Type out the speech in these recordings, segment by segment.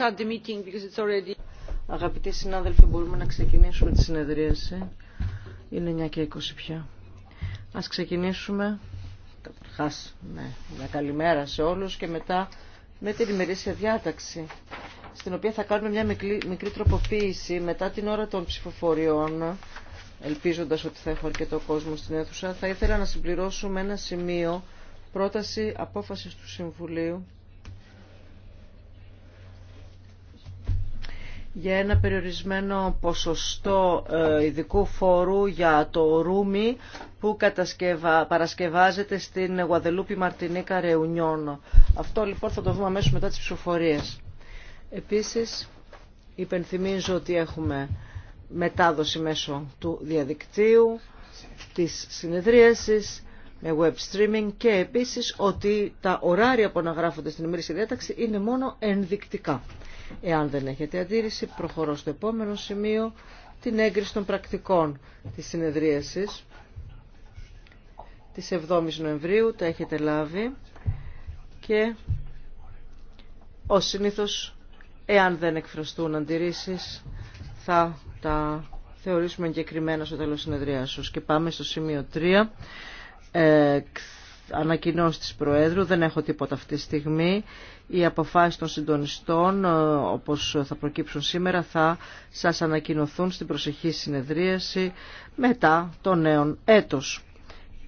Uh, Αγαπητοί συνάδελφοι, μπορούμε να ξεκινήσουμε τη συνεδρίαση. Είναι 9 και 20 πια. Ας ξεκινήσουμε καταρχάς με μια καλημέρα σε όλους και μετά με την ημερήσια διάταξη στην οποία θα κάνουμε μια μικρή, μικρή τροποποίηση μετά την ώρα των ψηφοφοριών ελπίζοντας ότι θα έχω αρκετό κόσμο στην αίθουσα θα ήθελα να συμπληρώσουμε ένα σημείο πρόταση απόφασης του Συμβουλίου για ένα περιορισμένο ποσοστό ε, ειδικού φόρου για το ρούμι που κατασκευα... παρασκευάζεται στην Γουαδελούπη Μαρτινίκα Ρεουνιόνο. Αυτό λοιπόν θα το δούμε αμέσως μετά τις ψηφοφορίες. Επίσης υπενθυμίζω ότι έχουμε μετάδοση μέσω του διαδικτύου, της συνεδρίασης, με web streaming και επίσης ότι τα ωράρια που αναγράφονται στην ημερήσια διάταξη είναι μόνο ενδεικτικά. Εάν δεν έχετε αντίρρηση, προχωρώ στο επόμενο σημείο, την έγκριση των πρακτικών της συνεδρίασης της 7ης Νοεμβρίου, τα έχετε λάβει και ως συνήθως, εάν δεν εκφραστούν αντιρρήσεις, θα τα θεωρήσουμε εγκεκριμένα στο τέλος συνεδρίασης Και πάμε στο σημείο 3, ανακοινώσει της Προέδρου, δεν έχω τίποτα αυτή τη στιγμή. Οι αποφάσεις των συντονιστών, ε, όπως θα προκύψουν σήμερα, θα σας ανακοινωθούν στην προσεχή συνεδρίαση μετά το νέο έτος.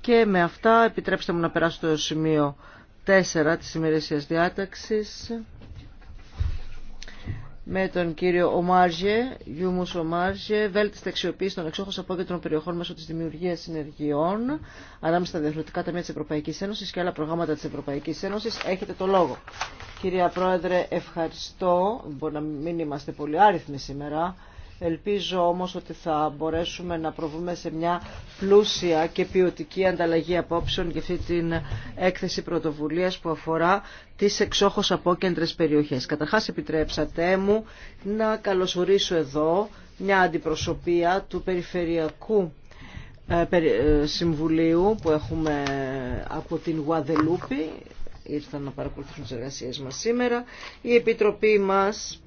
Και με αυτά επιτρέψτε μου να περάσω το σημείο 4 της ημερήσιας διάταξης με τον κύριο Ομάρζε, Γιούμου Ομάρζε, βέλτιστη αξιοποίηση των από απόκεντρων περιοχών μέσω τη δημιουργία συνεργειών ανάμεσα στα διαθροτικά ταμεία τη Ευρωπαϊκή Ένωση και άλλα προγράμματα τη Ευρωπαϊκή Ένωση. Έχετε το λόγο. Κυρία Πρόεδρε, ευχαριστώ. Μπορεί να μην είμαστε πολύ άριθμοι σήμερα. Ελπίζω όμως ότι θα μπορέσουμε να προβούμε σε μια πλούσια και ποιοτική ανταλλαγή απόψεων για αυτή την έκθεση πρωτοβουλίας που αφορά τις εξόχως απόκεντρες περιοχές. Καταρχάς επιτρέψατε μου να καλωσορίσω εδώ μια αντιπροσωπεία του Περιφερειακού ε, ε, Συμβουλίου που έχουμε από την Γουαδελούπη ήρθαν να παρακολουθήσουν τις εργασίες μας σήμερα. Η Επιτροπή μας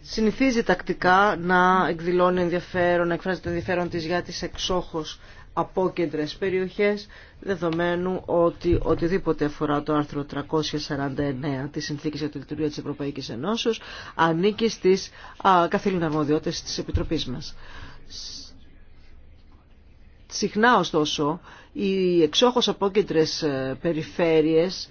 συνηθίζει τακτικά να εκδηλώνει ενδιαφέρον, να εκφράζει το ενδιαφέρον της για τις εξόχως απόκεντρες περιοχές, δεδομένου ότι οτιδήποτε αφορά το άρθρο 349 της Συνθήκης για τη Λειτουργία της Ευρωπαϊκής Ενώσεως ανήκει στις α, καθήλυνα αρμοδιότητες της Επιτροπής μας. Συχνά, ωστόσο, οι εξόχως απόκεντρες ε, περιφέρειες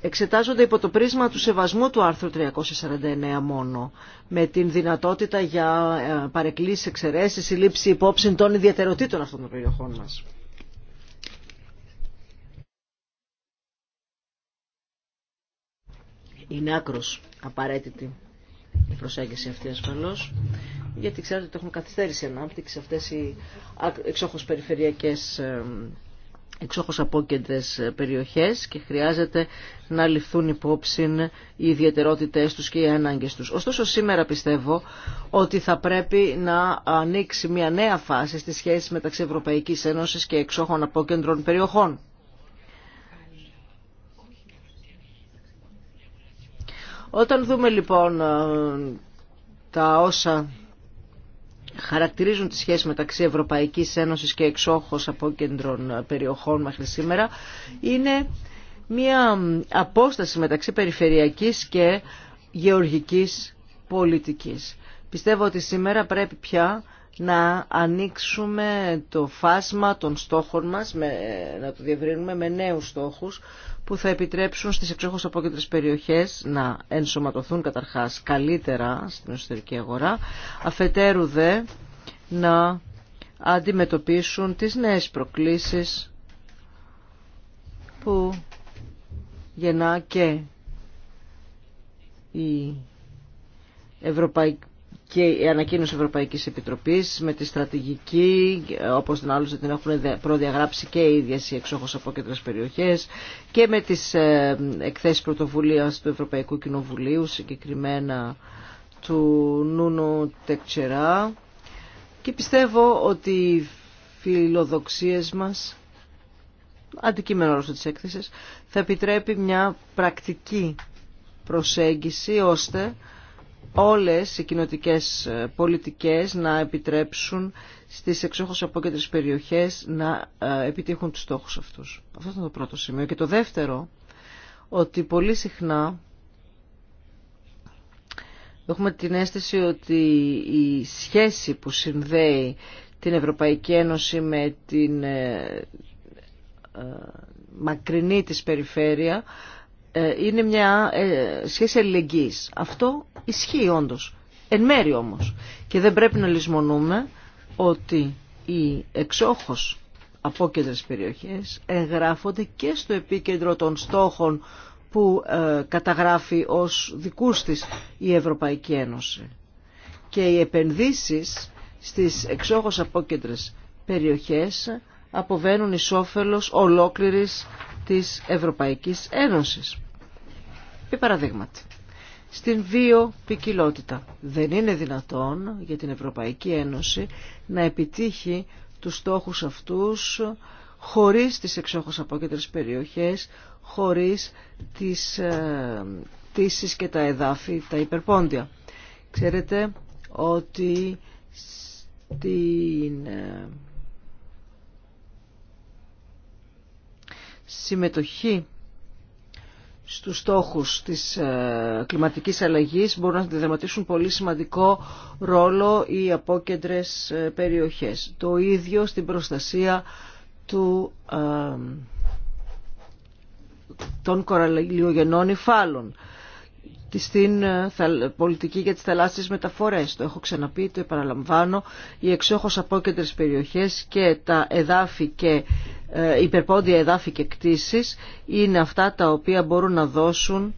εξετάζονται υπό το πρίσμα του σεβασμού του άρθρου 349 μόνο, με την δυνατότητα για ε, παρεκκλήσει, εξαιρέσει ή λήψη υπόψη των ιδιαιτεροτήτων αυτών των περιοχών μα. Είναι άκρο απαραίτητη η προσέγγιση αυτή ασφαλώς, γιατί ακρο απαραιτητη ότι έχουν καθυστέρηση ανάπτυξη αυτές οι εξόχως περιφερειακές ε, εξόχως απόκεντρες περιοχές και χρειάζεται να ληφθούν υπόψη οι ιδιαιτερότητές τους και οι ανάγκες τους. Ωστόσο σήμερα πιστεύω ότι θα πρέπει να ανοίξει μια νέα φάση στη σχέση μεταξύ Ευρωπαϊκής Ένωσης και εξόχων απόκεντρων περιοχών. Όταν δούμε λοιπόν τα όσα χαρακτηρίζουν τη σχέση μεταξύ Ευρωπαϊκής Ένωσης και εξόχως κέντρων περιοχών μέχρι σήμερα είναι μια απόσταση μεταξύ περιφερειακής και γεωργικής πολιτικής. Πιστεύω ότι σήμερα πρέπει πια να ανοίξουμε το φάσμα των στόχων μας, να το διευρύνουμε με νέους στόχους που θα επιτρέψουν στις εξόχως απόκεντρες περιοχές να ενσωματωθούν καταρχάς καλύτερα στην εσωτερική αγορά, αφετέρου δε να αντιμετωπίσουν τις νέες προκλήσεις που γεννά και η Ευρωπαϊκή και η ανακοίνωση Ευρωπαϊκής Επιτροπής με τη στρατηγική, όπως την άλλωστε την έχουν προδιαγράψει και οι ίδιες οι εξόχως απόκεντρες περιοχές και με τις ε, εκθέσεις πρωτοβουλίας του Ευρωπαϊκού Κοινοβουλίου, συγκεκριμένα του Νούνο Τεκτσερά και πιστεύω ότι οι φιλοδοξίες μας, αντικείμενο όλος της έκθεσης, θα επιτρέπει μια πρακτική προσέγγιση ώστε όλες οι κοινοτικές ε, πολιτικές να επιτρέψουν στις εξόχως απόκεντρες περιοχές να ε, επιτύχουν τους στόχους αυτούς. Αυτό ήταν το πρώτο σημείο. Και το δεύτερο, ότι πολύ συχνά έχουμε την αίσθηση ότι η σχέση που συνδέει την Ευρωπαϊκή Ένωση με την ε, μακρινή της περιφέρεια ε, είναι μια ε, σχέση αλληλεγγύης. Αυτό ισχύει όντως, εν μέρη όμως. Και δεν πρέπει να λησμονούμε ότι οι εξόχως απόκεντρες περιοχές εγγράφονται και στο επίκεντρο των στόχων που ε, καταγράφει ως δικούς της η Ευρωπαϊκή Ένωση. Και οι επενδύσεις στις εξόχως απόκεντρες περιοχές αποβαίνουν εις όφελος ολόκληρης της Ευρωπαϊκής Ένωσης. Επί παραδείγματι, στην βιοπικιλότητα δεν είναι δυνατόν για την Ευρωπαϊκή Ένωση να επιτύχει τους στόχους αυτούς χωρίς τις εξόχως απόκεντρες περιοχές, χωρίς τις ε, και τα εδάφη, τα υπερπόντια. Ξέρετε ότι στην ε, συμμετοχή στους στόχους της ε, κλιματικής αλλαγής μπορούν να διδραματίσουν πολύ σημαντικό ρόλο οι απόκεντρες ε, περιοχές. Το ίδιο στην προστασία του, ε, των κοραλιογενών υφάλων στην πολιτική για τις θαλάσσιες μεταφορές. Το έχω ξαναπεί, το επαναλαμβάνω. Οι εξόχως απόκεντρες περιοχές και τα εδάφη και ε, υπερπόντια εδάφη και κτίσεις είναι αυτά τα οποία μπορούν να δώσουν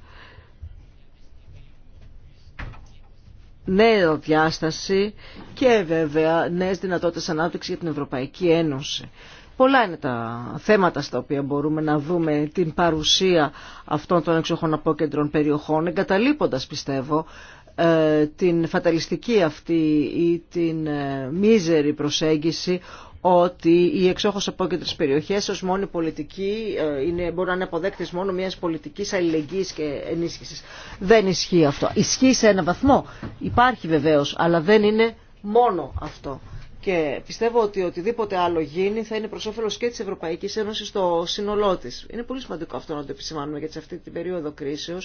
νέα διάσταση και βέβαια νέες δυνατότητες ανάπτυξη για την Ευρωπαϊκή Ένωση. Πολλά είναι τα θέματα στα οποία μπορούμε να δούμε την παρουσία αυτών των εξοχών απόκεντρων περιοχών, εγκαταλείποντας πιστεύω ε, την φαταλιστική αυτή ή την ε, μίζερη προσέγγιση ότι οι εξόχως απόκεντρες περιοχές ως μόνη πολιτική ε, είναι, μπορούν να είναι αποδέκτες μόνο μιας πολιτικής αλληλεγγύης και ενίσχυσης. Δεν ισχύει αυτό. Ισχύει σε ένα βαθμό. Υπάρχει βεβαίως, αλλά δεν είναι μόνο αυτό. Και πιστεύω ότι οτιδήποτε άλλο γίνει θα είναι προ όφελο και τη Ευρωπαϊκή Ένωση στο σύνολό τη. Είναι πολύ σημαντικό αυτό να το επισημάνουμε γιατί σε αυτή την περίοδο κρίσεω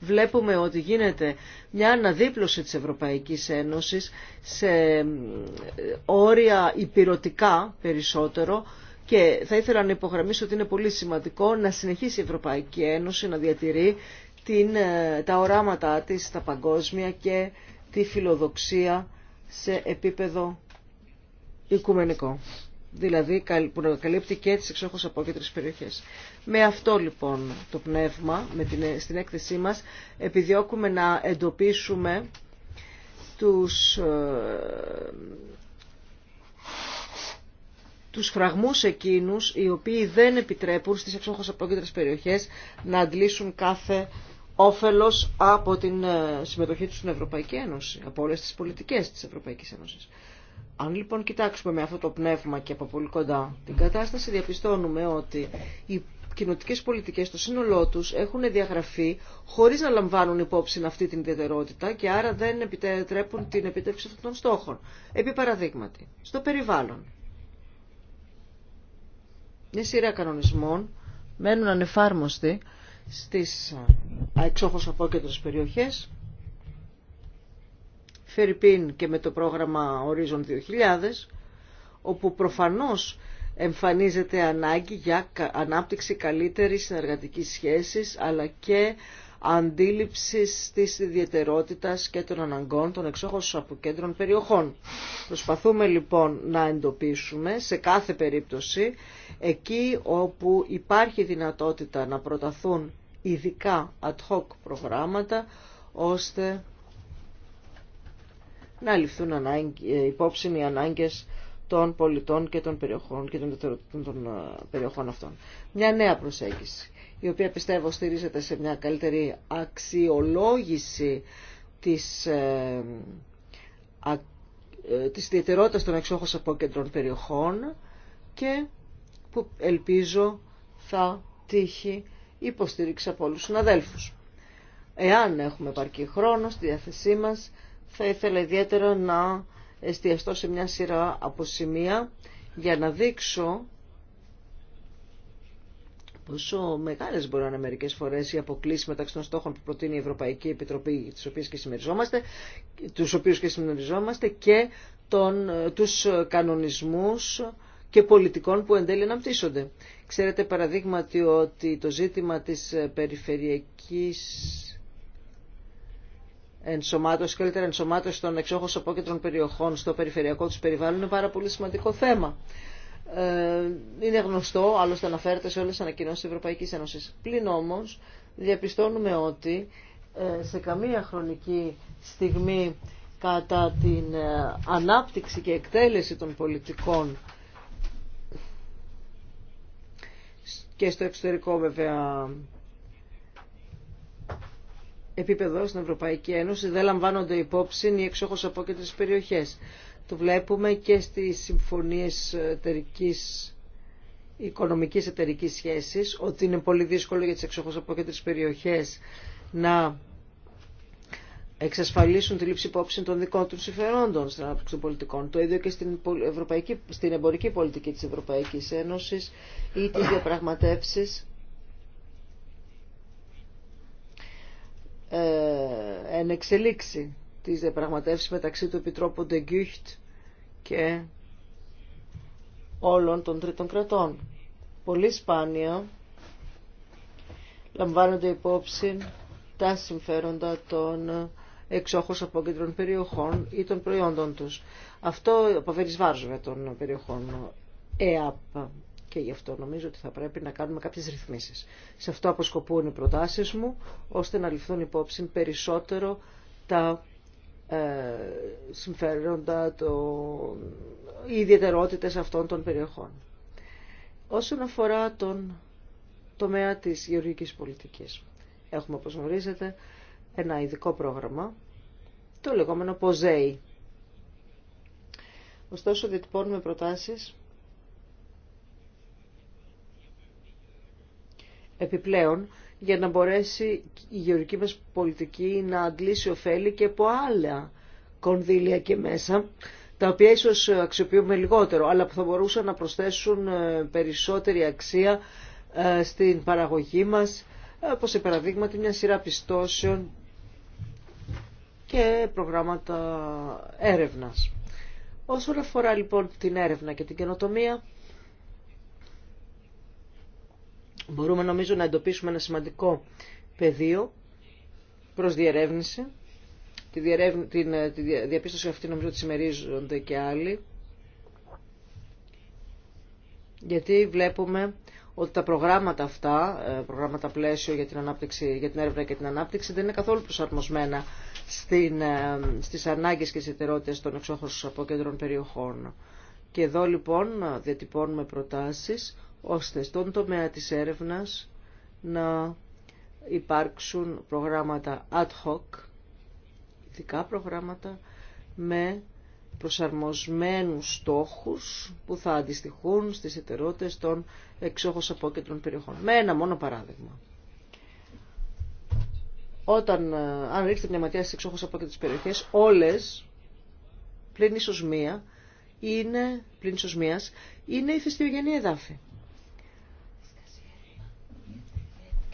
βλέπουμε ότι γίνεται μια αναδίπλωση τη Ευρωπαϊκή Ένωση σε όρια υπηρετικά περισσότερο. Και θα ήθελα να υπογραμμίσω ότι είναι πολύ σημαντικό να συνεχίσει η Ευρωπαϊκή Ένωση να διατηρεί την, ε, τα οράματά της στα παγκόσμια και τη φιλοδοξία σε επίπεδο οικουμενικό. Δηλαδή που να καλύπτει και τις εξόχως απόκεντρες περιοχές. Με αυτό λοιπόν το πνεύμα, με την, στην έκθεσή μας, επιδιώκουμε να εντοπίσουμε τους, ε, τους φραγμούς εκείνους οι οποίοι δεν επιτρέπουν στις εξόχως απόκεντρες περιοχές να αντλήσουν κάθε όφελος από την ε, συμμετοχή τους στην Ευρωπαϊκή Ένωση, από όλες τις πολιτικές της Ευρωπαϊκής Ένωσης. Αν λοιπόν κοιτάξουμε με αυτό το πνεύμα και από πολύ κοντά την κατάσταση, διαπιστώνουμε ότι οι κοινοτικέ πολιτικέ στο σύνολό του έχουν διαγραφεί χωρί να λαμβάνουν υπόψη αυτή την ιδιαιτερότητα και άρα δεν επιτρέπουν την επίτευξη αυτών των στόχων. Επί παραδείγματι, στο περιβάλλον. Μια σειρά κανονισμών μένουν ανεφάρμοστοι στις εξόχως απόκεντρες περιοχές Φερρυπίν και με το πρόγραμμα Horizon 2000, όπου προφανώς εμφανίζεται ανάγκη για ανάπτυξη καλύτερης συνεργατικής σχέσης, αλλά και αντίληψης της ιδιαιτερότητας και των αναγκών των από αποκέντρων περιοχών. Προσπαθούμε λοιπόν να εντοπίσουμε σε κάθε περίπτωση εκεί όπου υπάρχει δυνατότητα να προταθούν ειδικά ad hoc προγράμματα ώστε να ληφθούν ε, υπόψη οι ανάγκες των πολιτών και των περιοχών, και των, των ε, περιοχών αυτών. Μια νέα προσέγγιση, η οποία πιστεύω στηρίζεται σε μια καλύτερη αξιολόγηση της, ε, α, ε, της ιδιαιτερότητας των από κέντρων περιοχών και που ελπίζω θα τύχει υποστήριξη από όλους τους συναδέλφους. Εάν έχουμε επαρκή χρόνο στη διάθεσή μας, θα ήθελα ιδιαίτερα να εστιαστώ σε μια σειρά από σημεία για να δείξω πόσο μεγάλες μπορούν να είναι μερικές φορές οι αποκλήσεις μεταξύ των στόχων που προτείνει η Ευρωπαϊκή Επιτροπή, τις οποίες και συμμεριζόμαστε, τους οποίους και συμμεριζόμαστε και τον, τους κανονισμούς και πολιτικών που εν τέλει αναπτύσσονται. Ξέρετε παραδείγματι ότι το ζήτημα της περιφερειακής ενσωμάτωση, καλύτερα ενσωμάτωση των εξόχως απόκεντρων περιοχών στο περιφερειακό τους περιβάλλον είναι πάρα πολύ σημαντικό θέμα. Ε, είναι γνωστό, άλλωστε αναφέρεται σε όλες τις ανακοινώσεις της Ευρωπαϊκής Ένωσης. Πλην όμως διαπιστώνουμε ότι ε, σε καμία χρονική στιγμή κατά την ε, ανάπτυξη και εκτέλεση των πολιτικών και στο εξωτερικό βέβαια επίπεδο στην Ευρωπαϊκή Ένωση δεν λαμβάνονται υπόψη οι εξόχως απόκεντρες περιοχές. Το βλέπουμε και στις συμφωνίες εταιρικής, οικονομικής εταιρικής σχέσης ότι είναι πολύ δύσκολο για τις εξόχως απόκεντρες περιοχές να εξασφαλίσουν τη λήψη υπόψη των δικών του συμφερόντων στην ανάπτυξη των πολιτικών. Το ίδιο και στην, ευρωπαϊκή, στην εμπορική πολιτική της Ευρωπαϊκής Ένωσης ή τις διαπραγματεύσεις Ε, εξελίξει τις διαπραγματεύσεις μεταξύ του Επιτρόπου Ντεγκούχτ και όλων των τρίτων κρατών. Πολύ σπάνια λαμβάνονται υπόψη τα συμφέροντα των εξόχως απόκεντρων περιοχών ή των προϊόντων τους. Αυτό αποβαίνει των περιοχών ΕΑΠ και γι' αυτό νομίζω ότι θα πρέπει να κάνουμε κάποιες ρυθμίσεις. Σε αυτό αποσκοπούν οι προτάσεις μου, ώστε να ληφθούν υπόψη περισσότερο τα ε, συμφέροντα, το, οι ιδιαιτερότητες αυτών των περιοχών. Όσον αφορά τον τομέα της γεωργικής πολιτικής, έχουμε όπως γνωρίζετε ένα ειδικό πρόγραμμα, το λεγόμενο ΠΟΖΕΙ. Ωστόσο διατυπώνουμε προτάσεις επιπλέον για να μπορέσει η γεωρική μας πολιτική να αντλήσει ωφέλη και από άλλα κονδύλια και μέσα, τα οποία ίσως αξιοποιούμε λιγότερο, αλλά που θα μπορούσαν να προσθέσουν ε, περισσότερη αξία ε, στην παραγωγή μας, ε, όπως σε παραδείγματι μια σειρά πιστώσεων και προγράμματα έρευνας. Όσον αφορά λοιπόν την έρευνα και την καινοτομία, μπορούμε νομίζω να εντοπίσουμε ένα σημαντικό πεδίο προς διερεύνηση. Τη, την, ε, τη διαπίστωση αυτή νομίζω ότι συμμερίζονται και άλλοι. Γιατί βλέπουμε ότι τα προγράμματα αυτά, ε, προγράμματα πλαίσιο για την, ανάπτυξη, για την έρευνα και την ανάπτυξη, δεν είναι καθόλου προσαρμοσμένα στην, ε, στις ανάγκες και στις των από αποκέντρων περιοχών. Και εδώ λοιπόν διατυπώνουμε προτάσεις ώστε στον τομέα της έρευνας να υπάρξουν προγράμματα ad hoc, ειδικά προγράμματα με προσαρμοσμένους στόχους που θα αντιστοιχούν στις ετερότες των εξόχως απόκεντρων περιοχών. Με ένα μόνο παράδειγμα. Όταν, ε, αν ρίξετε μια ματιά στις εξόχως απόκεντρες περιοχές, όλες, πλην ίσως μία, είναι, πλην ίσως η θεστιογενή εδάφη.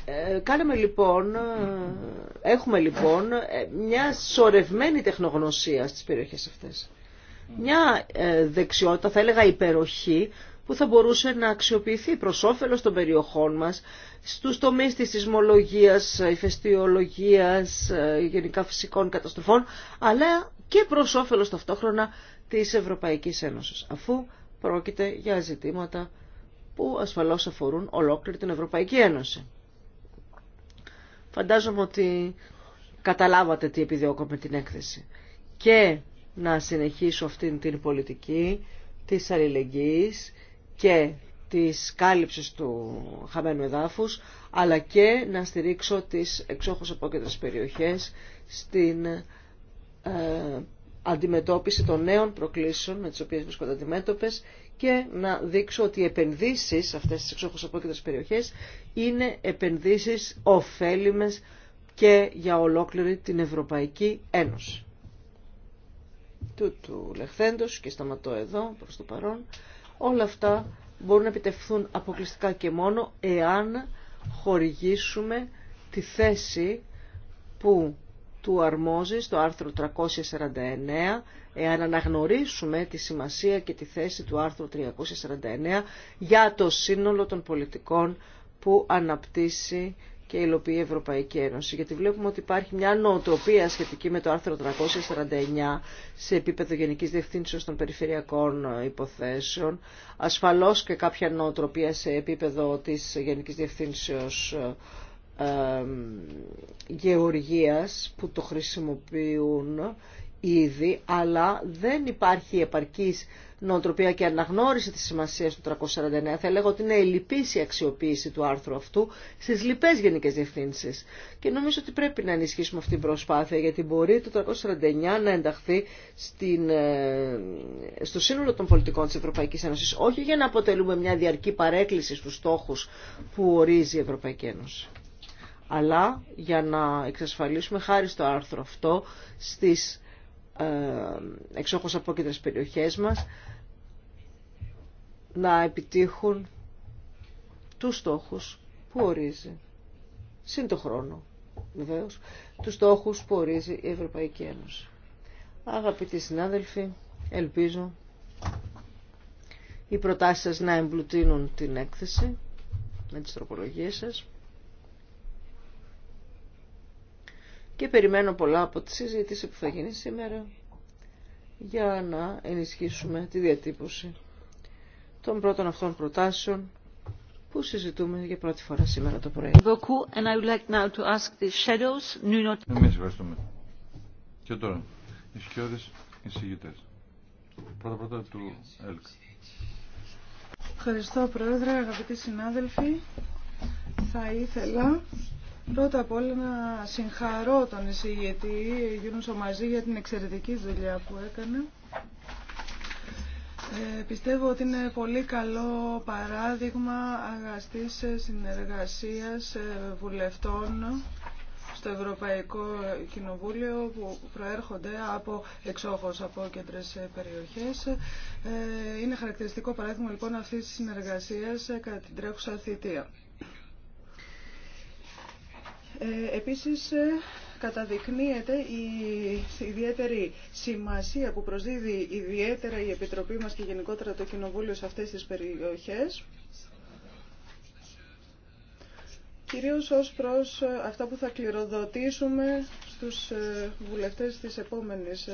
Ε, κάναμε λοιπόν, ε, έχουμε λοιπόν ε, μια σορευμένη τεχνογνωσία στις περιοχές αυτές. Μια δεξιότητα, θα έλεγα υπεροχή, που θα μπορούσε να αξιοποιηθεί προς όφελος των περιοχών μας στους τομείς της σεισμολογίας, ηφαιστειολογίας, γενικά φυσικών καταστροφών, αλλά και προς όφελος ταυτόχρονα της Ευρωπαϊκής Ένωσης, αφού πρόκειται για ζητήματα που ασφαλώς αφορούν ολόκληρη την Ευρωπαϊκή Ένωση. Φαντάζομαι ότι καταλάβατε τι επιδιώκω με την έκθεση. Και να συνεχίσω αυτήν την πολιτική της αλληλεγγύης και της κάλυψης του χαμένου εδάφους, αλλά και να στηρίξω τις εξόχως απόκεντρες περιοχές στην ε, αντιμετώπιση των νέων προκλήσεων με τις οποίες βρίσκονται αντιμέτωπες και να δείξω ότι οι επενδύσεις σε αυτές τις εξόχως περιοχές είναι επενδύσεις ωφέλιμες και για ολόκληρη την Ευρωπαϊκή Ένωση. του λεχθέντος και σταματώ εδώ προς το παρόν. Όλα αυτά μπορούν να επιτευχθούν αποκλειστικά και μόνο εάν χορηγήσουμε τη θέση που του αρμόζει στο άρθρο 349 εάν αναγνωρίσουμε τη σημασία και τη θέση του άρθρου 349 για το σύνολο των πολιτικών που αναπτύσσει και υλοποιεί η Ευρωπαϊκή Ένωση. Γιατί βλέπουμε ότι υπάρχει μια νοοτροπία σχετική με το άρθρο 349 σε επίπεδο Γενικής Διευθύνσεως των Περιφερειακών Υποθέσεων. Ασφαλώς και κάποια νοοτροπία σε επίπεδο της Γενικής Διευθύνσεως γεωργίας που το χρησιμοποιούν ήδη, αλλά δεν υπάρχει επαρκής νοοτροπία και αναγνώριση της σημασίας του 349. Θα λέγω ότι είναι ελλειπής η αξιοποίηση του άρθρου αυτού στις λοιπές γενικές διευθύνσεις. Και νομίζω ότι πρέπει να ενισχύσουμε αυτή την προσπάθεια, γιατί μπορεί το 349 να ενταχθεί στην, ε, στο σύνολο των πολιτικών της Ευρωπαϊκής Ένωσης, όχι για να αποτελούμε μια διαρκή παρέκκληση στους στόχους που ορίζει η Ευρωπαϊκή Ένωση αλλά για να εξασφαλίσουμε χάρη στο άρθρο αυτό στις ε, εξόχως απόκεντρες περιοχές μας να επιτύχουν τους στόχους που ορίζει σύν το χρόνο βεβαίως τους στόχους που ορίζει η Ευρωπαϊκή Ένωση. Αγαπητοί συνάδελφοι, ελπίζω οι προτάσεις σας να εμπλουτίνουν την έκθεση με τις τροπολογίες σας. και περιμένω πολλά από τη συζήτηση που θα γίνει σήμερα για να ενισχύσουμε τη διατύπωση των πρώτων αυτών προτάσεων που συζητούμε για πρώτη φορά σήμερα το πρωί. Εμεί ευχαριστούμε. Και τώρα, οι σκιώδες Πρώτα πρώτα του ΕΛΚ. Ευχαριστώ Πρόεδρε, αγαπητοί συνάδελφοι. Θα ήθελα Πρώτα απ' όλα να συγχαρώ τον εισηγητή Γιούνου Μαζί για την εξαιρετική δουλειά που έκανε. Ε, πιστεύω ότι είναι πολύ καλό παράδειγμα αγαστής συνεργασίας ε, βουλευτών στο Ευρωπαϊκό Κοινοβούλιο που προέρχονται από εξόχως από κέντρες περιοχές. Ε, είναι χαρακτηριστικό παράδειγμα λοιπόν αυτής της συνεργασίας κατά την τρέχουσα θητεία. Ε, επίσης ε, καταδεικνύεται η ιδιαίτερη σημασία που προσδίδει ιδιαίτερα η Επιτροπή μας και γενικότερα το Κοινοβούλιο σε αυτές τις περιοχές κυρίως ως προς ε, αυτά που θα κληροδοτήσουμε στους βουλευτές της επόμενης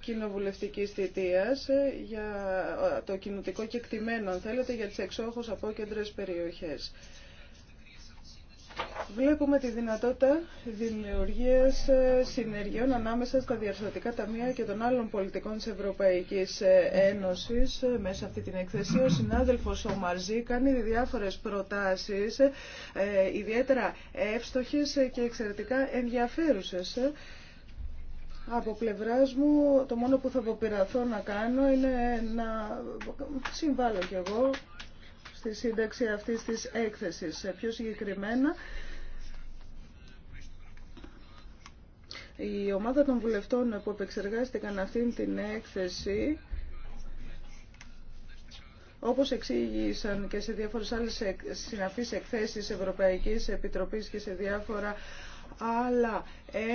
κοινοβουλευτικής θητείας για το κοινοτικό κεκτημένο, αν θέλετε, για τις εξόχως απόκεντρες περιοχές. Βλέπουμε τη δυνατότητα δημιουργία ε, συνεργειών ανάμεσα στα διαρθρωτικά ταμεία και των άλλων πολιτικών της Ευρωπαϊκής ε, Ένωσης. Ε, μέσα αυτή την εκθεσία ο συνάδελφος ο Μαρζή κάνει διάφορες προτάσεις, ιδιαίτερα εύστοχες και εξαιρετικά ενδιαφέρουσες. Από πλευρά μου το μόνο που θα αποπειραθώ να κάνω είναι να συμβάλλω κι εγώ στη σύνταξη αυτής της έκθεσης. Ε, πιο συγκεκριμένα, η ομάδα των βουλευτών που επεξεργάστηκαν αυτήν την έκθεση όπως εξήγησαν και σε διάφορες άλλες συναφείς εκθέσεις Ευρωπαϊκής Επιτροπής και σε διάφορα άλλα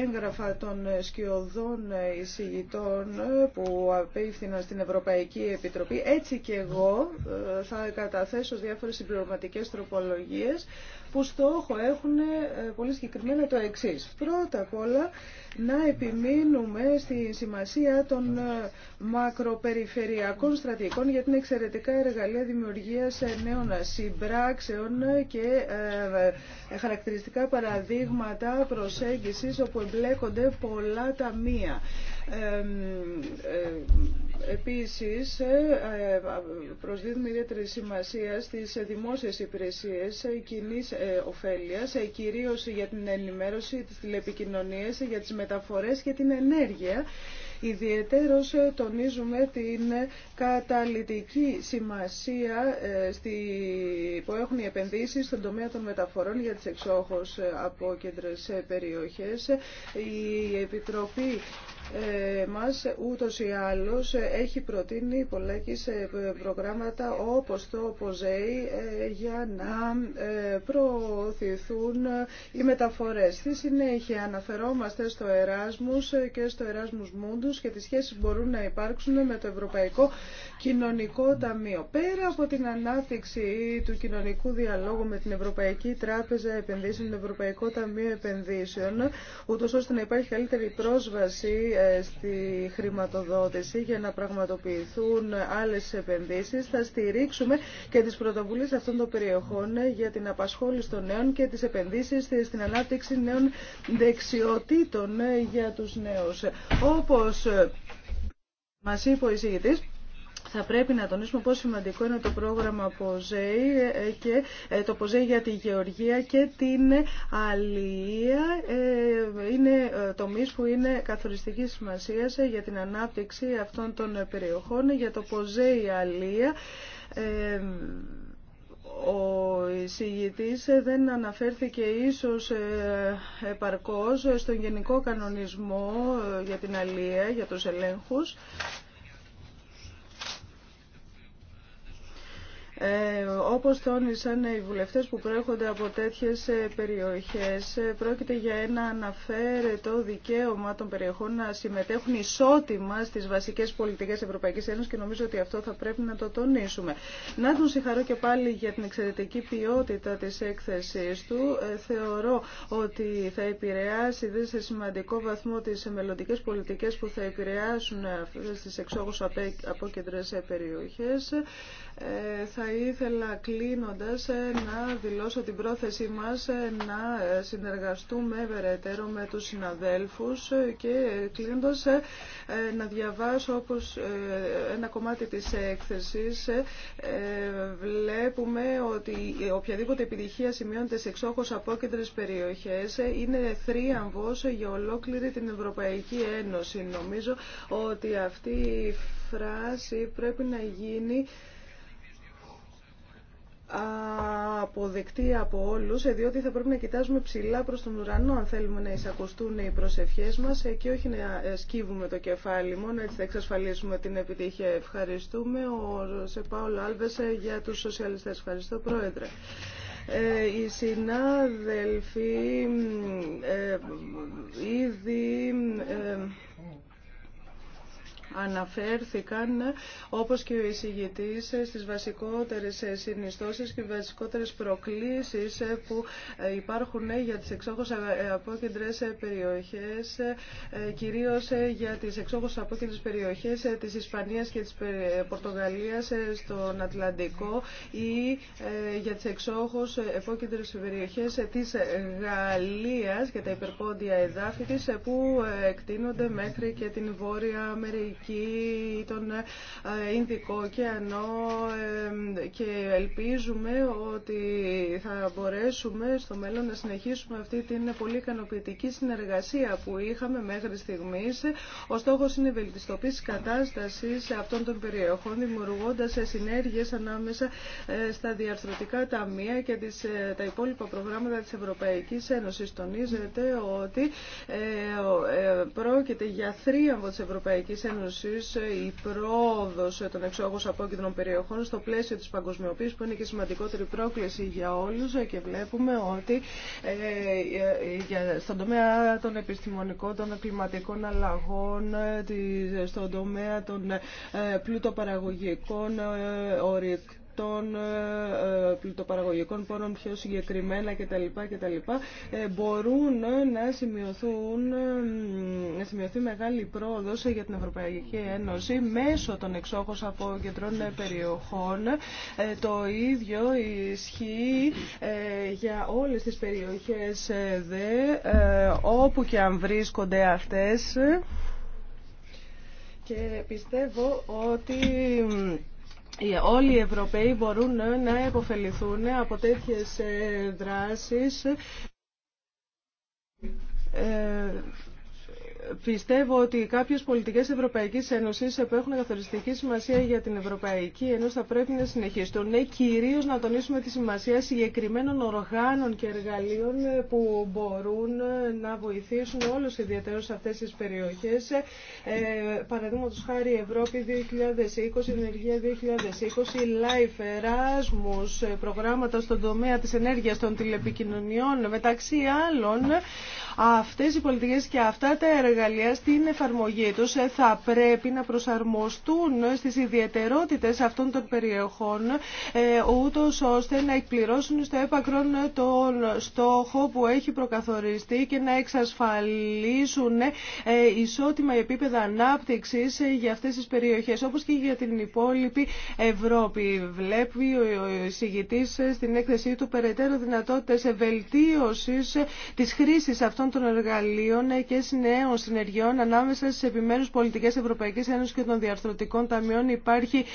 έγγραφα των σκιωδών εισηγητών που απίφθηναν στην Ευρωπαϊκή Επιτροπή. Έτσι και εγώ ε, θα καταθέσω διάφορες συμπληρωματικές τροπολογίες που στόχο έχουν ε, πολύ συγκεκριμένα το εξή. Πρώτα απ' όλα να επιμείνουμε στη σημασία των ε, μακροπεριφερειακών στρατηγικών για την εξαιρετικά εργαλεία δημιουργίας ε, νέων συμπράξεων και χαρακτηριστικά παραδείγματα προσέγγισης όπου εμπλέκονται πολλά ταμεία. Ε, επίσης, ε, ε, προσδίδουμε ιδιαίτερη σημασία στις δημόσιες υπηρεσίες κοινή ωφέλειας, κυρίως για την ενημέρωση, τις τηλεπικοινωνίες, για τις μεταφορές και την ενέργεια. Ιδιαιτέρως τονίζουμε την καταλητική σημασία που έχουν οι επενδύσεις στον τομέα των μεταφορών για τις εξόχως από κέντρες περιοχές. Η Επιτροπή ε, μας ούτως ή άλλως έχει προτείνει πολλά σε προγράμματα όπως το ΠΟΖΕΙ ε, για να ε, προωθηθούν οι μεταφορές. Στη συνέχεια αναφερόμαστε στο Εράσμους και στο Εράσμους Μούντους και τις σχέσεις μπορούν να υπάρξουν με το Ευρωπαϊκό Κοινωνικό Ταμείο. Πέρα από την ανάπτυξη του κοινωνικού διαλόγου με την Ευρωπαϊκή Τράπεζα Επενδύσεων, Ευρωπαϊκό Ταμείο Επενδύσεων, ούτως ώστε να υπάρχει καλύτερη πρόσβαση ε, στη χρηματοδότηση για να πραγματοποιηθούν άλλες επενδύσεις. Θα στηρίξουμε και τις πρωτοβουλίες αυτών των περιοχών για την απασχόληση των νέων και τις επενδύσεις στην ανάπτυξη νέων δεξιοτήτων για τους νέους. Όπως μας είπε ο εισηγητής, θα πρέπει να τονίσουμε πόσο σημαντικό είναι το πρόγραμμα ΠΟΖΕΙ ε, και ε, το ΠΟΖΕΙ για τη γεωργία και την αλληλεία ε, είναι τομείς που είναι καθοριστική σημασίας για την ανάπτυξη αυτών των περιοχών για το ΠΟΖΕΙ αλία ο εισηγητής δεν αναφέρθηκε ίσως επαρκώς στον γενικό κανονισμό για την αλλία για τους ελέγχους Ε, όπως τόνισαν οι βουλευτές που προέρχονται από τέτοιες ε, περιοχές, ε, πρόκειται για ένα αναφέρετο δικαίωμα των περιοχών να συμμετέχουν ισότιμα στις βασικές πολιτικές Ευρωπαϊκής Ένωσης και νομίζω ότι αυτό θα πρέπει να το τονίσουμε. Να τον συγχαρώ και πάλι για την εξαιρετική ποιότητα της έκθεσής του. Θεωρώ ότι θα επηρεάσει δε σε σημαντικό βαθμό τις μελλοντικές πολιτικές που θα επηρεάσουν στις εξόγους από περιοχές. Θα θα ήθελα κλείνοντας να δηλώσω την πρόθεσή μας να συνεργαστούμε περαιτέρω με τους συναδέλφους και κλείνοντας να διαβάσω όπως ε, ένα κομμάτι της έκθεσης ε, βλέπουμε ότι οποιαδήποτε επιτυχία σημειώνεται σε εξόχως απόκεντρες περιοχές είναι θρίαμβος για ολόκληρη την Ευρωπαϊκή Ένωση. Νομίζω ότι αυτή η φράση πρέπει να γίνει αποδεκτή από όλους, ε, διότι θα πρέπει να κοιτάζουμε ψηλά προς τον ουρανό αν θέλουμε να εισακουστούν οι προσευχές μας ε, και όχι να σκύβουμε το κεφάλι μόνο, έτσι θα εξασφαλίσουμε την επιτυχία. Ευχαριστούμε ο Σεπάολο Αλβεσέ ε, για τους σοσιαλιστές. Ευχαριστώ Πρόεδρε. Οι συνάδελφοι ήδη αναφέρθηκαν όπως και ο εισηγητής στις βασικότερες συνιστώσεις και βασικότερες προκλήσεις που υπάρχουν για τις εξόχως απόκεντρες περιοχές κυρίως για τις εξόχως απόκεντρες περιοχές της Ισπανίας και της Πορτογαλίας στον Ατλαντικό ή ε, για τις εξόχως απόκεντρες περιοχές της Γαλλίας και τα υπερπόντια εδάφη της που ε, εκτείνονται μέχρι και την Βόρεια Αμερική. Αφρική, τον ε, Ινδικό ωκεανό και ελπίζουμε ότι θα μπορέσουμε στο μέλλον να συνεχίσουμε αυτή την πολύ ικανοποιητική συνεργασία που είχαμε μέχρι στιγμής. Ο στόχος είναι η βελτιστοποίηση κατάστασης αυτών των περιοχών, δημιουργώντας συνέργειες ανάμεσα ε, στα διαρθρωτικά ταμεία και τις, ε, τα υπόλοιπα προγράμματα της Ευρωπαϊκής Ένωσης. Τονίζεται ότι πρόκειται για θρίαμβο τη Ευρωπαϊκής Ένωση η πρόοδος των από απόκεντρων περιοχών στο πλαίσιο της παγκοσμιοποίησης που είναι και σημαντικότερη πρόκληση για όλους και βλέπουμε ότι ε, στον τομέα των επιστημονικών, των κλιματικών αλλαγών, ε, στον τομέα των ε, πλούτοπαραγωγικών ορεικτών των ε, ε, πλουτοπαραγωγικών πόρων πιο συγκεκριμένα κτλ. κτλ ε, μπορούν να, σημειωθούν, να σημειωθεί μεγάλη πρόοδος για την Ευρωπαϊκή Ένωση μέσω των εξόχως από κεντρών περιοχών. Το ίδιο ισχύει για όλες τις περιοχές δε, όπου και αν βρίσκονται αυτές. Και πιστεύω ότι ε, όλοι οι Ευρωπαίοι μπορούν να επωφεληθούν από τέτοιες ε, δράσεις ε, Πιστεύω ότι κάποιε πολιτικέ Ευρωπαϊκή Ένωση που έχουν καθοριστική σημασία για την Ευρωπαϊκή Ένωση θα πρέπει να συνεχίσουν. Ναι, κυρίω να τονίσουμε τη σημασία συγκεκριμένων οργάνων και εργαλείων που μπορούν να βοηθήσουν όλου ιδιαίτερω σε αυτέ τι περιοχέ. Ε, Παραδείγματο χάρη Ευρώπη 2020, Ενεργεία 2020, Life, Erasmus, προγράμματα στον τομέα τη ενέργεια των τηλεπικοινωνιών μεταξύ άλλων. Αυτές οι πολιτικές και αυτά τα εργαλεία στην εφαρμογή τους ε, θα πρέπει να προσαρμοστούν στις ιδιαιτερότητες αυτών των περιοχών ε, ούτως ώστε να εκπληρώσουν στο έπακρον τον στόχο που έχει προκαθοριστεί και να εξασφαλίσουν ε, ισότιμα επίπεδα ανάπτυξης για αυτές τις περιοχές όπως και για την υπόλοιπη Ευρώπη. Βλέπει ο εισηγητής στην έκθεσή του περαιτέρω δυνατότητες βελτίωση της χρήσης αυτών των εργαλείων ε, και νέων συνεργειών ανάμεσα στι επιμέρου πολιτικέ Ευρωπαϊκή Ένωση και των διαρθρωτικών ταμείων υπάρχει,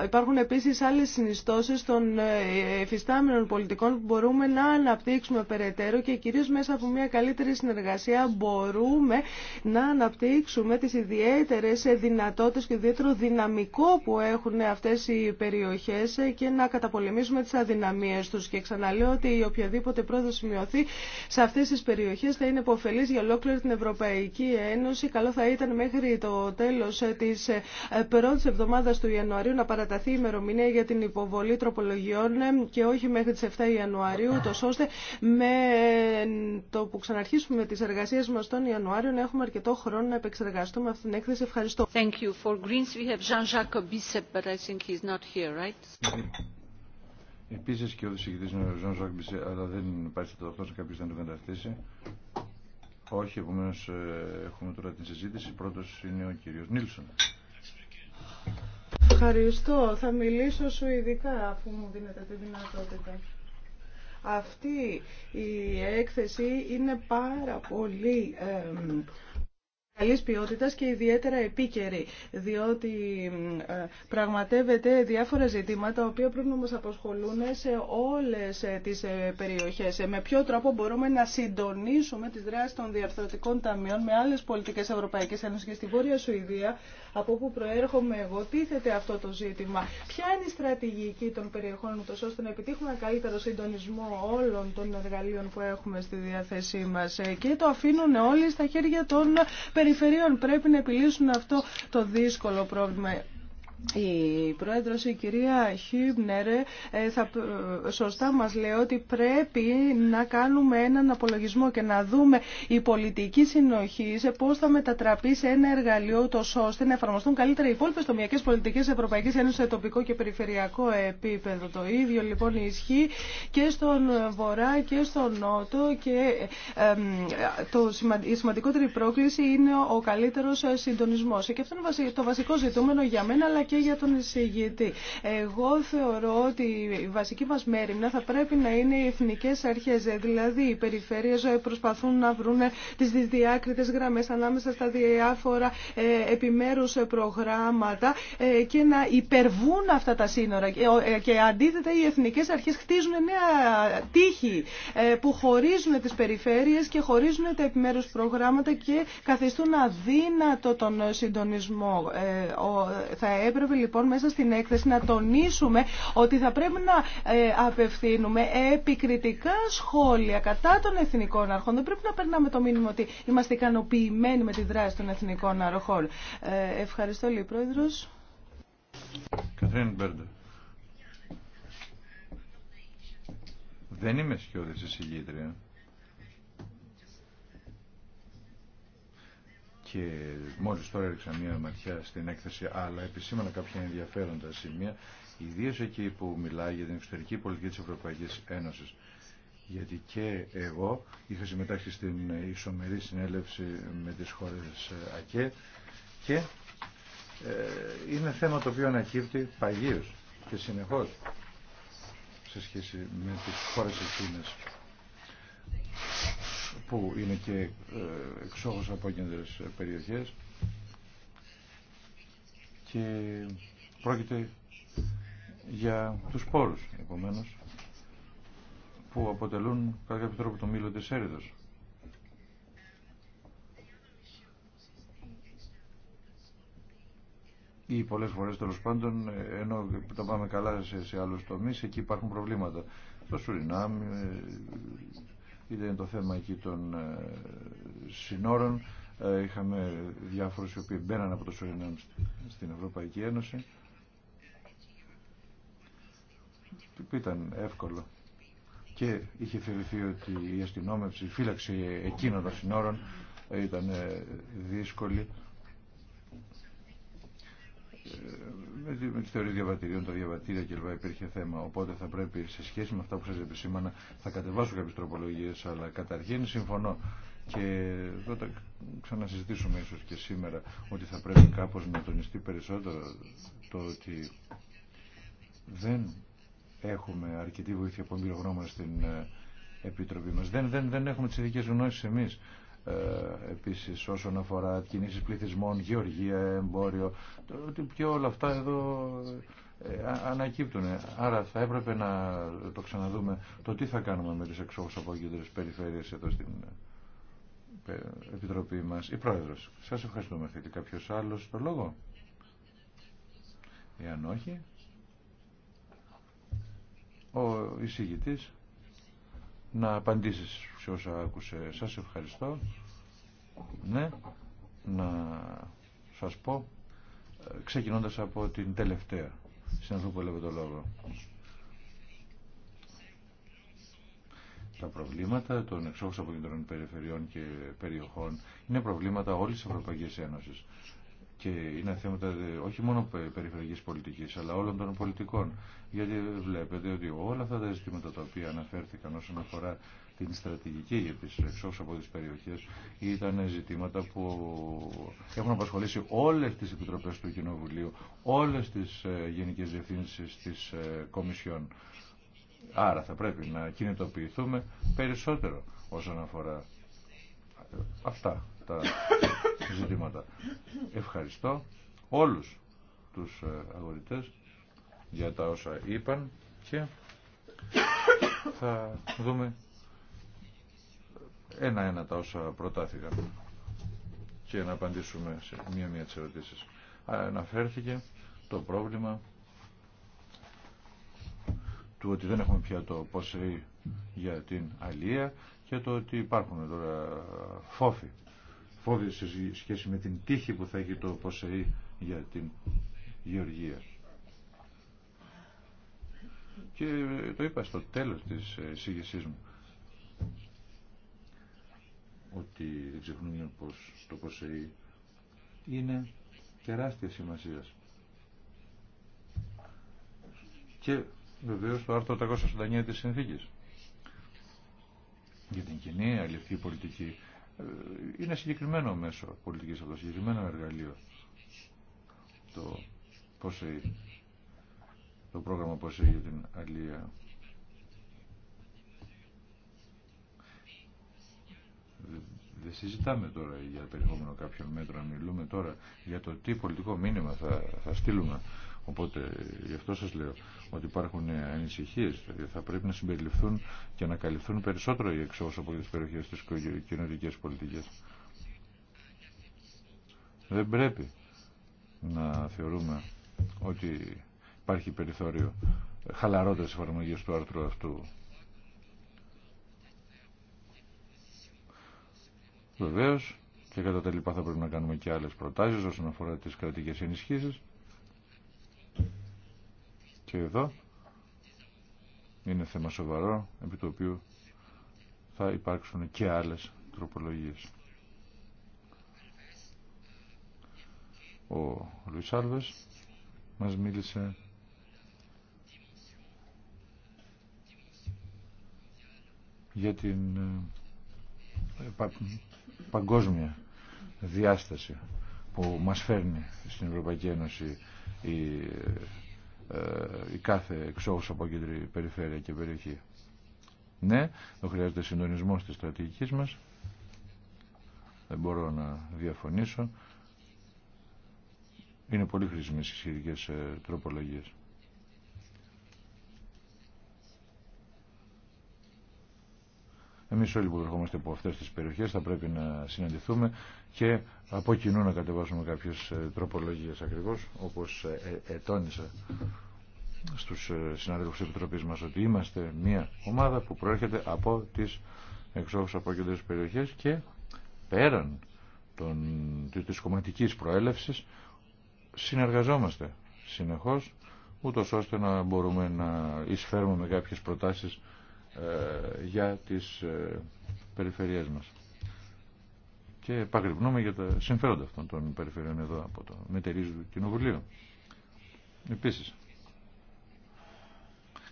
ε, υπάρχουν επίση άλλε συνιστώσει των ε, εφιστάμενων πολιτικών που μπορούμε να αναπτύξουμε περαιτέρω και κυρίω μέσα από μια καλύτερη συνεργασία μπορούμε να αναπτύξουμε τι ιδιαίτερε δυνατότητε και ιδιαίτερο δυναμικό που έχουν αυτέ οι περιοχέ και να καταπολεμήσουμε τι αδυναμίε του. Και ξαναλέω ότι οποιαδήποτε πρόοδο σημειωθεί σε αυτέ τι περιοχέ περιοχές θα είναι υποφελής για ολόκληρη την Ευρωπαϊκή Ένωση. Καλό θα ήταν μέχρι το τέλος της ε, πρώτης εβδομάδας του Ιανουαρίου να παραταθεί η ημερομηνία για την υποβολή τροπολογιών ε, και όχι μέχρι τις 7 Ιανουαρίου, τόσο ώστε με το που ξαναρχίσουμε τις εργασίες μας τον Ιανουάριο να έχουμε αρκετό χρόνο να επεξεργαστούμε αυτήν την έκθεση. Ευχαριστώ. Thank you. For Greens we have Jean-Jacques I think he's not here, right? Mm-hmm. Επίση και ο διοικητή είναι ο Ζων Ζόγκμπιση, αλλά δεν υπάρχει το σε κάποιο να τον καταστήσει. Όχι, επομένω ε, έχουμε τώρα την συζήτηση. Πρώτο είναι ο κύριο Νίλσον. Ευχαριστώ. Θα μιλήσω σου ειδικά αφού μου δίνετε τη δυνατότητα. Αυτή η έκθεση είναι πάρα πολύ. Καλή ποιότητα και ιδιαίτερα επίκαιρη, διότι ε, πραγματεύεται διάφορα ζητήματα, τα οποία πρέπει να μα απασχολούν σε όλες ε, τις ε, περιοχές. Με ποιο τρόπο μπορούμε να συντονίσουμε τι δράσει των διαρθρωτικών ταμείων με άλλε πολιτικέ Ευρωπαϊκή Ένωση και στη Βόρεια Σουηδία, από όπου προέρχομαι εγώ, τίθεται αυτό το ζήτημα. Ποια είναι η στρατηγική των περιοχών, ώστε να επιτύχουμε καλύτερο συντονισμό όλων των εργαλείων που έχουμε στη διάθεσή μας. Και το αφήνουν όλοι στα χέρια των περιοχών περιφερειών. Πρέπει να επιλύσουν αυτό το δύσκολο πρόβλημα. Η πρόεδρος, η κυρία Χίμπνερ, ε, θα, ε, σωστά μας λέει ότι πρέπει να κάνουμε έναν απολογισμό και να δούμε η πολιτική συνοχή σε πώς θα μετατραπεί σε ένα εργαλείο τόσο ώστε να εφαρμοστούν καλύτερα οι υπόλοιπες τομιακές πολιτικές της Ευρωπαϊκής Ένωσης σε τοπικό και περιφερειακό επίπεδο. Το ίδιο λοιπόν ισχύει και στον Βορρά και στον Νότο και το, η σημαντικότερη πρόκληση είναι ο καλύτερος συντονισμός. Και αυτό είναι το βασικό ζητούμενο για μένα αλλά και για τον εισηγητή. Εγώ θεωρώ ότι η βασική μας μέρημνα θα πρέπει να είναι οι εθνικές αρχές, δηλαδή οι περιφέρειες προσπαθούν να βρουν τις διάκριτες γραμμές ανάμεσα στα διάφορα ε, επιμέρους προγράμματα ε, και να υπερβούν αυτά τα σύνορα. Ε, και αντίθετα οι εθνικές αρχές χτίζουν νέα τείχη που χωρίζουν τις περιφέρειες και χωρίζουν τα επιμέρους προγράμματα και καθιστούν αδύνατο τον συντονισμό. Θα έπρεπε Πρέπει λοιπόν μέσα στην έκθεση να τονίσουμε ότι θα πρέπει να ε, απευθύνουμε επικριτικά σχόλια κατά των εθνικών αρχών. Δεν πρέπει να περνάμε το μήνυμα ότι είμαστε ικανοποιημένοι με τη δράση των εθνικών αρχών. Ε, ευχαριστώ, λίγο, Πρόεδρος. Δεν είμαι σκιώδης εισηγήτρια. και μόλις τώρα έριξα μία ματιά στην έκθεση αλλά επισήμανα κάποια ενδιαφέροντα σημεία ιδίως εκεί που μιλάει για την εξωτερική πολιτική της Ευρωπαϊκής Ένωσης γιατί και εγώ είχα συμμετάσχει στην ισομερή συνέλευση με τις χώρες ε, ΑΚΕ και ε, είναι θέμα το οποίο ανακύπτει παγίως και συνεχώς σε σχέση με τις χώρες εκείνες που είναι και ε, εξόχως κεντρες ε, περιοχές και πρόκειται για τους πόρους επομένως που αποτελούν κάποιο τρόπο το μήλο της έρηδος. ή πολλέ φορέ τέλο πάντων, ενώ τα πάμε καλά σε, σε άλλου τομεί, εκεί υπάρχουν προβλήματα. το Σουρινάμ, ε, ήταν το θέμα εκεί των ε, συνόρων. Ε, είχαμε διάφορους οι οποίοι μπαίναν από το Σουρινάμ στην Ευρωπαϊκή Ένωση. Ήταν εύκολο και είχε θεωρηθεί ότι η αστυνόμευση, η φύλαξη εκείνων των συνόρων ε, ήταν δύσκολη με τη θεωρία διαβατηρίων, τα διαβατήρια κλπ. υπήρχε θέμα. Οπότε θα πρέπει σε σχέση με αυτά που σα επισήμανα θα κατεβάσω κάποιε τροπολογίε. Αλλά καταρχήν συμφωνώ και θα τα ξανασυζητήσουμε ίσω και σήμερα ότι θα πρέπει κάπω να τονιστεί περισσότερο το ότι δεν έχουμε αρκετή βοήθεια από εμπειρογνώμονε στην ε, Επιτροπή μας. Δεν, δεν, δεν έχουμε τις ειδικές γνώσεις εμείς. Ε, επίσης όσον αφορά κινήσεις πληθυσμών, γεωργία, εμπόριο ότι πιο όλα αυτά εδώ ε, ανακύπτουν. Άρα θα έπρεπε να το ξαναδούμε το τι θα κάνουμε με τις εξόχους αποκέντρες περιφέρειες εδώ στην ε, Επιτροπή μας. Η Πρόεδρος, σας ευχαριστούμε. Θέλει κάποιος άλλος το λόγο. Εάν όχι, ο εισηγητής να απαντήσεις σε όσα άκουσε. Σας ευχαριστώ. Ναι, να σας πω, ε, ξεκινώντας από την τελευταία, συναντού που το λόγο. Τα προβλήματα των από κεντρών περιφερειών και περιοχών είναι προβλήματα όλης της Ευρωπαϊκής Ένωσης και είναι θέματα ε, όχι μόνο περιφερειακής πολιτικής αλλά όλων των πολιτικών γιατί βλέπετε ότι όλα αυτά τα ζητήματα τα οποία αναφέρθηκαν όσον αφορά την στρατηγική για τις εξώσεις από τις περιοχές ήταν ζητήματα που έχουν απασχολήσει όλες τις επιτροπές του Κοινοβουλίου, όλες τις ε, γενικές διευθύνσεις της ε, Κομισιόν. Άρα θα πρέπει να κινητοποιηθούμε περισσότερο όσον αφορά αυτά τα ζητήματα. Ευχαριστώ όλους τους ε, αγορητές για τα όσα είπαν και θα δούμε ένα-ένα τα όσα προτάθηκαν και να απαντήσουμε σε μία-μία τις ερωτήσεις. Αναφέρθηκε το πρόβλημα του ότι δεν έχουμε πια το ποσεή για την αλία και το ότι υπάρχουν τώρα φόφοι φόβοι σε σχέση με την τύχη που θα έχει το ΠΟΣΕΗ για την γεωργία. Και ε, το είπα στο τέλος της ε, εισήγησής μου ότι δεν ξεχνούμε πως το ΠΟΣΕΗ είναι τεράστια σημασία. Και βεβαίω το άρθρο 349 της συνθήκης για την κοινή αλληλευτική πολιτική ε, είναι συγκεκριμένο μέσο πολιτικής αυτό, συγκεκριμένο εργαλείο το, πόση, το πρόγραμμα πώς για την αλληλεία. Δεν συζητάμε τώρα για περιεχόμενο κάποιων μέτρων, μιλούμε τώρα για το τι πολιτικό μήνυμα θα, θα στείλουμε Οπότε γι' αυτό σας λέω ότι υπάρχουν ανησυχίες, δηλαδή θα πρέπει να συμπεριληφθούν και να καλυφθούν περισσότερο οι από τις περιοχές της κοινωνικής πολιτικής. Δεν πρέπει να θεωρούμε ότι υπάρχει περιθώριο χαλαρότητας εφαρμογής του άρθρου αυτού. Βεβαίω και κατά τα λοιπά θα πρέπει να κάνουμε και άλλες προτάσεις όσον αφορά τις κρατικές ενισχύσεις. Και εδώ είναι θέμα σοβαρό, επί το οποίο θα υπάρξουν και άλλες τροπολογίες. Ο Λουίς Άλβες μας μίλησε για την ε, παγκόσμια διάσταση που μας φέρνει στην Ευρωπαϊκή Ένωση η ε, ε, η κάθε από κεντρη περιφέρεια και περιοχή. Ναι, το χρειάζεται συντονισμό της στρατηγικής μας. Δεν μπορώ να διαφωνήσω. Είναι πολύ χρήσιμες οι σχετικές ε, τροπολογίες. Εμεί όλοι που ερχόμαστε από αυτέ τι περιοχέ θα πρέπει να συναντηθούμε και από κοινού να κατεβάσουμε κάποιε τροπολογίε ακριβώ όπω ετώνησα ε, ε, στου ε, συναδέλφου τη Επιτροπή μα ότι είμαστε μια ομάδα που προέρχεται από τι εξόχου κεντρικέ περιοχέ και πέραν τη κομματική προέλευση συνεργαζόμαστε συνεχώ, ούτως ώστε να μπορούμε να εισφέρουμε με κάποιες προτάσεις ε, για τις ε, περιφερειές μας. Και επαγρυπνούμε για τα συμφέροντα αυτών των περιφερειών εδώ από το μετερίζου του Κοινοβουλίου. Επίσης,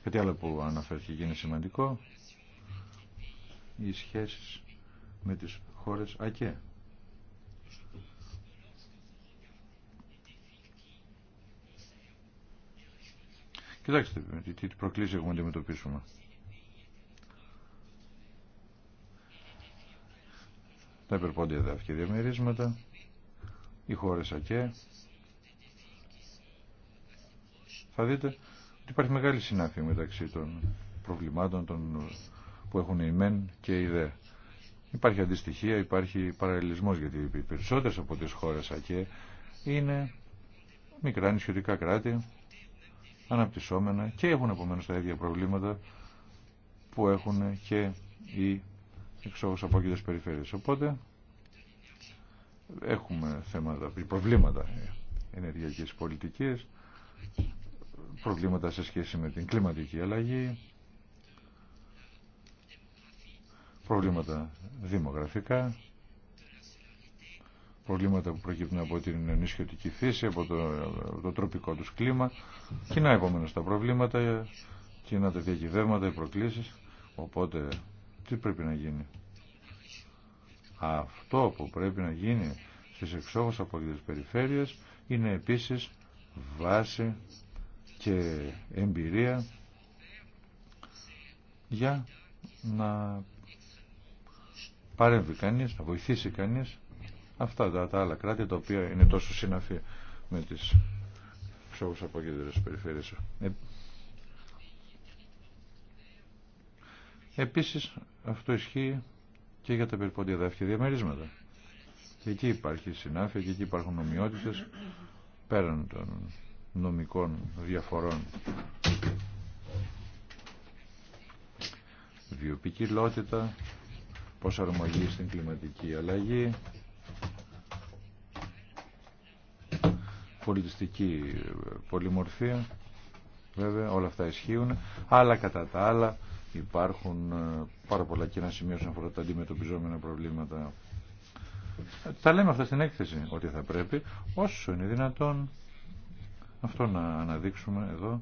κάτι άλλο που αναφέρθηκε και είναι σημαντικό, οι σχέσεις με τις χώρες ΑΚΕ. Κοιτάξτε τι προκλήσεις έχουμε να αντιμετωπίσουμε. τα υπερπόντια εδάφη διαμερίσματα, οι χώρες ΑΚΕ. Θα δείτε ότι υπάρχει μεγάλη συνάφεια μεταξύ των προβλημάτων των, που έχουν οι μεν και οι δε. Υπάρχει αντιστοιχία, υπάρχει παραλληλισμός γιατί οι περισσότερες από τις χώρες ΑΚΕ είναι μικρά νησιωτικά κράτη, αναπτυσσόμενα και έχουν επομένως τα ίδια προβλήματα που έχουν και οι από τις περιφέρειες. Οπότε έχουμε θέματα, προβλήματα ε, ενεργειακής πολιτικής, προβλήματα σε σχέση με την κλιματική αλλαγή, προβλήματα δημογραφικά, προβλήματα που προκύπτουν από την νησιωτική φύση, από το, τροπικό τους κλίμα, κοινά επόμενα τα προβλήματα, κοινά τα διακυβεύματα, οι προκλήσεις, οπότε τι πρέπει να γίνει. Αυτό που πρέπει να γίνει στις εξόχους από τις περιφέρειες είναι επίσης βάση και εμπειρία για να παρέμβει κανείς, να βοηθήσει κανείς αυτά τα, άλλα κράτη τα οποία είναι τόσο συναφή με τις εξόχους από τις περιφέρειες. Ε, Επίσης αυτό ισχύει και για τα περιποντία διαμερίσματα. Και εκεί υπάρχει συνάφεια και εκεί υπάρχουν ομοιότητες πέραν των νομικών διαφορών. Βιοπικιλότητα, προσαρμογή στην κλιματική αλλαγή, πολιτιστική πολυμορφία, βέβαια όλα αυτά ισχύουν, αλλά κατά τα άλλα Υπάρχουν ε, πάρα πολλά κοινά σημεία όσον αφορά τα αντιμετωπιζόμενα προβλήματα. Ε, τα λέμε αυτά στην έκθεση, ότι θα πρέπει όσο είναι δυνατόν αυτό να αναδείξουμε εδώ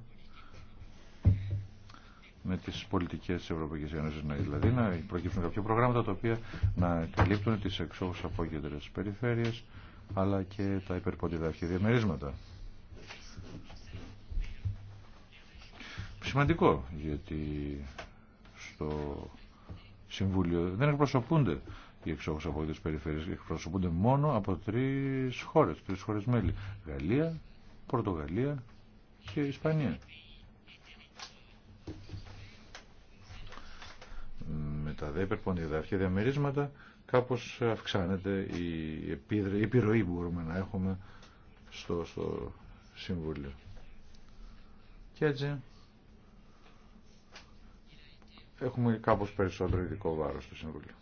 με τις πολιτικές της Ευρωπαϊκής Ένωσης, δηλαδή να προκύψουν κάποια προγράμματα τα οποία να καλύπτουν τις εξώχους απόκεντρες περιφέρειες αλλά και τα και διαμερίσματα. Σημαντικό, γιατί το Συμβούλιο. Δεν εκπροσωπούνται οι εξόχους από τις περιφέρειες. Εκπροσωπούνται μόνο από τρεις χώρες, τρεις χώρες μέλη. Γαλλία, Πορτογαλία και Ισπανία. Με τα δε διαμερίσματα κάπως αυξάνεται η επιρροή που μπορούμε να έχουμε στο, στο Συμβούλιο. Και έτσι έχουμε κάπως περισσότερο ειδικό βάρος στο Συμβούλιο.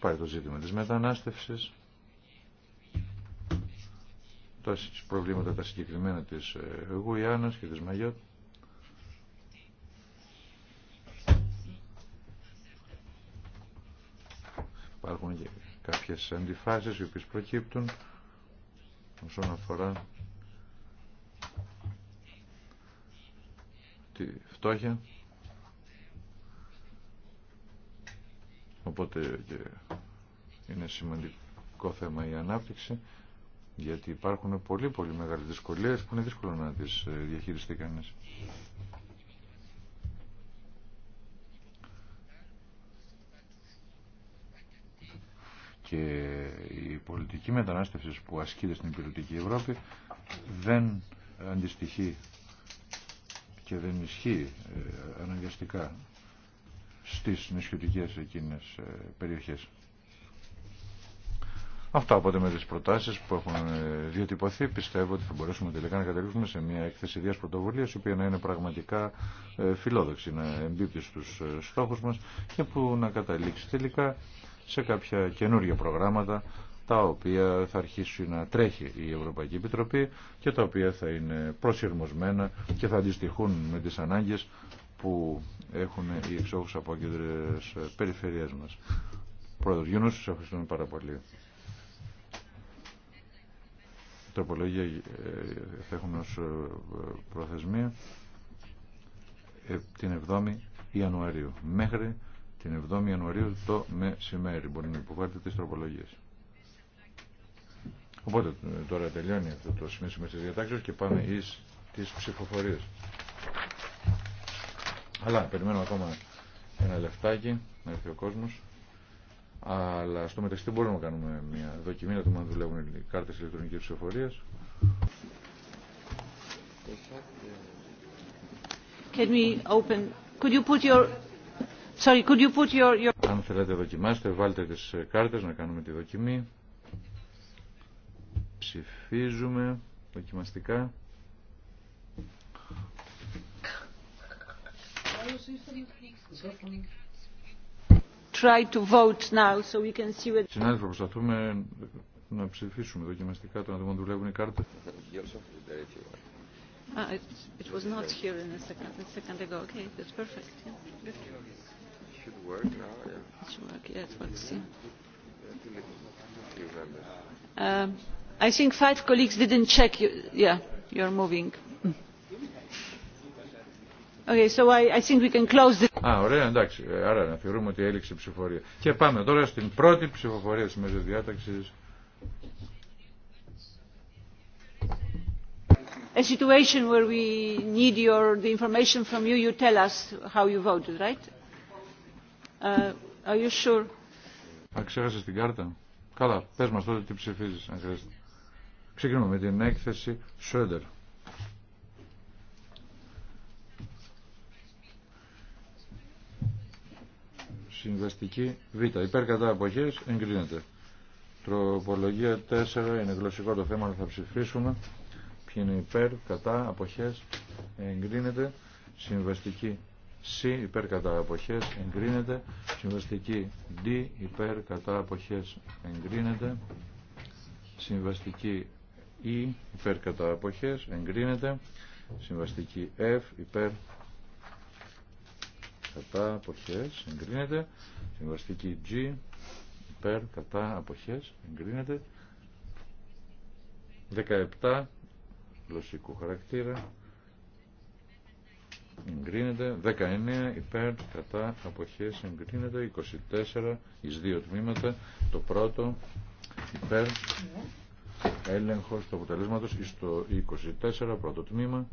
Πάει το ζήτημα της μετανάστευσης, τα προβλήματα τα συγκεκριμένα της ε, Γουιάνας και της Μαγιώτ. Υπάρχουν και κάποιες αντιφάσεις οι οποίες προκύπτουν όσον αφορά τη φτώχεια. Οπότε είναι σημαντικό θέμα η ανάπτυξη γιατί υπάρχουν πολύ πολύ μεγάλες δυσκολίες που είναι δύσκολο να τις ε, διαχειριστεί κανείς. Και η πολιτική μετανάστευση που ασκείται στην υπηρετική Ευρώπη δεν αντιστοιχεί και δεν ισχύει ε, αναγκαστικά στις νησιωτικές εκείνες ε, περιοχές. Αυτά οπότε με τις προτάσεις που έχουν ε, διατυπωθεί πιστεύω ότι θα μπορέσουμε τελικά να καταλήξουμε σε μια έκθεση ιδίας πρωτοβουλίας η οποία να είναι πραγματικά φιλόδοξη, να εμπίπτει στους στόχους μας και που να καταλήξει τελικά σε κάποια καινούργια προγράμματα τα οποία θα αρχίσει να τρέχει η Ευρωπαϊκή Επιτροπή και τα οποία θα είναι προσυρμοσμένα και θα αντιστοιχούν με τις ανάγκες που έχουν οι εξόχους απόκεντρες περιφερειές μας. Πρόεδρος Γιούνος, σας ευχαριστούμε πάρα πολύ. Τροπολόγια ε, θα έχουμε ως ε, προθεσμία ε, την 7η Ιανουαρίου. Μέχρι την 7η Ιανουαρίου το μεσημέρι μπορεί να υποβάλλετε τις τροπολογίες. Οπότε τώρα τελειώνει αυτό το σημείο τη διατάξεω και πάμε εις τις ψηφοφορίες. Αλλά περιμένουμε ακόμα ένα λεφτάκι να έρθει ο κόσμος. Αλλά στο μεταξύ μπορούμε να κάνουμε μια δοκιμή να δούμε αν δουλεύουν οι κάρτες ηλεκτρονικής ψηφοφορίας. Αν θέλετε δοκιμάστε, βάλτε τις κάρτες να κάνουμε τη δοκιμή. Ψηφίζουμε δοκιμαστικά. Try to vote now so we can see what... Συνάδελφοι, προσπαθούμε να ψηφίσουμε δοκιμαστικά το να δούμε αν δουλεύουν οι κάρτες. Ah, it, was not here in a second, a second ago. Okay, that's perfect. It should work now, yeah. should work, yeah, works, I think five colleagues didn't check. Yeah, you're moving. Okay, so I, think we can close the... Α, ωραία, εντάξει. Άρα να θεωρούμε ότι έληξε η ψηφοφορία. Και πάμε τώρα στην πρώτη ψηφοφορία της μέσης διάταξης. A situation where we need your, the information from you, you tell us how you voted, right? Uh, are you sure? Α, ξέχασες την κάρτα. Καλά, πες μας τότε τι ψηφίζεις, αν χρειάζεται. Ξεκινούμε με την έκθεση Σρέντερ. Συμβαστική Β. Υπέρ κατά αποχές εγκρίνεται. Τροπολογία 4 είναι γλωσσικό το θέμα, θα ψηφίσουμε. Ποιοι είναι υπέρ, κατά, αποχές, εγκρίνεται. Συμβαστική C υπέρ κατά αποχές εγκρίνεται. Συμβαστική D υπέρ κατά αποχές εγκρίνεται. Συμβαστική ε, υπέρ κατά αποχές εγκρίνεται. Συμβαστική F υπέρ κατά αποχές εγκρίνεται. Συμβαστική G υπέρ κατά αποχές εγκρίνεται. 17 γλωσσικού χαρακτήρα εγκρίνεται 19 υπέρ κατά αποχές εγκρίνεται 24 εις δύο τμήματα το πρώτο υπέρ Έλέγχο του αποτελέσματο στο 24 πρώτο τμήμα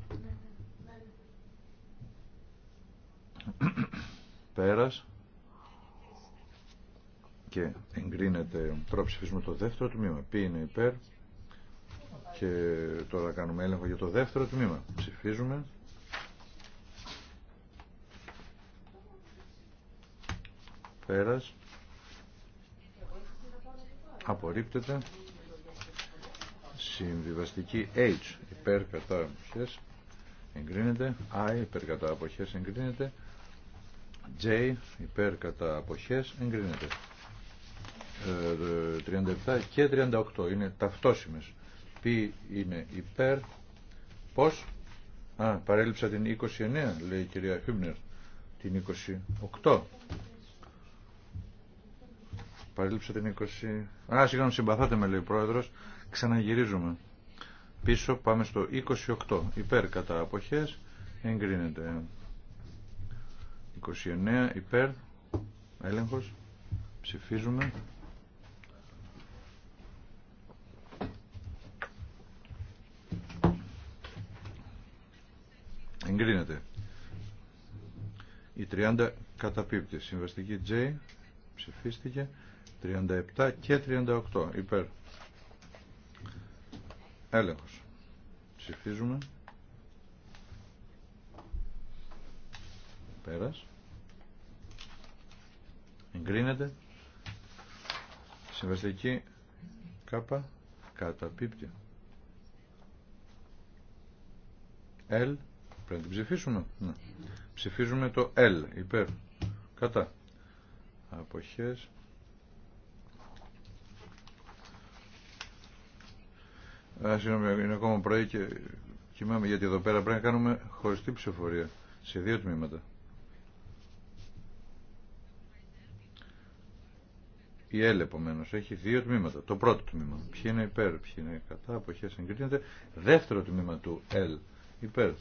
πέρας και εγκρίνεται τώρα ψηφίσουμε το δεύτερο τμήμα ποιοι είναι υπέρ και τώρα κάνουμε έλεγχο για το δεύτερο τμήμα ψηφίζουμε πέρας απορρίπτεται Συμβιβαστική H υπέρ κατά αποχές εγκρίνεται. I υπέρ κατά αποχές εγκρίνεται. J υπέρ κατά αποχές εγκρίνεται. 37 ε, και 38 είναι ταυτόσιμες. P είναι υπέρ. Πώς? Α, παρέλειψα την 29 λέει η κυρία Χούμνερ Την 28. Παρέλειψα την 20. Α, συγγνώμη, συμπαθάτε με, λέει ο πρόεδρο. Ξαναγυρίζουμε. Πίσω πάμε στο 28. Υπέρ κατά αποχές εγκρίνεται. 29 υπέρ. Έλεγχος. Ψηφίζουμε. Εγκρίνεται. Η 30 καταπίπτει. Συμβαστική J ψηφίστηκε. 37 και 38 υπέρ. Έλεγχος. Ψηφίζουμε. Πέρας. Εγκρίνεται. Συμβαστική κάπα καταπίπτει. Ελ. Πρέπει να την ψηφίσουμε. Ναι. Ψηφίζουμε το L. Υπέρ. Κατά. Αποχές. Α, συγγνώμη, είναι ακόμα πρωί και κοιμάμαι γιατί εδώ πέρα πρέπει να κάνουμε χωριστή ψηφοφορία σε δύο τμήματα. Η ΕΛ επομένω έχει δύο τμήματα. Το πρώτο τμήμα. Ποιοι είναι υπέρ, ποιοι είναι κατά, αποχέ εγκρίνεται. Δεύτερο τμήμα του ΕΛ. Υπέρ.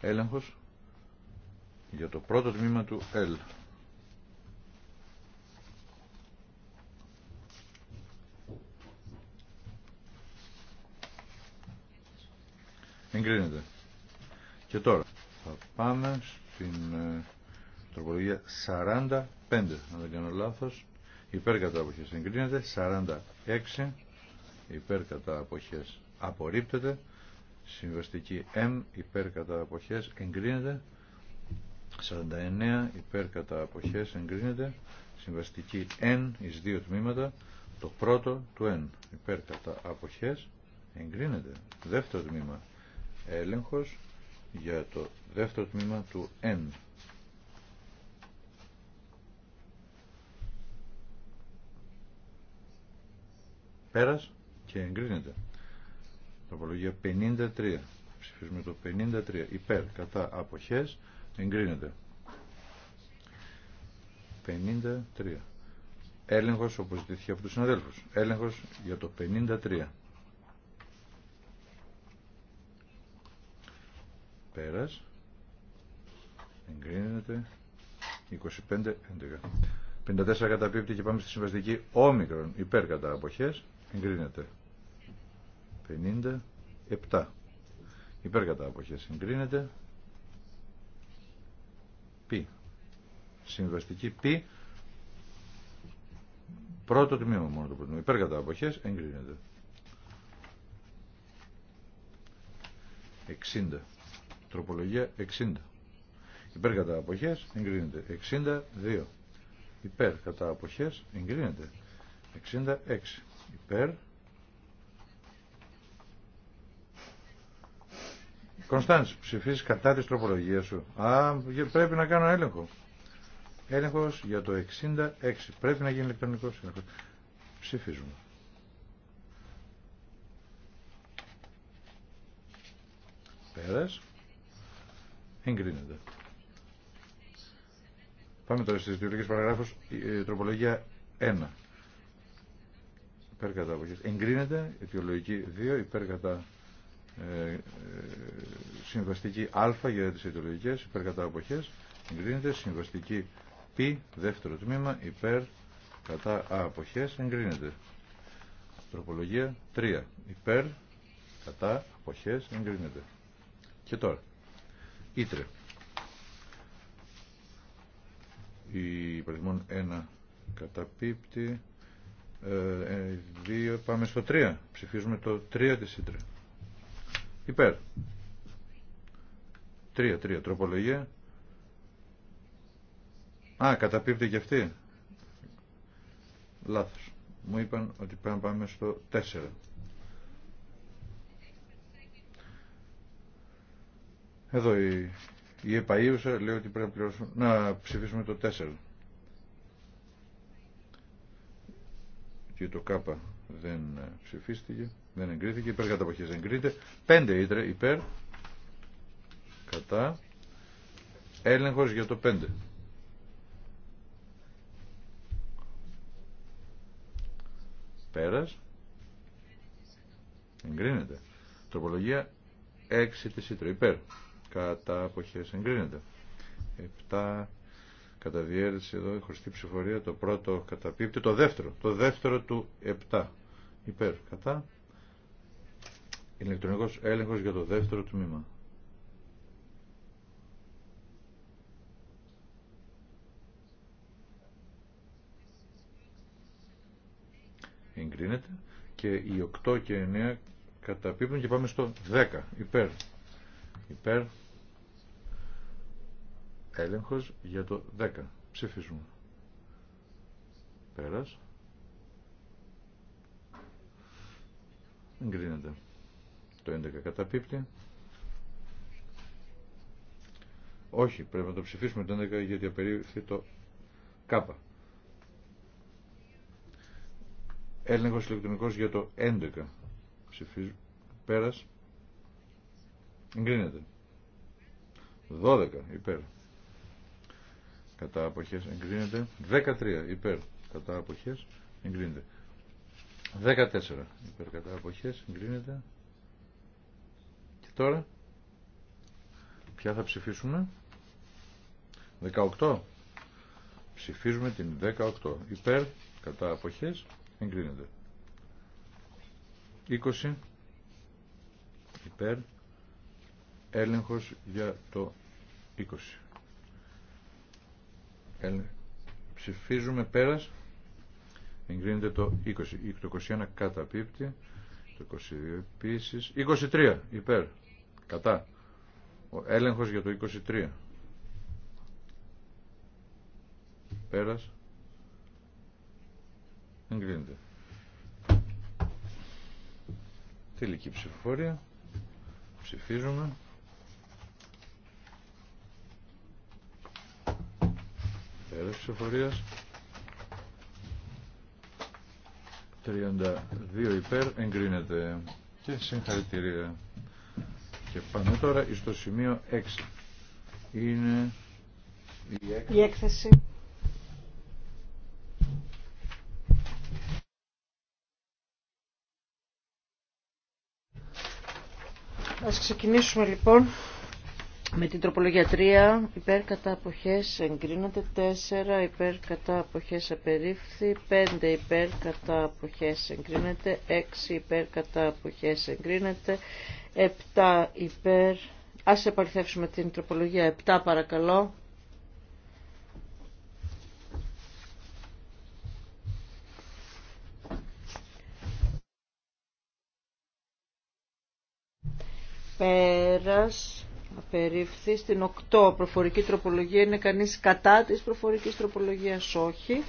Έλεγχο για το πρώτο τμήμα του ΕΛ. Εγκρίνεται. Και τώρα θα πάμε στην ε, τροπολογία 45, αν δεν κάνω λάθος. Υπέρ κατά αποχές εγκρίνεται. 46 υπέρ κατά αποχές απορρίπτεται. Συμβαστική M υπέρ κατά αποχές εγκρίνεται. 49 υπέρ κατά αποχές εγκρίνεται. Συμβαστική N εις δύο τμήματα. Το πρώτο του N υπέρ κατά αποχές εγκρίνεται. Δεύτερο τμήμα έλεγχος για το δεύτερο τμήμα του N. Πέρας και εγκρίνεται. Τροπολογία 53. Ψηφίζουμε το 53. Υπέρ κατά αποχές εγκρίνεται. 53. Έλεγχος, όπως ζητήθηκε από τους συναδέλφους. Έλεγχος για το 53. Πέρας. Εγκρίνεται. 25, 54 καταπίπτει και πάμε στη συμβαστική όμικρον υπέρ κατά αποχές. Εγκρίνεται. 57. Υπέρ κατά αποχές. Εγκρίνεται. Π. Συμβαστική π. Πρώτο τμήμα μόνο το πρώτο Υπέρ κατά αποχές. Εγκρίνεται. 60. Τροπολογία 60. Υπέρ κατά αποχές εγκρίνεται. 62. Υπέρ κατά αποχές εγκρίνεται. 66. Υπέρ. Κωνσταντς, ψηφίσεις κατά της τροπολογίας σου. Α, πρέπει να κάνω έλεγχο. Έλεγχος για το 66. Πρέπει να γίνει ηλεκτρονικός έλεγχος. Ψηφίζουμε. Πέρας. Εγκρίνεται. Πάμε τώρα στις βιβλικές παραγράφους. Ε, τροπολογία 1. Υπέρ κατά αποχές. Εγκρίνεται. Αιτιολογική 2. Υπέρ κατά ε, ε, συμβαστική α για τις αιτιολογικές. Υπέρ κατά αποχές. Εγκρίνεται. Συμβαστική π. Δεύτερο τμήμα. Υπέρ κατά αποχές. Εγκρίνεται. Τροπολογία 3. Υπέρ κατά αποχές. Εγκρίνεται. Και τώρα. Ήτρε. Η παριθμόν 1 καταπίπτει. 2 ε, ε, πάμε στο 3. Ψηφίζουμε το 3 της Ήτρε. Υπέρ. 3, 3. Τροπολογία. Α, καταπίπτει και αυτή. Λάθος. Μου είπαν ότι πάμε στο 4. Εδώ η, η επαΐουσα λέει ότι πρέπει να, ψηφίσουμε το 4. Και το κάπα δεν ψηφίστηκε, δεν εγκρίθηκε, υπέρ καταποχής δεν εγκρίνεται. 5 ήτρε υπέρ, κατά, έλεγχος για το 5. Πέρας. Εγκρίνεται. Τροπολογία 6 της ήτρε υπέρ κατά αποχές εγκρίνεται 7 κατά διέρεση εδώ η χωριστή ψηφορία το πρώτο καταπίπτει το δεύτερο το δεύτερο του 7 υπέρ κατά ηλεκτρονικός έλεγχος για το δεύτερο τμήμα εγκρίνεται και οι 8 και 9 καταπίπτουν και πάμε στο 10 υπέρ υπέρ έλεγχος για το 10 ψηφίζουμε πέρας εγκρίνεται το 11 καταπίπτει όχι πρέπει να το ψηφίσουμε το 11 γιατί απερίφθη το K. έλεγχος ηλεκτρονικός για το 11 ψηφίζουμε πέρας Εγκρίνεται. 12 υπέρ. Κατά αποχές εγκρίνεται. 13 υπέρ. Κατά αποχές εγκρίνεται. 14 υπέρ. Κατά αποχές εγκρίνεται. Και τώρα. Ποια θα ψηφίσουμε. 18. Ψηφίζουμε την 18. Υπέρ. Κατά αποχές εγκρίνεται. 20 υπέρ έλεγχος για το 20. Ψηφίζουμε πέρας. Εγκρίνεται το 20. Το 21 καταπίπτει. Το 22 επίσης. 23 υπέρ. Κατά. Ο έλεγχος για το 23. Πέρας. Εγκρίνεται. Τελική ψηφοφορία. Ψηφίζουμε. Πέραση εφορίας 32 υπέρ εγκρίνεται και συγχαρητήρια. Και πάμε τώρα στο σημείο 6. Είναι η έκθεση. Η έκθεση. Ας ξεκινήσουμε λοιπόν με την τροπολογία 3 υπέρ κατά αποχές εγκρίνεται, 4 υπέρ κατά αποχές απερίφθη, 5 υπέρ κατά αποχές εγκρίνεται, 6 υπέρ κατά αποχές εγκρίνεται, 7 υπέρ... Ας επαληθεύσουμε την τροπολογία 7 παρακαλώ. Πέρας στην 8 προφορική τροπολογία είναι κανείς κατά της προφορικής τροπολογίας όχι.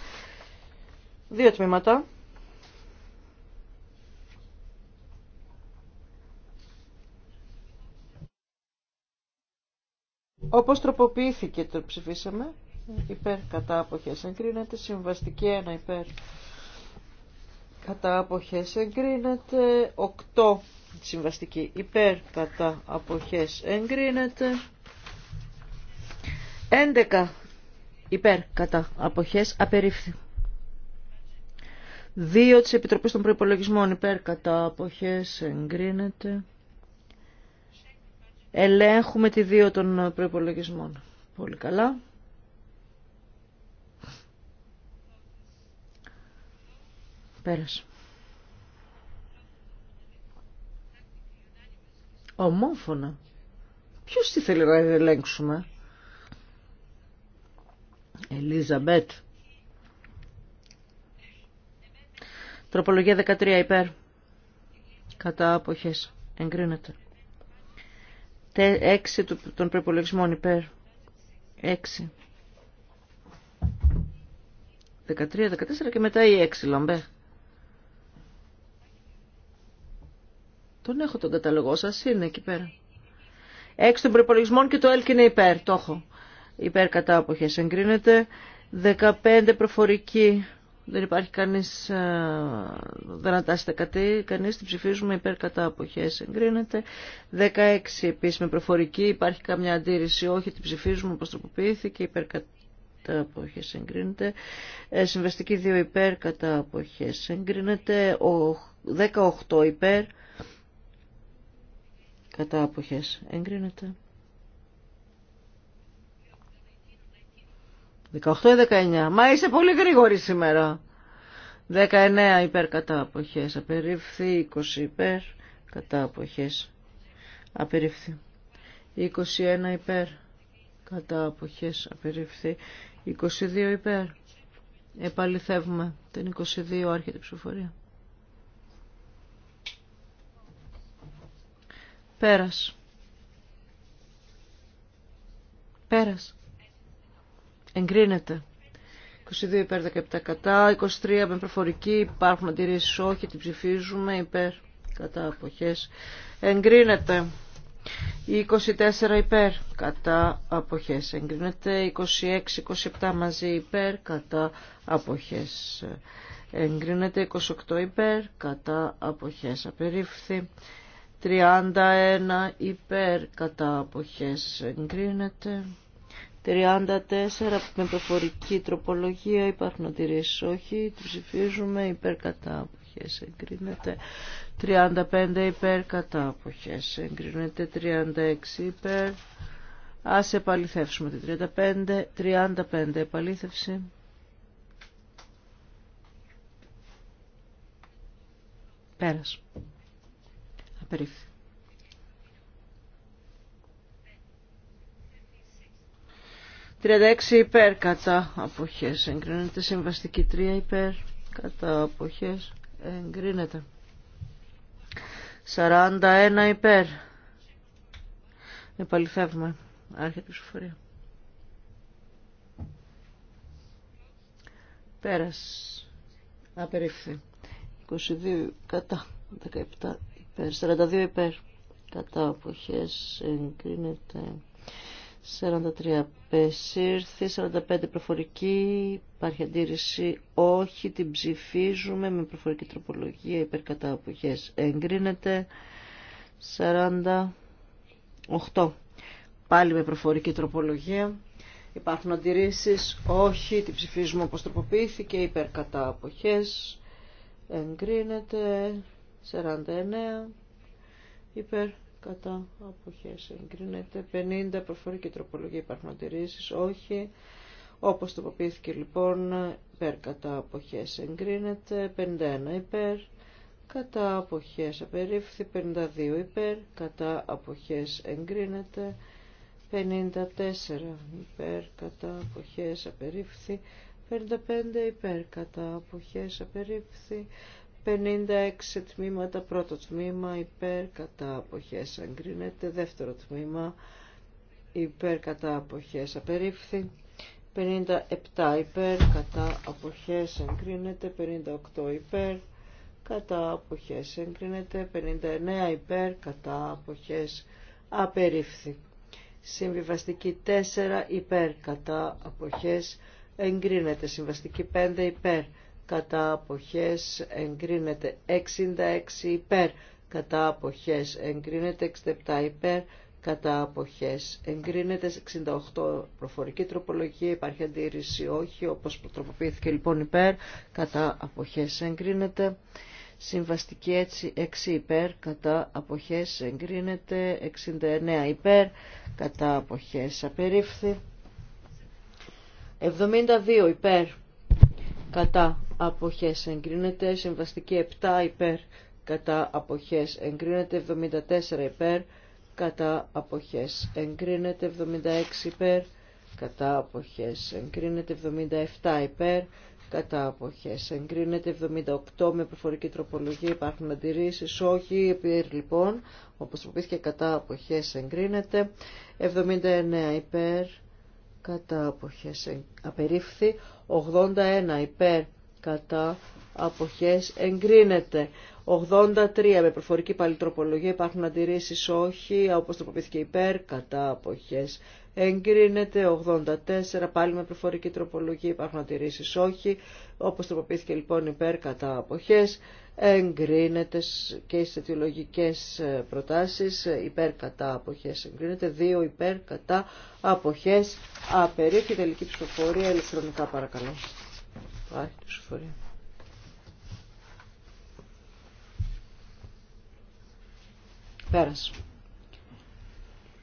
Δύο τμήματα. Όπως τροποποιήθηκε το ψηφίσαμε, υπέρ κατά αποχές εγκρίνεται, συμβαστική ένα υπέρ κατά αποχές εγκρίνεται, 8 συμβαστική υπέρ κατά αποχές εγκρίνεται 11 υπέρ κατά αποχές απερίφθη 2 της Επιτροπής των Προϋπολογισμών υπέρ κατά αποχές εγκρίνεται ελέγχουμε τη 2 των προϋπολογισμών πολύ καλά πέρασε ομόφωνα. Ποιος τι θέλει να ελέγξουμε. Ελίζα Τροπολογία 13 υπέρ. Κατά αποχές. Εγκρίνεται. 6 των προπολογισμών υπέρ. 6. 13, 14 και μετά η 6 λαμπέ. Τον έχω τον καταλογό σα είναι εκεί πέρα. Έξι των προπολογισμών και το ΕΛΚ είναι υπέρ, το έχω. Υπέρ κατά αποχές εγκρίνεται. 15 προφορική. Δεν υπάρχει κανεί. Ε, δεν αντάσσεται κάτι, κανείς την ψηφίζουμε υπέρ κατά αποχέ. εγκρίνεται. 16 επίση με προφορική, υπάρχει καμιά αντίρρηση, όχι, την ψηφίζουμε όπω τροποποιήθηκε, υπέρ κατά αποχέ εγκρίνεται. Ε, συμβαστική 2 υπέρ κατά αποχέ. εγκρίνεται. 18 υπέρ κατά αποχές εγκρίνεται 18 19 μα είσαι πολύ γρήγορη σήμερα 19 υπέρ κατά αποχές απερίφθη 20 υπέρ κατά αποχές απερίφθη 21 υπέρ κατά αποχές απερίφθη 22 υπέρ επαληθεύουμε την 22 άρχεται ψηφοφορία Πέρας. Πέρας. Εγκρίνεται. 22 υπέρ 17 κατά, 23 με προφορική, υπάρχουν αντιρρήσει όχι, την ψηφίζουμε υπέρ κατά αποχές. Εγκρίνεται. 24 υπέρ κατά αποχές. Εγκρίνεται 26-27 μαζί υπέρ κατά αποχές. Εγκρίνεται 28 υπέρ κατά αποχές. Απερίφθη 31 υπέρ κατά αποχές εγκρίνεται. 34 με προφορική τροπολογία υπάρχουν αντιρρήσεις όχι, ψηφίζουμε υπέρ κατά αποχές εγκρίνεται. 35 υπέρ κατά αποχές εγκρίνεται. 36 υπέρ. Ας επαληθεύσουμε την 35, 35 επαλήθευση. Πέρας. 36 υπέρ κατά αποχές εγκρίνεται. Συμβαστική 3 υπέρ κατά αποχές εγκρίνεται. 41 υπέρ. Επαληθεύουμε. Άρχεται η ψηφορία. Πέρας. Απερίφθη. 22 κατά 17 υπέρ. 42 υπέρ. Κατά αποχές εγκρίνεται. 43 πεσύρθη, 45 προφορική, υπάρχει αντίρρηση, όχι, την ψηφίζουμε με προφορική τροπολογία, υπέρ κατά αποχές εγκρίνεται, 48, πάλι με προφορική τροπολογία, υπάρχουν αντιρρήσεις, όχι, την ψηφίζουμε όπως τροποποιήθηκε, υπέρ κατά αποχές εγκρίνεται, 49 υπέρ κατά αποχές εγκρίνεται 50 και τροπολογία υπάρχουν αντιρρήσεις όχι όπως τοποποιήθηκε λοιπόν υπέρ κατά αποχές εγκρίνεται 51 υπέρ κατά αποχές απερίφθη 52 υπέρ κατά αποχές εγκρίνεται 54 υπέρ κατά αποχές απερίφθη 55 υπέρ κατά αποχές απερίφθη 56 τμήματα, πρώτο τμήμα υπέρ κατά αποχές εγκρίνεται, δεύτερο τμήμα υπέρ κατά αποχές απερίφθη, 57 υπέρ κατά αποχές εγκρίνεται, 58 υπέρ κατά αποχές εγκρίνεται, 59 υπέρ κατά αποχές απερίφθη. Συμβιβαστική 4 υπέρ κατά αποχές εγκρίνεται, συμβαστική 5 υπέρ κατά αποχές εγκρίνεται 66 υπέρ, κατά αποχές εγκρίνεται 67 υπέρ, κατά αποχές εγκρίνεται 68 προφορική τροπολογία, υπάρχει αντίρρηση όχι, όπως τροποποιήθηκε λοιπόν υπέρ, κατά αποχές εγκρίνεται. Συμβαστική έτσι 6 υπέρ, κατά αποχές εγκρίνεται, 69 υπέρ, κατά αποχές απερίφθη. 72 υπέρ, κατά αποχές εγκρίνεται, συμβαστική 7 υπέρ κατά αποχές εγκρίνεται, 74 υπέρ κατά αποχές εγκρίνεται, 76 υπέρ κατά αποχές εγκρίνεται, 77 υπέρ κατά αποχές εγκρίνεται, 78 με προφορική τροπολογία υπάρχουν αντιρρήσεις, όχι υπέρ λοιπόν, όπως προπήθηκε κατά αποχές εγκρίνεται, 79 υπέρ κατά αποχές απερίφθη, 81 υπέρ κατά αποχές εγκρίνεται. 83 με προφορική παλιτροπολογία υπάρχουν αντιρρήσεις όχι, όπως τροποποιήθηκε υπέρ κατά αποχές εγκρίνεται 84 πάλι με προφορική τροπολογία υπάρχουν αντιρρήσεις όχι όπως τροποποιήθηκε λοιπόν υπέρ κατά αποχές εγκρίνεται και στις αιτιολογικές ε, προτάσεις υπέρ κατά αποχές εγκρίνεται δύο υπέρ κατά αποχές απερίφη τελική ψηφοφορία ηλεκτρονικά παρακαλώ υπάρχει ψηφοφορία Πέρασε.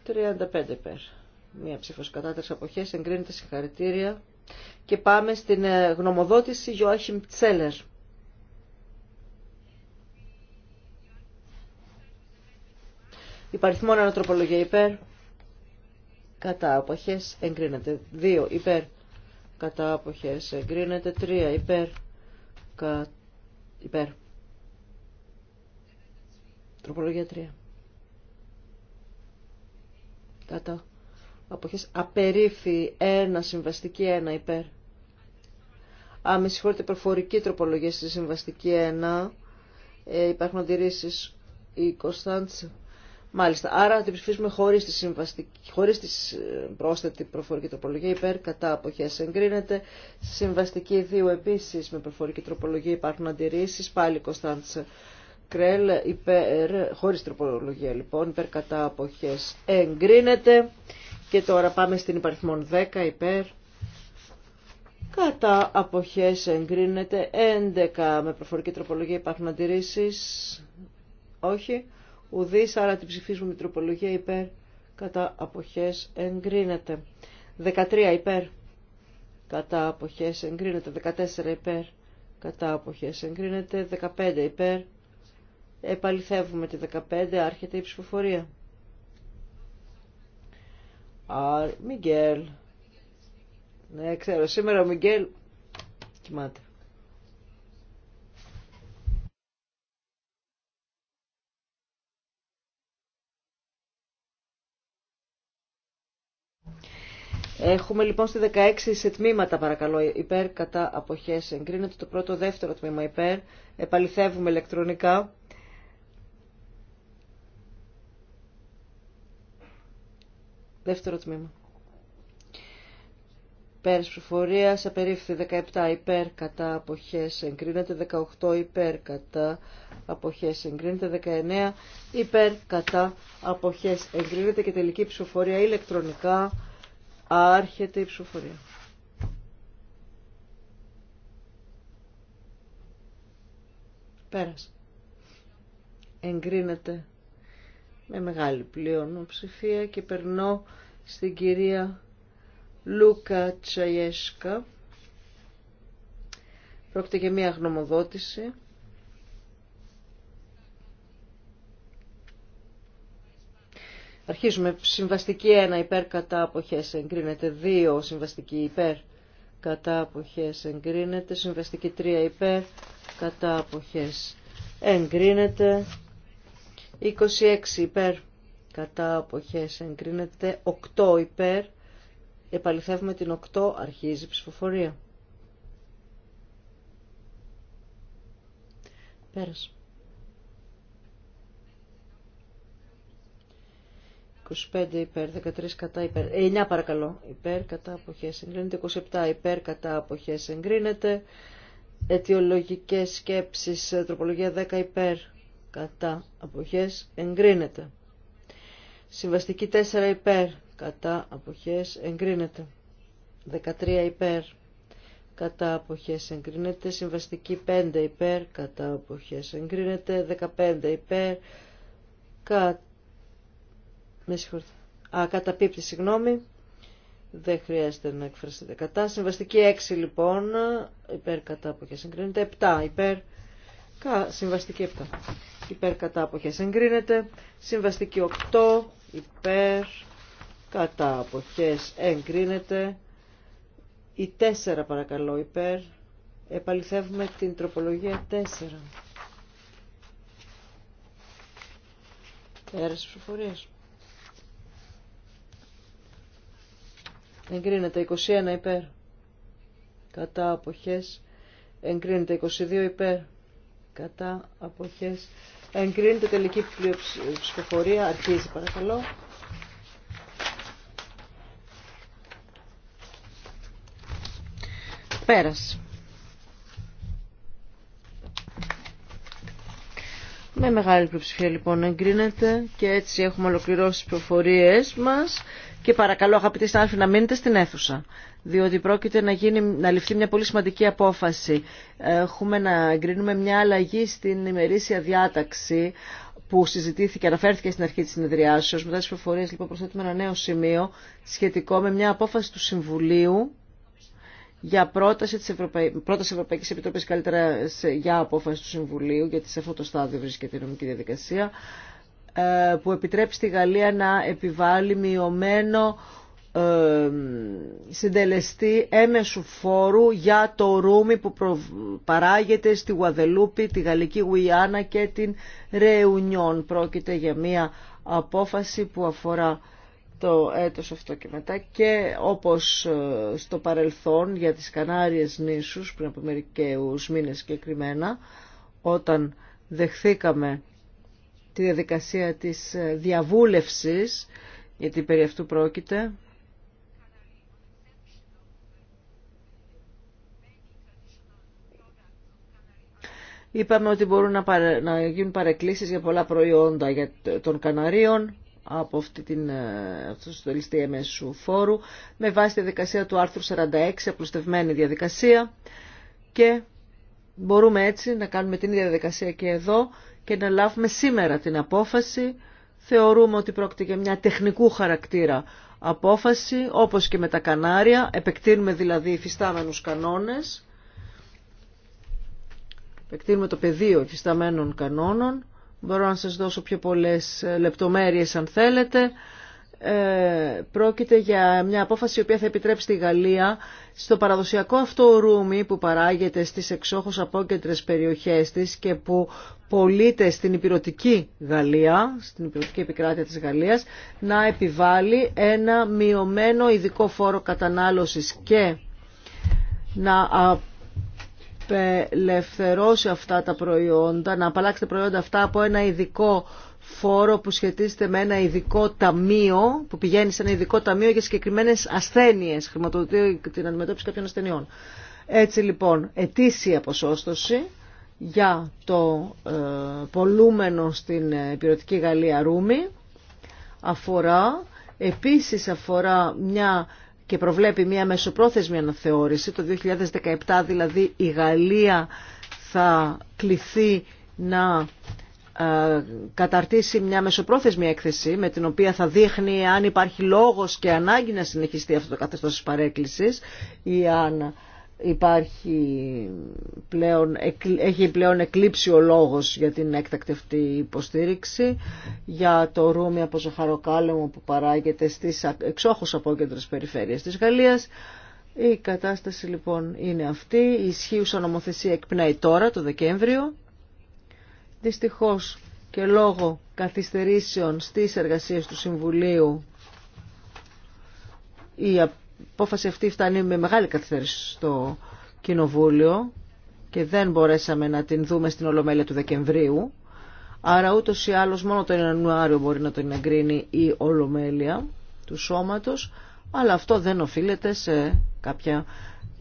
35 πέρα μία ψήφο κατά τρει αποχές, εγκρίνεται συγχαρητήρια. Και πάμε στην ε, γνωμοδότηση Γιώαχιμ Τσέλερ. Υπαριθμόν ανατροπολογία υπέρ, κατά απόχε. εγκρίνεται. Δύο υπέρ, κατά αποχές εγκρίνεται. Τρία υπέρ, κα, υπέρ. Τροπολογία 3. Κατά αποχές απερίφθη 1 συμβαστική 1 υπέρ Α, με συγχωρείτε, προφορική τροπολογία στη συμβαστική 1. Ε, υπάρχουν αντιρρήσει η Κωνσταντσα. Μάλιστα. Άρα την ψηφίσουμε χωρί τη, συμβαστική, χωρίς τη ε, πρόσθετη προφορική τροπολογία. Υπέρ, κατά, αποχέ εγκρίνεται. Στη συμβαστική 2 επίση με προφορική τροπολογία υπάρχουν αντιρρήσει. Πάλι Κωνσταντσα. Κρέλ, υπέρ, χωρίς τροπολογία λοιπόν, υπέρ κατά αποχές εγκρίνεται. Και τώρα πάμε στην υπαριθμόν 10 υπέρ. Κατά αποχές εγκρίνεται 11 με προφορική τροπολογία υπάρχουν αντιρρήσεις. Όχι. Ουδής, άρα την ψηφίζουμε με τροπολογία υπέρ. Κατά αποχές εγκρίνεται. 13 υπέρ. Κατά αποχές εγκρίνεται. 14 υπέρ. Κατά αποχές εγκρίνεται. 15 υπέρ. Επαληθεύουμε τη 15. Άρχεται η ψηφοφορία. Αρ. Μιγγέλ. Ναι, ξέρω, σήμερα ο Μιγγέλ κοιμάται. Έχουμε λοιπόν στη 16 σε τμήματα παρακαλώ υπέρ κατά αποχές εγκρίνεται το πρώτο δεύτερο τμήμα υπέρ επαληθεύουμε ηλεκτρονικά Δεύτερο τμήμα. Πέρες ψηφοφορία. απερίφθη 17 υπέρ κατά αποχές εγκρίνεται, 18 υπέρ κατά αποχές εγκρίνεται, 19 υπέρ κατά αποχές εγκρίνεται και τελική ψηφοφορία ηλεκτρονικά άρχεται η ψηφοφορία. Πέρασε. Εγκρίνεται με μεγάλη πλειονοψηφία και περνώ στην κυρία Λούκα Τσαιέσκα. Πρόκειται για μια γνωμοδότηση. Αρχίζουμε. Συμβαστική 1 υπέρ κατά αποχές εγκρίνεται. 2 συμβαστική υπέρ κατά αποχές εγκρίνεται. Συμβαστική 3 υπέρ κατά αποχές εγκρίνεται. 26 υπέρ κατά αποχές εγκρίνεται 8 υπέρ επαληθεύουμε την 8 αρχίζει η ψηφοφορία πέρασε 25 υπέρ, 13 κατά υπέρ, 9 ε, παρακαλώ, υπέρ κατά αποχές εγκρίνεται, 27 υπέρ κατά αποχές εγκρίνεται, αιτιολογικές σκέψεις, ε, τροπολογία 10 υπέρ κατά αποχές εγκρίνεται. Συμβαστική 4 υπέρ κατά αποχές εγκρίνεται. 13 υπέρ κατά αποχές εγκρίνεται. Συμβαστική 5 υπέρ κατά αποχές εγκρίνεται. 15 υπέρ κα... Με συγχωρείτε. Α, καταπίπτει, συγγνώμη. Δεν χρειάζεται να εκφραστείτε κατά. Συμβαστική 6 λοιπόν, υπέρ κατά αποχές εγκρίνεται. 7 υπέρ, κα, συμβαστική 7 υπέρ κατά αποχές εγκρίνεται. Συμβαστική 8 υπέρ κατά αποχές εγκρίνεται. Η 4 παρακαλώ υπέρ. Επαληθεύουμε την τροπολογία 4. Πέρασε προφορίες Εγκρίνεται 21 υπέρ. Κατά αποχές. Εγκρίνεται 22 υπέρ. Κατά αποχές. Εγκρίνεται τελική ψηφοφορία. Αρχίζει παρακαλώ. Πέρασε. Με μεγάλη πλειοψηφία λοιπόν εγκρίνεται και έτσι έχουμε ολοκληρώσει τις προφορίες μας. Και παρακαλώ αγαπητοί συνάδελφοι να μείνετε στην αίθουσα, διότι πρόκειται να, γίνει, να ληφθεί μια πολύ σημαντική απόφαση. Έχουμε να εγκρίνουμε μια αλλαγή στην ημερήσια διάταξη που συζητήθηκε, αναφέρθηκε στην αρχή της συνεδριάσεως. Μετά τις προφορίες λοιπόν προσθέτουμε ένα νέο σημείο σχετικό με μια απόφαση του Συμβουλίου για πρόταση της, Ευρωπαϊ... πρόταση Ευρωπαϊκής Επιτροπής καλύτερα για απόφαση του Συμβουλίου, γιατί σε αυτό το στάδιο βρίσκεται η νομική διαδικασία, ε, που επιτρέπει στη Γαλλία να επιβάλλει μειωμένο ε, συντελεστή έμεσου φόρου για το ρούμι που παράγεται στη Γουαδελούπη, τη Γαλλική Γουιάννα και την Ρεουνιόν. Πρόκειται για μια απόφαση που αφορά το έτος αυτό και μετά και όπως ε, στο παρελθόν για τις Κανάριες νήσους πριν από μερικές μήνες συγκεκριμένα όταν δεχθήκαμε τη διαδικασία της ε, διαβούλευσης, γιατί περί αυτού πρόκειται. Είπαμε ότι μπορούν να, γίνουν παρεκκλήσεις για πολλά προϊόντα για, των Καναρίων από αυτή την ε, αυτοσυντολιστή εμέσου φόρου με βάση τη διαδικασία του άρθρου 46, απλουστευμένη διαδικασία και μπορούμε έτσι να κάνουμε την ίδια διαδικασία και εδώ και να λάβουμε σήμερα την απόφαση. Θεωρούμε ότι πρόκειται για μια τεχνικού χαρακτήρα απόφαση, όπως και με τα Κανάρια. Επεκτείνουμε δηλαδή υφιστάμενους κανόνες. Επεκτείνουμε το πεδίο υφισταμένων κανόνων. Μπορώ να σας δώσω πιο πολλές λεπτομέρειες αν θέλετε. Ε, πρόκειται για μια απόφαση η οποία θα επιτρέψει τη Γαλλία στο παραδοσιακό αυτό ρούμι που παράγεται στις εξόχως απόκεντρες περιοχές της και που πωλείται στην υπηρετική Γαλλία, στην υπηρετική επικράτεια της Γαλλίας, να επιβάλλει ένα μειωμένο ειδικό φόρο κατανάλωσης και να απελευθερώσει αυτά τα προϊόντα, να απαλλάξει τα προϊόντα αυτά από ένα ειδικό φόρο που σχετίζεται με ένα ειδικό ταμείο, που πηγαίνει σε ένα ειδικό ταμείο για συγκεκριμένε ασθένειε, χρηματοδοτεί την αντιμετώπιση κάποιων ασθενειών. Έτσι λοιπόν, ετήσια ποσόστοση για το ε, πολλούμενο στην ε, πυρωτική Γαλλία Ρούμι αφορά, επίσης αφορά μια και προβλέπει μια μεσοπρόθεσμη αναθεώρηση. Το 2017 δηλαδή η Γαλλία θα κληθεί να ε, καταρτήσει μια μεσοπρόθεσμη έκθεση με την οποία θα δείχνει αν υπάρχει λόγος και ανάγκη να συνεχιστεί αυτό το καθεστώς της παρέκκλησης ή αν υπάρχει πλέον, έχει πλέον εκλείψει ο λόγος για την έκτακτη υποστήριξη για το ρούμι από ζαχαροκάλεμο που παράγεται στις από απόκεντρες περιφέρειες της Γαλλίας η κατάσταση λοιπόν είναι αυτή η ισχύουσα νομοθεσία εκπνέει τώρα το Δεκέμβριο Δυστυχώς και λόγω καθυστερήσεων στις εργασίες του Συμβουλίου η απόφαση αυτή φτάνει με μεγάλη καθυστέρηση στο Κοινοβούλιο και δεν μπορέσαμε να την δούμε στην Ολομέλεια του Δεκεμβρίου. Άρα ούτως ή άλλως μόνο τον Ιανουάριο μπορεί να τον εγκρίνει η Ολομέλεια του σώματος, αλλά αυτό δεν οφείλεται σε κάποια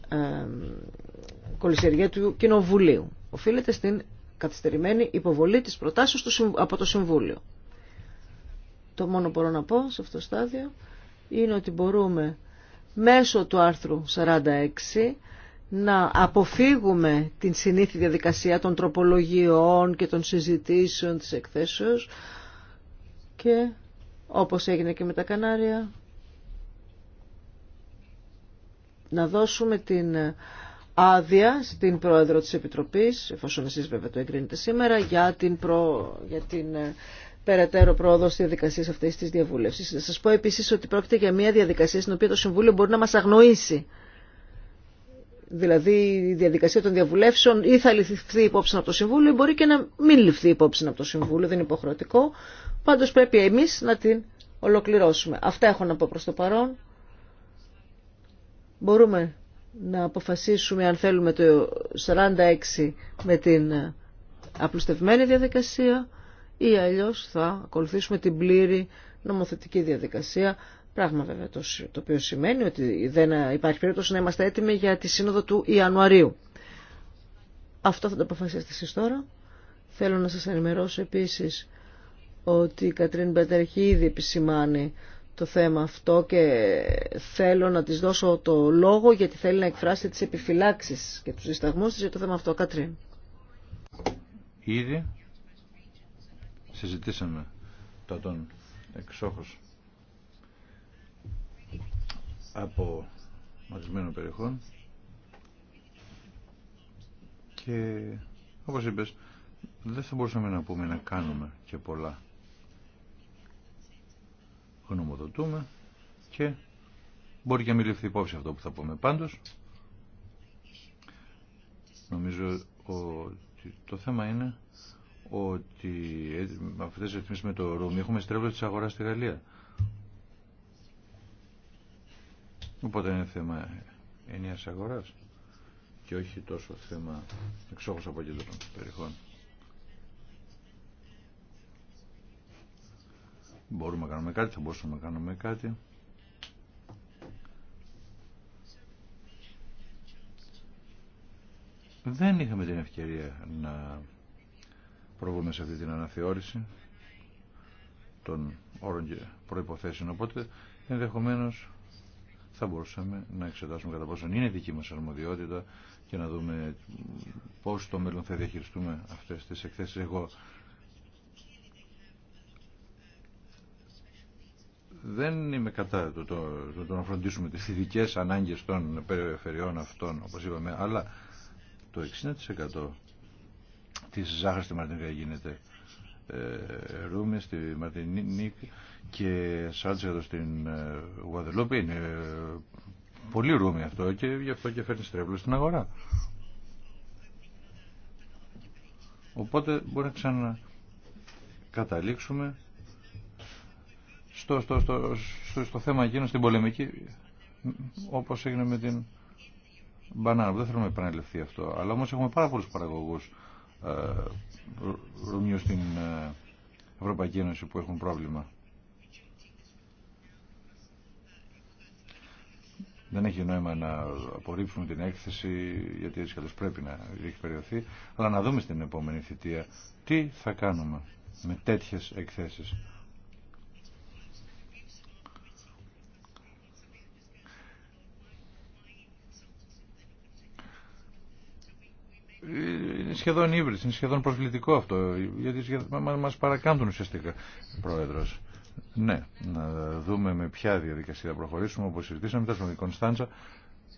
ε, του Κοινοβουλίου. Οφείλεται στην καθυστερημένη υποβολή της προτάσεως από το Συμβούλιο. Το μόνο μπορώ να πω σε αυτό το στάδιο είναι ότι μπορούμε μέσω του άρθρου 46 να αποφύγουμε την συνήθη διαδικασία των τροπολογιών και των συζητήσεων της εκθέσεως και όπως έγινε και με τα Κανάρια να δώσουμε την άδεια στην Πρόεδρο της Επιτροπής, εφόσον εσείς βέβαια το εγκρίνετε σήμερα, για την, προ... για την ε, περαιτέρω πρόοδο στη διαδικασία αυτή τη διαβούλευση. Να σα πω επίση ότι πρόκειται για μια διαδικασία στην οποία το Συμβούλιο μπορεί να μα αγνοήσει. Δηλαδή η διαδικασία των διαβουλεύσεων ή θα ληφθεί υπόψη από το Συμβούλιο ή μπορεί και να μην ληφθεί υπόψη από το Συμβούλιο, δεν είναι υποχρεωτικό. Πάντως πρέπει εμείς να την ολοκληρώσουμε. Αυτά έχω να πω προ το παρόν. Μπορούμε να αποφασίσουμε αν θέλουμε το 46 με την απλουστευμένη διαδικασία ή αλλιώς θα ακολουθήσουμε την πλήρη νομοθετική διαδικασία. Πράγμα βέβαια το, το οποίο σημαίνει ότι δεν υπάρχει περίπτωση να είμαστε έτοιμοι για τη σύνοδο του Ιανουαρίου. Αυτό θα το αποφασίσετε εσείς τώρα. Θέλω να σας ενημερώσω επίσης ότι η Κατρίν Μπέτερ έχει ήδη επισημάνει το θέμα αυτό και θέλω να της δώσω το λόγο γιατί θέλει να εκφράσει τις επιφυλάξεις και τους δισταγμούς της για το θέμα αυτό. Κατρίν. Ήδη συζητήσαμε το τον εξόχως από ματισμένο περιοχών και όπως είπες δεν θα μπορούσαμε να πούμε να κάνουμε και πολλά γνωμοδοτούμε και μπορεί και να μην ληφθεί υπόψη αυτό που θα πούμε. Πάντως, νομίζω ότι το θέμα είναι ότι με αυτές τις ρυθμίσεις με το Ρωμί έχουμε στρέβλωση της αγοράς στη Γαλλία. Οπότε είναι θέμα ενιαίας αγοράς και όχι τόσο θέμα εξόχως από περιχών. μπορούμε να κάνουμε κάτι, θα μπορούσαμε να κάνουμε κάτι. Δεν είχαμε την ευκαιρία να προβούμε σε αυτή την αναθεώρηση των όρων και προϋποθέσεων, οπότε ενδεχομένως θα μπορούσαμε να εξετάσουμε κατά πόσον είναι δική μας αρμοδιότητα και να δούμε πώς το μέλλον θα διαχειριστούμε αυτές τις εκθέσεις. Εγώ δεν είμαι κατά το, το, το, να φροντίσουμε τις ειδικές ανάγκες των περιφερειών αυτών, όπως είπαμε, αλλά το 60% της ζάχαρης στη Μαρτινίκα γίνεται ε, ρούμε στη Μαρτινίκ και 40% στην ε, Γουαδελόπη Είναι ε, πολύ ρούμι αυτό και γι' αυτό και φέρνει στρέβλο στην αγορά. Οπότε μπορεί να ξανακαταλήξουμε στο, στο, στο, στο, θέμα εκείνο, στην πολεμική, όπως έγινε με την μπανάνα. Δεν θέλουμε να επαναληφθεί αυτό, αλλά όμως έχουμε πάρα πολλούς παραγωγούς ε, ρουμιού στην ε, Ευρωπαϊκή Ένωση που έχουν πρόβλημα. Δεν έχει νόημα να απορρίψουμε την έκθεση, γιατί έτσι καλώς πρέπει να έχει περιοθεί, αλλά να δούμε στην επόμενη θητεία τι θα κάνουμε με τέτοιες εκθέσεις. είναι σχεδόν ύβρις, είναι σχεδόν προσβλητικό αυτό, γιατί μας παρακάμπτουν ουσιαστικά, Πρόεδρος. Ναι, να δούμε με ποια διαδικασία θα προχωρήσουμε, όπως συζητήσαμε, τέλος με την Κωνσταντσα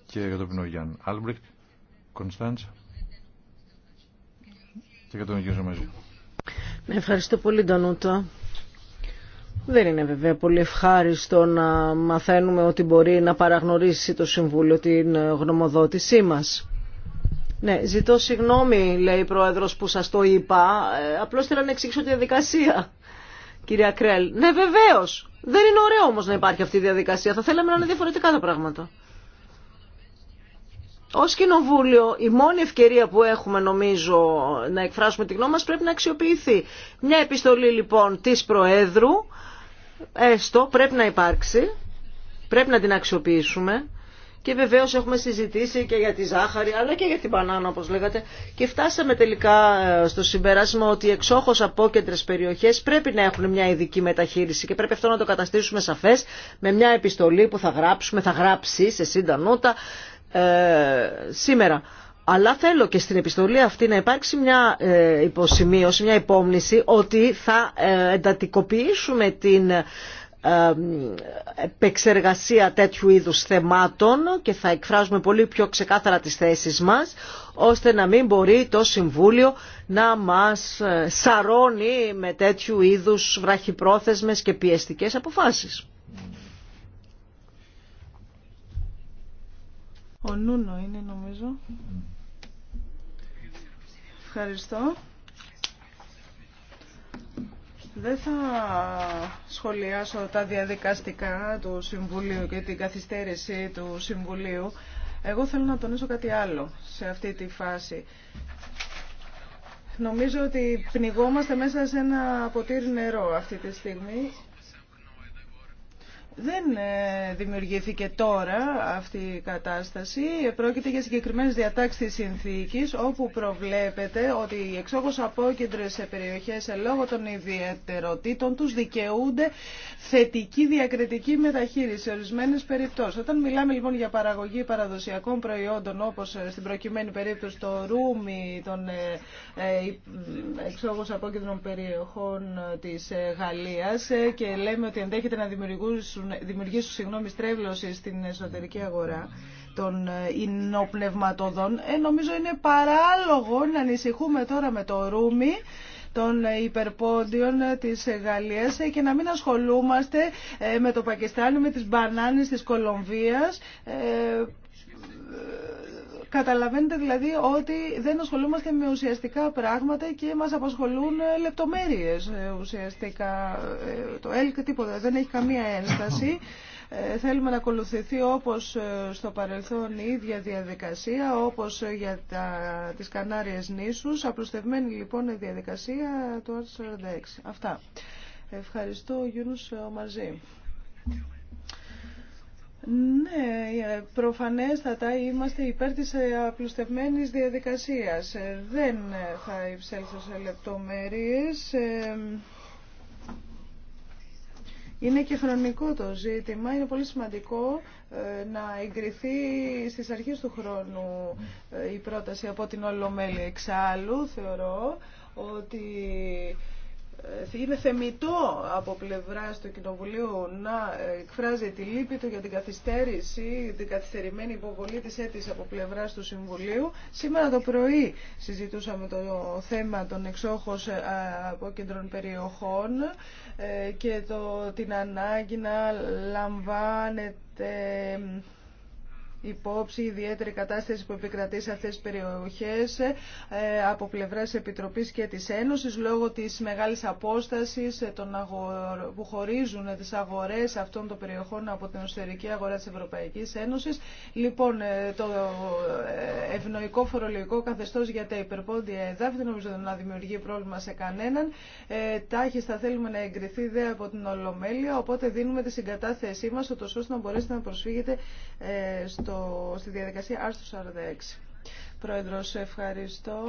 και για τον Γιάνν Άλμπρεκτ, Κωνσταντσα και για τον Γιώργο μαζί. Ευχαριστώ πολύ, Ντανούτα. Δεν είναι βέβαια πολύ ευχάριστο να μαθαίνουμε ότι μπορεί να παραγνωρίσει το Συμβούλιο την γνωμοδότησή μας. Ναι, ζητώ συγγνώμη, λέει η Πρόεδρος που σας το είπα. Ε, απλώς θέλω να εξηγήσω τη διαδικασία, κυρία Κρέλ. Ναι, βεβαίως. Δεν είναι ωραίο όμως να υπάρχει αυτή η διαδικασία. Θα θέλαμε να είναι διαφορετικά τα πράγματα. Ω κοινοβούλιο, η μόνη ευκαιρία που έχουμε, νομίζω, να εκφράσουμε τη γνώμη μα πρέπει να αξιοποιηθεί. Μια επιστολή, λοιπόν, τη Προέδρου, έστω, πρέπει να υπάρξει, πρέπει να την αξιοποιήσουμε και βεβαίω έχουμε συζητήσει και για τη ζάχαρη αλλά και για την μπανάνα όπω λέγατε. Και φτάσαμε τελικά ε, στο συμπέρασμα ότι οι εξόχω απόκεντρε περιοχέ πρέπει να έχουν μια ειδική μεταχείριση και πρέπει αυτό να το καταστήσουμε σαφέ με μια επιστολή που θα γράψουμε, θα γράψει σε σύντανότα ε, σήμερα. Αλλά θέλω και στην επιστολή αυτή να υπάρξει μια ε, υποσημείωση, μια υπόμνηση ότι θα ε, εντατικοποιήσουμε την επεξεργασία τέτοιου είδους θεμάτων και θα εκφράζουμε πολύ πιο ξεκάθαρα τις θέσεις μας ώστε να μην μπορεί το Συμβούλιο να μας ε, σαρώνει με τέτοιου είδους βραχυπρόθεσμες και πιεστικές αποφάσεις. Ο είναι νομίζω. Ευχαριστώ. Δεν θα σχολιάσω τα διαδικαστικά του Συμβουλίου και την καθυστέρηση του Συμβουλίου. Εγώ θέλω να τονίσω κάτι άλλο σε αυτή τη φάση. Νομίζω ότι πνιγόμαστε μέσα σε ένα ποτήρι νερό αυτή τη στιγμή δεν ε, δημιουργήθηκε τώρα αυτή η κατάσταση. Πρόκειται για συγκεκριμένες διατάξεις της συνθήκης όπου προβλέπεται ότι οι εξόγως απόκεντρες σε περιοχές λόγω των ιδιαιτεροτήτων τους δικαιούνται θετική διακριτική μεταχείριση σε ορισμένες περιπτώσεις. Όταν μιλάμε λοιπόν για παραγωγή παραδοσιακών προϊόντων όπως ε, στην προκειμένη περίπτωση το ρούμι των ε, εξόγως απόκεντρων περιοχών της Γαλλίας και λέμε ότι ενδέχεται να δημιουργήσουν δημιουργήσουν συγγνώμη, στρέβλωση στην εσωτερική αγορά των ε, ινοπνευματοδών, ε, νομίζω είναι παράλογο να ανησυχούμε τώρα με το ρούμι των ε, υπερπόντιων ε, της Γαλλίας και να μην ασχολούμαστε με το Πακιστάν, με τις μπανάνες της Κολομβίας Καταλαβαίνετε δηλαδή ότι δεν ασχολούμαστε με ουσιαστικά πράγματα και μας απασχολούν ε, λεπτομέρειες ε, ουσιαστικά. Ε, το ΕΛΚ τίποτα δεν έχει καμία ένσταση. Θέλουμε να ακολουθηθεί όπως στο παρελθόν η ίδια διαδικασία, όπως για τα, τις Κανάριες νήσους. Απλουστευμένη λοιπόν η διαδικασία του Άρτς 46. Αυτά. Ευχαριστώ Γιούνους μαζί. Ναι, ε, προφανέστατα είμαστε υπέρ της ε, απλουστευμένης διαδικασίας. Ε, δεν θα υψέλθω σε λεπτομέρειες. Είναι και χρονικό το ζήτημα. Είναι πολύ σημαντικό να εγκριθεί στις αρχές του χρόνου η πρόταση από την Ολομέλη. Εξάλλου θεωρώ ότι ε, είναι θεμητό από πλευρά του Κοινοβουλίου να ε, εκφράζει τη λύπη του για την καθυστέρηση, την καθυστερημένη υποβολή της αίτησης από πλευρά του Συμβουλίου. Σήμερα το πρωί συζητούσαμε το θέμα των ε, από κέντρων περιοχών και το, την ανάγκη να λαμβάνεται υπόψη ιδιαίτερη κατάσταση που επικρατεί σε αυτές τις περιοχές ε, από πλευράς Επιτροπής και της Ένωσης λόγω της μεγάλης απόστασης ε, των που χωρίζουν τις αγορές αυτών των περιοχών από την εσωτερική αγορά της Ευρωπαϊκής Ένωσης. Λοιπόν, ε, το ευνοϊκό φορολογικό καθεστώς για τα υπερπόντια εδάφη δεν νομίζω να δημιουργεί πρόβλημα σε κανέναν. τάχιστα θέλουμε να εγκριθεί ιδέα από την Ολομέλεια, οπότε δίνουμε τη συγκατάθεσή μας ώστε να μπορέσετε να προσφύγετε στο το, στη διαδικασία άρθρου 46. σε ευχαριστώ.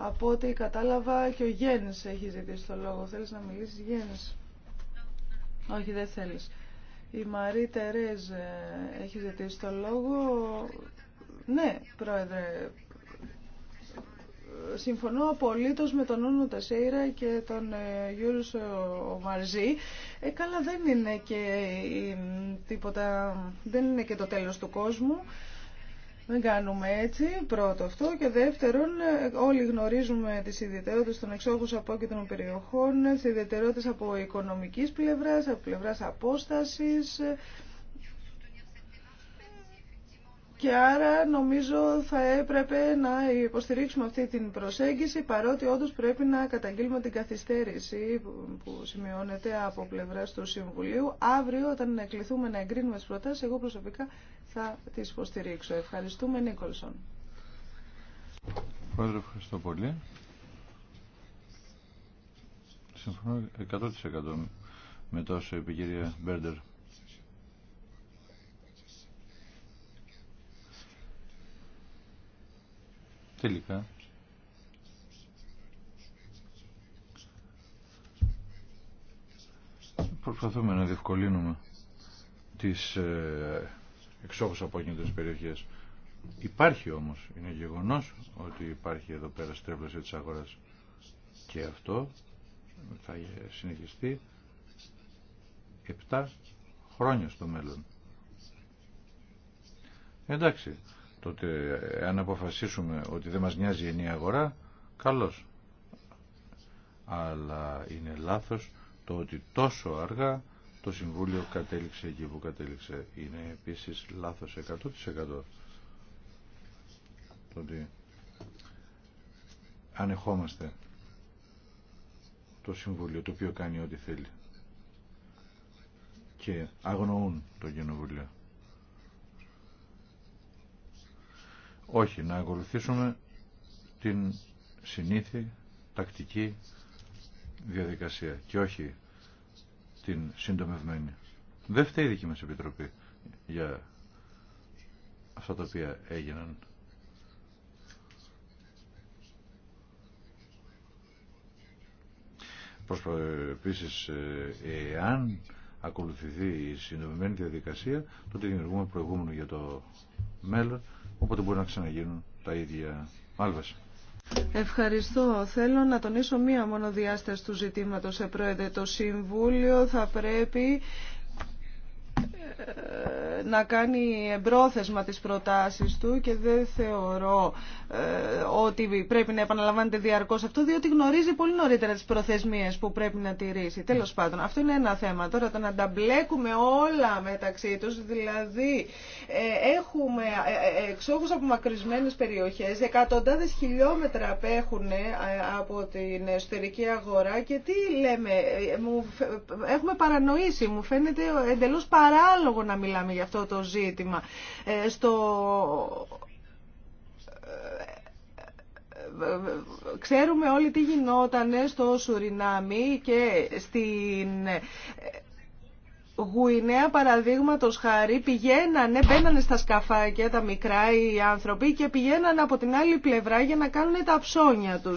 Από ό,τι κατάλαβα και ο Γέννης έχει ζητήσει το λόγο. Θέλεις να μιλήσεις Γεννη. Όχι, δεν θέλεις. Η Μαρή Τερέζ έχει ζητήσει το λόγο. Ναι, πρόεδρε, συμφωνώ απολύτως με τον Όνο Τεσέιρα και τον ε, ε Μαρζή. Ε, καλά δεν είναι και τίποτα, δεν είναι και το τέλος του κόσμου. Δεν κάνουμε έτσι, πρώτο αυτό. Και δεύτερον, ε, όλοι γνωρίζουμε τι ιδιαιτερότητε των και απόκεντρων περιοχών, τι ιδιαιτερότητε από οικονομική πλευρά, από πλευρά απόσταση, και άρα νομίζω θα έπρεπε να υποστηρίξουμε αυτή την προσέγγιση παρότι όντως πρέπει να καταγγείλουμε την καθυστέρηση που σημειώνεται από πλευρά του Συμβουλίου. Αύριο όταν κληθούμε να εγκρίνουμε τις προτάσεις εγώ προσωπικά θα τις υποστηρίξω. Ευχαριστούμε Νίκολσον. Πρόεδρε ευχαριστώ πολύ. Συμφωνώ 100% με τόσο η κυρία Μπέρντερ τελικά προσπαθούμε να διευκολύνουμε τις ε, εξόχους απόγεντες περιοχές. Υπάρχει όμως, είναι γεγονός ότι υπάρχει εδώ πέρα στρέβλωση της αγοράς και αυτό θα συνεχιστεί 7 χρόνια στο μέλλον. Εντάξει, τότε αν αποφασίσουμε ότι δεν μας νοιάζει η ενιαία αγορά, καλώς. Αλλά είναι λάθος το ότι τόσο αργά το Συμβούλιο κατέληξε εκεί που κατέληξε. Είναι επίσης λάθος 100% το ότι ανεχόμαστε το Συμβούλιο το οποίο κάνει ό,τι θέλει και αγνοούν το Κοινοβούλιο. Όχι, να ακολουθήσουμε την συνήθη τακτική διαδικασία και όχι την συντομευμένη. Δεν φταίει η δική μας Επιτροπή για αυτά τα οποία έγιναν. Προσπα... Επίσης, ε, εάν ακολουθηθεί η συντομευμένη διαδικασία, τότε δημιουργούμε προηγούμενο για το μέλλον Οπότε μπορεί να ξαναγίνουν τα ίδια. Άλβες. Ευχαριστώ. Θέλω να τονίσω μία μόνο διάσταση του ζητήματος, ε, Πρόεδρε. Το Συμβούλιο θα πρέπει ε, να κάνει εμπρόθεσμα τις προτάσεις του και δεν θεωρώ ε, ότι πρέπει να επαναλαμβάνεται διαρκώς αυτό διότι γνωρίζει πολύ νωρίτερα τις προθεσμίες που πρέπει να τηρήσει. Τέλος πάντων, αυτό είναι ένα θέμα. Τώρα το να τα μπλέκουμε όλα μεταξύ τους, δηλαδή ε, έχουμε ε, από μακρισμένες περιοχές, εκατοντάδες χιλιόμετρα απέχουν από την εσωτερική αγορά και τι λέμε, έχουμε παρανοήσει, μου φαίνεται εντελώς παράλογο να μιλάμε γι' αυτό το ζήτημα. Ε, στο ε, ε, ξέρουμε όλοι τι γινόταν στο Σουρινάμι και στην Γουινέα παραδείγματο χάρη πηγαίνανε, μπαίνανε στα σκαφάκια τα μικρά οι άνθρωποι και πηγαίνανε από την άλλη πλευρά για να κάνουν τα ψώνια του.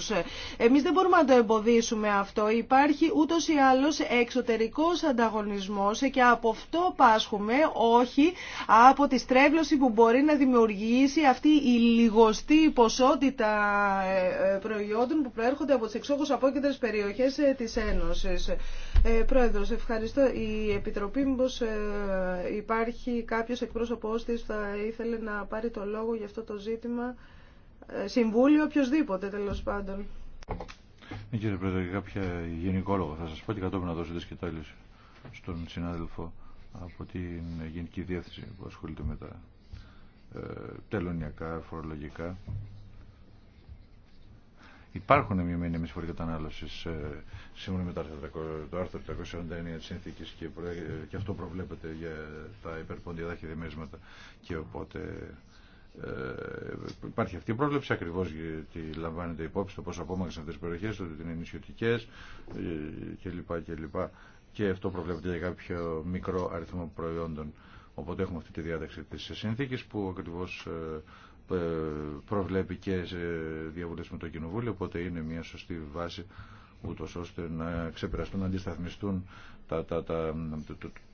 Εμεί δεν μπορούμε να το εμποδίσουμε αυτό. Υπάρχει ούτως ή άλλως εξωτερικός ανταγωνισμός και από αυτό πάσχουμε όχι από τη στρέβλωση που μπορεί να δημιουργήσει αυτή η λιγοστή εξωτερικος ανταγωνισμος και ποσότητα ε, ε, προϊόντων που προέρχονται από τις εξόχως απόκεντρες περιοχές ε, της Ένωσης. Ε, πρόεδρος, ευχαριστώ. Η λιγοστη ποσοτητα προιοντων που προερχονται απο τι εξοχω αποκεντρε περιοχέ τη Ένωση ε ευχαριστω η επιτροπη Επιτροπή. Ε, υπάρχει κάποιος εκπρόσωπός της θα ήθελε να πάρει το λόγο για αυτό το ζήτημα. Ε, συμβούλιο, οποιοδήποτε τέλο πάντων. Ναι κύριε Πρόεδρε, κάποια γενικόλογο θα σα πω και κατόπιν να δώσετε στον συνάδελφο από την Γενική Διεύθυνση που ασχολείται με τα ε, τελωνιακά, φορολογικά υπάρχουν μειωμένοι εμείς κατανάλωση κατανάλωσης ε, σύμφωνα με το άρθρο 349 τη συνθήκη και, και αυτό προβλέπεται για τα υπερποντιά δάχτυλα και οπότε ε, υπάρχει αυτή η πρόβλεψη ακριβώ γιατί λαμβάνεται υπόψη το πόσο απόμακρυνες αυτέ τι περιοχέ, ότι είναι νησιωτικέ ε, κλπ. κλπ. Και αυτό προβλέπεται για κάποιο μικρό αριθμό προϊόντων. Οπότε έχουμε αυτή τη διάταξη τη συνθήκη που ακριβώς ε, προβλέπει και διαβούλευση με το Κοινοβούλιο, οπότε είναι μια σωστή βάση ούτω ώστε να ξεπεραστούν, να αντισταθμιστούν τα, τα, τα,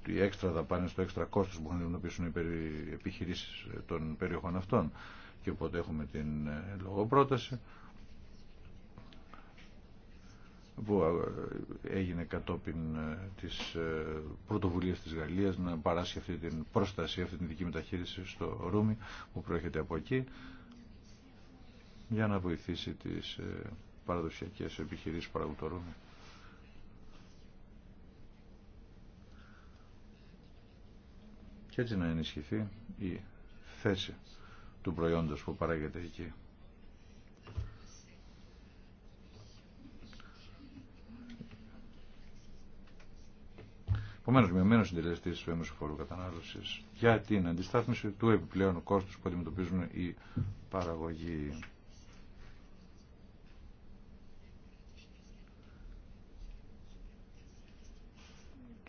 οι έξτρα δαπάνε, το έξτρα κόστο που έχουν να οι επιχειρήσει των περιοχών αυτών. Και οπότε έχουμε την ε, λογοπρόταση πρόταση που ε, έγινε κατόπιν ε, της ε, πρωτοβουλίας της Γαλλίας να παράσει αυτή την προστασία, αυτή την δική μεταχείριση στο Ρούμι που προέρχεται από εκεί για να βοηθήσει τις παραδοσιακές επιχειρήσεις παραγωγού το Ρούμι. Και έτσι να ενισχυθεί η θέση του προϊόντος που παράγεται εκεί. Επομένω, μειωμένο συντελεστή του ΕΜΕΣΟ φόρου κατανάλωση για την αντιστάθμιση του επιπλέον κόστου που αντιμετωπίζουν οι παραγωγοί.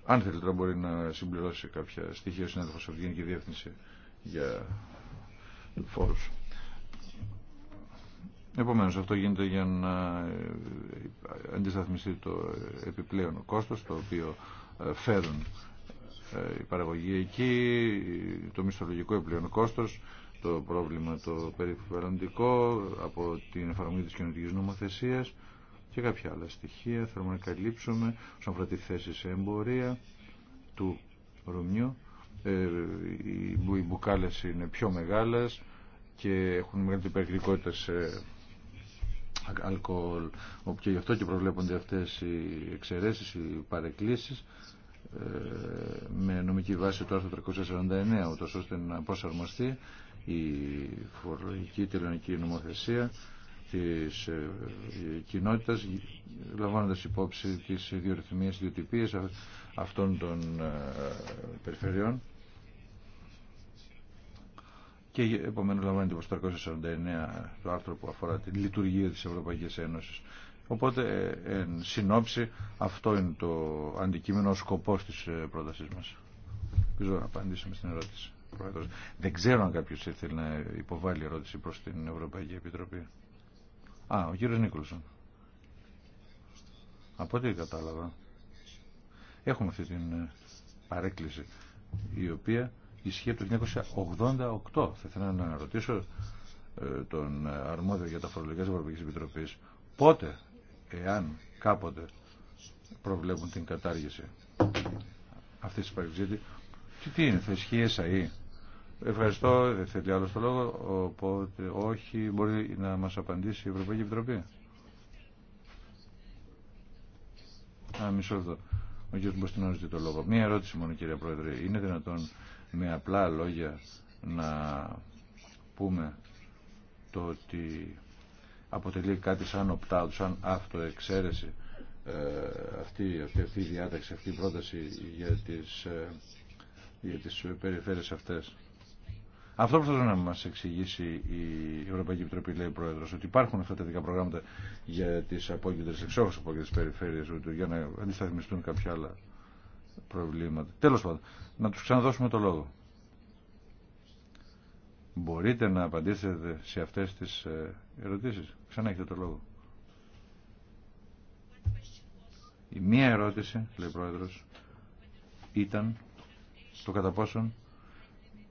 Αν θέλει τώρα μπορεί να συμπληρώσει κάποια στοιχεία ο συνάδελφος από την Γενική Διεύθυνση για φόρους. Επομένως αυτό γίνεται για να αντισταθμιστεί το επιπλέον κόστο, το οποίο φέρουν. Ε, η παραγωγή εκεί, το μισθολογικό επιπλέον κόστος, το πρόβλημα το περιφερμαντικό από την εφαρμογή της κοινωνική νομοθεσίας και κάποια άλλα στοιχεία θέλουμε να καλύψουμε όσον αφορά τη θέση σε εμπορία του Ρουμιού. Ε, οι μπουκάλες είναι πιο μεγάλες και έχουν μεγαλύτερη περιεκτικότητα σε αλκοόλ. Και γι' αυτό και προβλέπονται αυτές οι εξαιρέσεις, οι παρεκκλήσεις ε, με νομική βάση το άρθρο 349 ούτως ώστε να προσαρμοστεί η φορολογική τελωνική νομοθεσία τη ε, κοινότητα, λαμβάνοντα υπόψη τις διορυθμίες, διοτυπίες αυτών των ε, περιφερειών και επομένω λαμβάνεται το 349 το άρθρο που αφορά τη λειτουργία της Ευρωπαϊκής Ένωσης. Οπότε, ε, εν συνόψη, αυτό είναι το αντικείμενο, ο σκοπός της ε, πρότασής μας. Ελπίζω να απαντήσουμε στην ερώτηση. Δεν ξέρω αν κάποιος ήθελε να υποβάλει ερώτηση προς την Ευρωπαϊκή Επιτροπή. Α, ο κύριος Νίκολσον. Από ό,τι κατάλαβα. Έχουμε αυτή την ε, παρέκκληση η οποία ισχύει από το 1988. Θα ήθελα να ρωτήσω ε, τον ε, αρμόδιο για τα φορολογικά της Ευρωπαϊκής Επιτροπής πότε, εάν κάποτε προβλέπουν την κατάργηση αυτής της παρεξήτη τι, είναι, θα ισχύει ΕΣΑΗ. Ευχαριστώ, δεν θέλει άλλο το λόγο οπότε όχι μπορεί να μας απαντήσει η Ευρωπαϊκή Επιτροπή Α, μισό εδώ ο κ. Μποστινός το λόγο. Μία ερώτηση μόνο κύριε Πρόεδρε. Είναι δυνατόν με απλά λόγια να πούμε το ότι αποτελεί κάτι σαν οπτάου, σαν αυτοεξαίρεση ε, αυτή, αυτή, αυτή η διάταξη, αυτή η πρόταση για τις, ε, για τις περιφέρειες αυτές. Αυτό προσπαθώ να μας εξηγήσει η Ευρωπαϊκή Επιτροπή, λέει ο Πρόεδρος, ότι υπάρχουν αυτά τα δικά προγράμματα για τις εξόχους, εξόχως τις περιφέρειες, για να αντισταθμιστούν κάποια άλλα προβλήματα. Τέλος πάντων, να τους ξαναδώσουμε το λόγο. Μπορείτε να απαντήσετε σε αυτές τις ε, ερωτήσεις. Ξανά έχετε το λόγο. Η μία ερώτηση, λέει ο Πρόεδρος, ήταν το κατά πόσον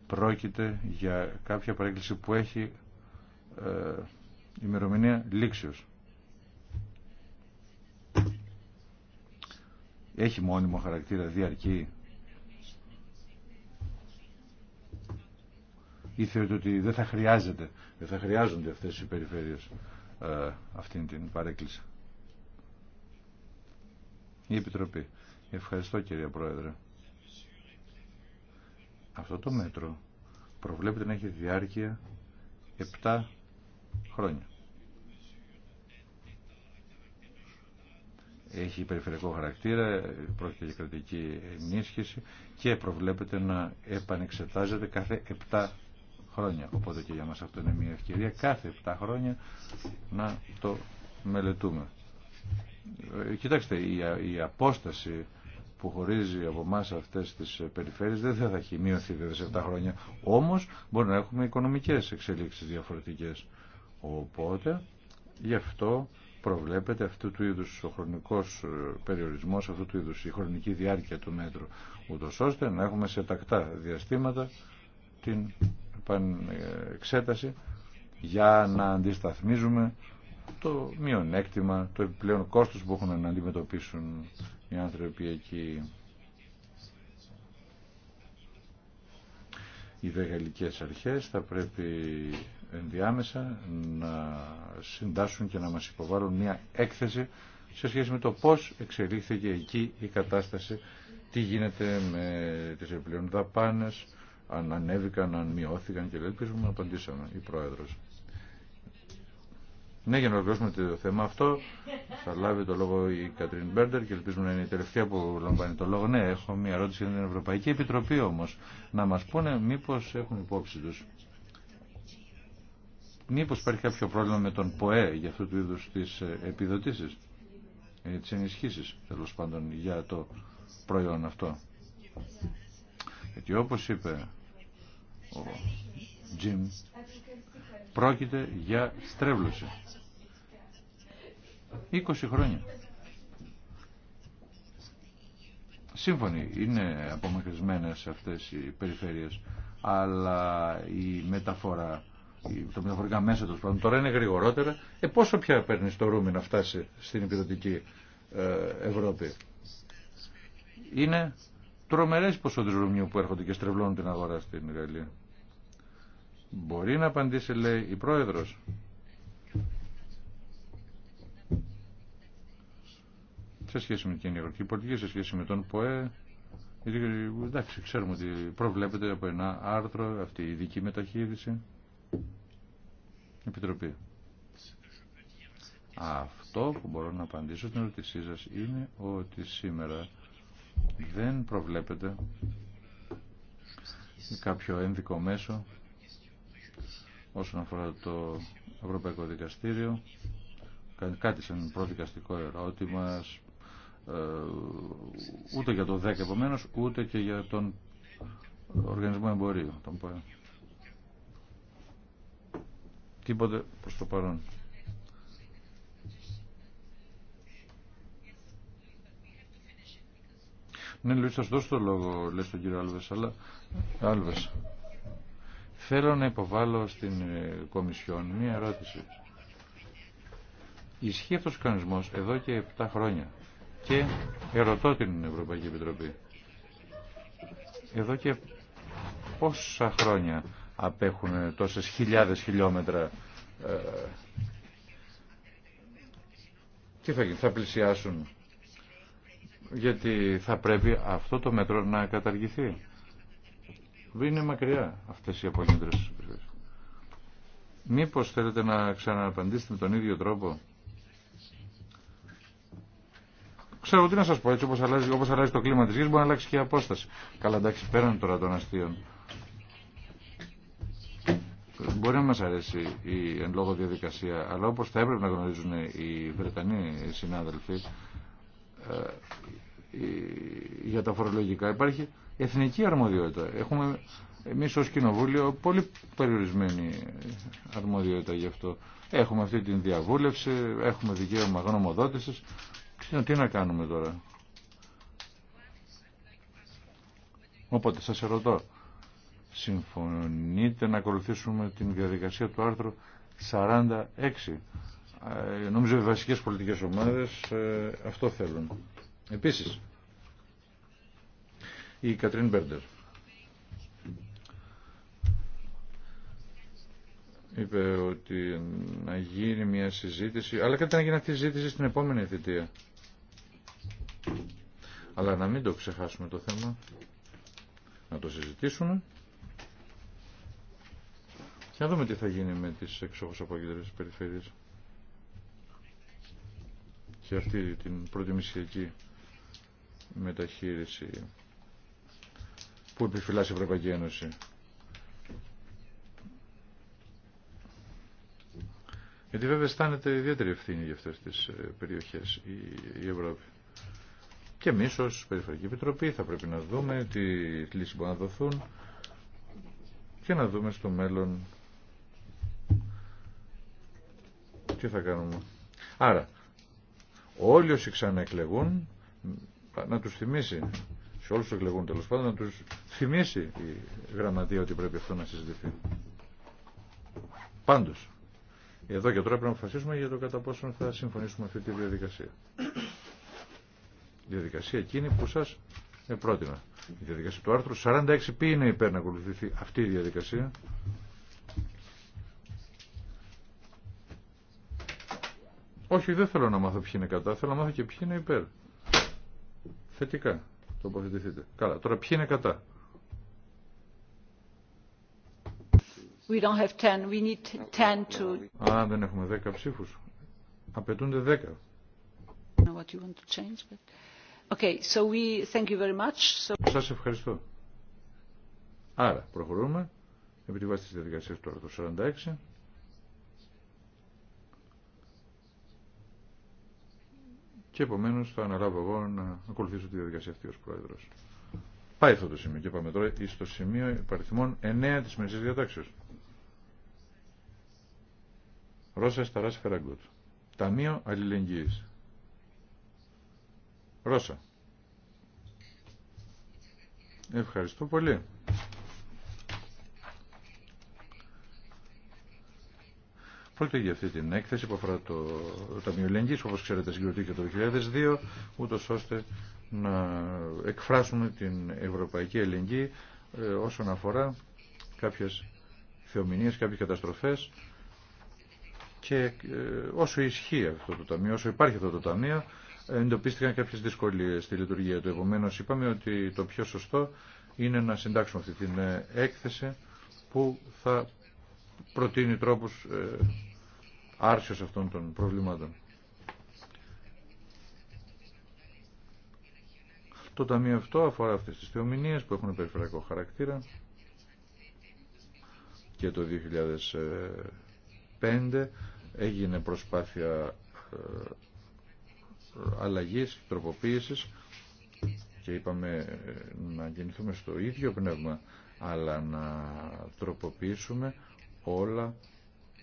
πρόκειται για κάποια παρέκκληση που έχει ε, ημερομηνία λήξεως. έχει μόνιμο χαρακτήρα διαρκή δηλαδή ή θεωρείτε ότι δεν θα χρειάζεται, δεν θα χρειάζονται αυτές οι περιφέρειες ε, αυτήν την παρέκκληση. Η Επιτροπή. Ευχαριστώ κύριε Πρόεδρε. Αυτό το μέτρο προβλέπεται να έχει διάρκεια 7 χρόνια. έχει περιφερειακό χαρακτήρα, πρόκειται για κρατική ενίσχυση και προβλέπεται να επανεξετάζεται κάθε 7 χρόνια. Οπότε και για μας αυτό είναι μια ευκαιρία κάθε 7 χρόνια να το μελετούμε. Ε, κοιτάξτε, η, απόσταση που χωρίζει από εμά αυτές τις περιφέρειες δεν θα έχει μειωθεί σε 7 χρόνια. Όμως μπορεί να έχουμε οικονομικές εξελίξεις διαφορετικές. Οπότε γι' αυτό προβλέπεται αυτού του είδους ο χρονικός ε, περιορισμός, αυτού του είδους η χρονική διάρκεια του μέτρου, ούτω ώστε να έχουμε σε τακτά διαστήματα την εξέταση για να αντισταθμίζουμε το μειονέκτημα, το επιπλέον κόστος που έχουν να αντιμετωπίσουν οι άνθρωποι εκεί. Οι δεγαλικές αρχές θα πρέπει ενδιάμεσα να συντάσσουν και να μας υποβάλουν μια έκθεση σε σχέση με το πώς εξελίχθηκε εκεί η κατάσταση, τι γίνεται με τις επιπλέον δαπάνες, αν ανέβηκαν, αν μειώθηκαν και ελπίζουμε να απαντήσαμε η Πρόεδρος. Ναι, για να ολοκληρώσουμε το θέμα αυτό, θα λάβει το λόγο η Κατρίν Μπέρντερ και ελπίζουμε να είναι η τελευταία που λαμβάνει το λόγο. Ναι, έχω μια ερώτηση για την Ευρωπαϊκή Επιτροπή όμως, Να μα πούνε μήπω έχουν υπόψη του Μήπως υπάρχει κάποιο πρόβλημα με τον ΠΟΕ για αυτού του είδους τις ε, επιδοτήσεις, τις ενισχύσεις τέλο πάντων για το προϊόν αυτό. Γιατί όπως είπε ο Τζιμ, πρόκειται για στρέβλωση. 20 χρόνια. Σύμφωνοι, είναι απομακρυσμένες αυτές οι περιφέρειες, αλλά η μεταφορά το μεταφορικά μέσα τέλο πάντων. Τώρα είναι γρηγορότερα. Ε, πόσο πια παίρνει το ρούμι να φτάσει στην επιδοτική ε, Ευρώπη. Είναι τρομερέ ποσότητε ρουμιού που έρχονται και στρεβλώνουν την αγορά στην Γαλλία. Μπορεί να απαντήσει, λέει η πρόεδρο. Σε σχέση με την κοινή πολιτική, σε σχέση με τον ΠΟΕ, εντάξει, ξέρουμε ότι προβλέπεται από ένα άρθρο αυτή η ειδική μεταχείριση. Επιτροπή. Αυτό που μπορώ να απαντήσω στην ερώτησή σα είναι ότι σήμερα δεν προβλέπεται κάποιο ένδικο μέσο όσον αφορά το Ευρωπαϊκό Δικαστήριο κάτι σαν προδικαστικό ερώτημα ε, ούτε για το 10 επομένως ούτε και για τον Οργανισμό Εμπορίου τον τίποτε προς το παρόν. Ναι, Λουίς, θα δώσω το λόγο, λες τον κύριο Άλβες, αλλά... Άλβες. Θέλω να υποβάλω στην ε, Κομισιόν μία ερώτηση. Ισχύει αυτός ο κανονισμός εδώ και 7 χρόνια και ερωτώ την Ευρωπαϊκή Επιτροπή. Εδώ και πόσα χρόνια απέχουν τόσες χιλιάδες χιλιόμετρα ε, τι θα γίνει, θα πλησιάσουν γιατί θα πρέπει αυτό το μέτρο να καταργηθεί. Είναι μακριά αυτές οι απόγεντρες. Μήπως θέλετε να ξαναπαντήσετε με τον ίδιο τρόπο. Ξέρω τι να σας πω, έτσι όπως αλλάζει, όπως αλλάζει το κλίμα της γης μπορεί να αλλάξει και η απόσταση. Καλά εντάξει πέραν τώρα των αστείων. Μπορεί να μας αρέσει η εν λόγω διαδικασία, αλλά όπως θα έπρεπε να γνωρίζουν οι Βρετανοί συνάδελφοι, ε, για τα φορολογικά υπάρχει εθνική αρμοδιότητα. Έχουμε εμείς ως Κοινοβούλιο πολύ περιορισμένη αρμοδιότητα γι' αυτό. Έχουμε αυτή την διαβούλευση, έχουμε δικαίωμα γνωμοδότησης. τι να κάνουμε τώρα. Οπότε σας ερωτώ, συμφωνείτε να ακολουθήσουμε την διαδικασία του άρθρου 46. Ε, νομίζω οι βασικές πολιτικές ομάδες ε, αυτό θέλουν. Επίσης, η Κατρίν Μπέρντερ είπε ότι να γίνει μια συζήτηση, αλλά κάτι να γίνει αυτή η συζήτηση στην επόμενη θητεία. Αλλά να μην το ξεχάσουμε το θέμα, να το συζητήσουμε. Και να δούμε τι θα γίνει με τις εξόχως απογοητεύσεις περιφέρειες και αυτή την προτιμησιακή μεταχείριση που επιφυλάσσει η Ευρωπαϊκή Ένωση. Γιατί βέβαια αισθάνεται ιδιαίτερη ευθύνη για αυτές τις ε, περιοχές η Ευρώπη. Και εμεί ω Περιφερειακή Επιτροπή θα πρέπει να δούμε τι λύσει μπορούν να δοθούν και να δούμε στο μέλλον τι θα κάνουμε. Άρα, όλοι όσοι ξαναεκλεγούν, να τους θυμίσει, σε όλους τους εκλεγούν τέλος πάντων, να τους θυμίσει η γραμματεία ότι πρέπει αυτό να συζητηθεί. Πάντως, εδώ και τώρα πρέπει να αποφασίσουμε για το κατά πόσο θα συμφωνήσουμε αυτή τη διαδικασία. Η διαδικασία εκείνη που σας πρότεινα. Η διαδικασία του άρθρου 46 ποιοι είναι υπέρ να ακολουθηθεί αυτή η διαδικασία. Όχι, δεν θέλω να μάθω ποιοι είναι κατά, θέλω να μάθω και ποιοι είναι υπέρ. Θετικά τοποθετηθείτε. Καλά, τώρα ποιοι είναι κατά. We don't have 10. We need 10 to... Α, δεν έχουμε 10 ψήφους. Απαιτούνται 10. What you want to change, but... okay, so we... Thank you very much. Σας ευχαριστώ. Άρα, προχωρούμε. Επί τη βάση του διαδικασίας 46. και επομένω θα αναλάβω εγώ να ακολουθήσω τη διαδικασία αυτή ω πρόεδρο. Πάει αυτό το σημείο και πάμε τώρα στο σημείο υπαριθμών 9 τη μεσή διατάξεω. Ρώσα Σταρά Φεραγκούτ. Ταμείο Αλληλεγγύη. Ρώσα. Ευχαριστώ πολύ. Πρόκειται για αυτή την έκθεση που αφορά το Ταμείο Ελληνική, όπως ξέρετε συγκροτήθηκε το 2002, ούτω ώστε να εκφράσουμε την ευρωπαϊκή ελεγγύη ε, όσον αφορά κάποιες θεομηνίε, κάποιες καταστροφές και ε, όσο ισχύει αυτό το ταμείο, όσο υπάρχει αυτό το ταμείο, εντοπίστηκαν κάποιες δυσκολίε στη λειτουργία του. Επομένω, είπαμε ότι το πιο σωστό είναι να συντάξουμε αυτή την ε, έκθεση που θα προτείνει τρόπους άρσιος αυτών των προβλημάτων. Το ταμείο αυτό αφορά αυτές τις θεομηνίες που έχουν περιφερειακό χαρακτήρα και το 2005 έγινε προσπάθεια ε, αλλαγής, τροποποίησης και είπαμε να γεννηθούμε στο ίδιο πνεύμα αλλά να τροποποιήσουμε όλα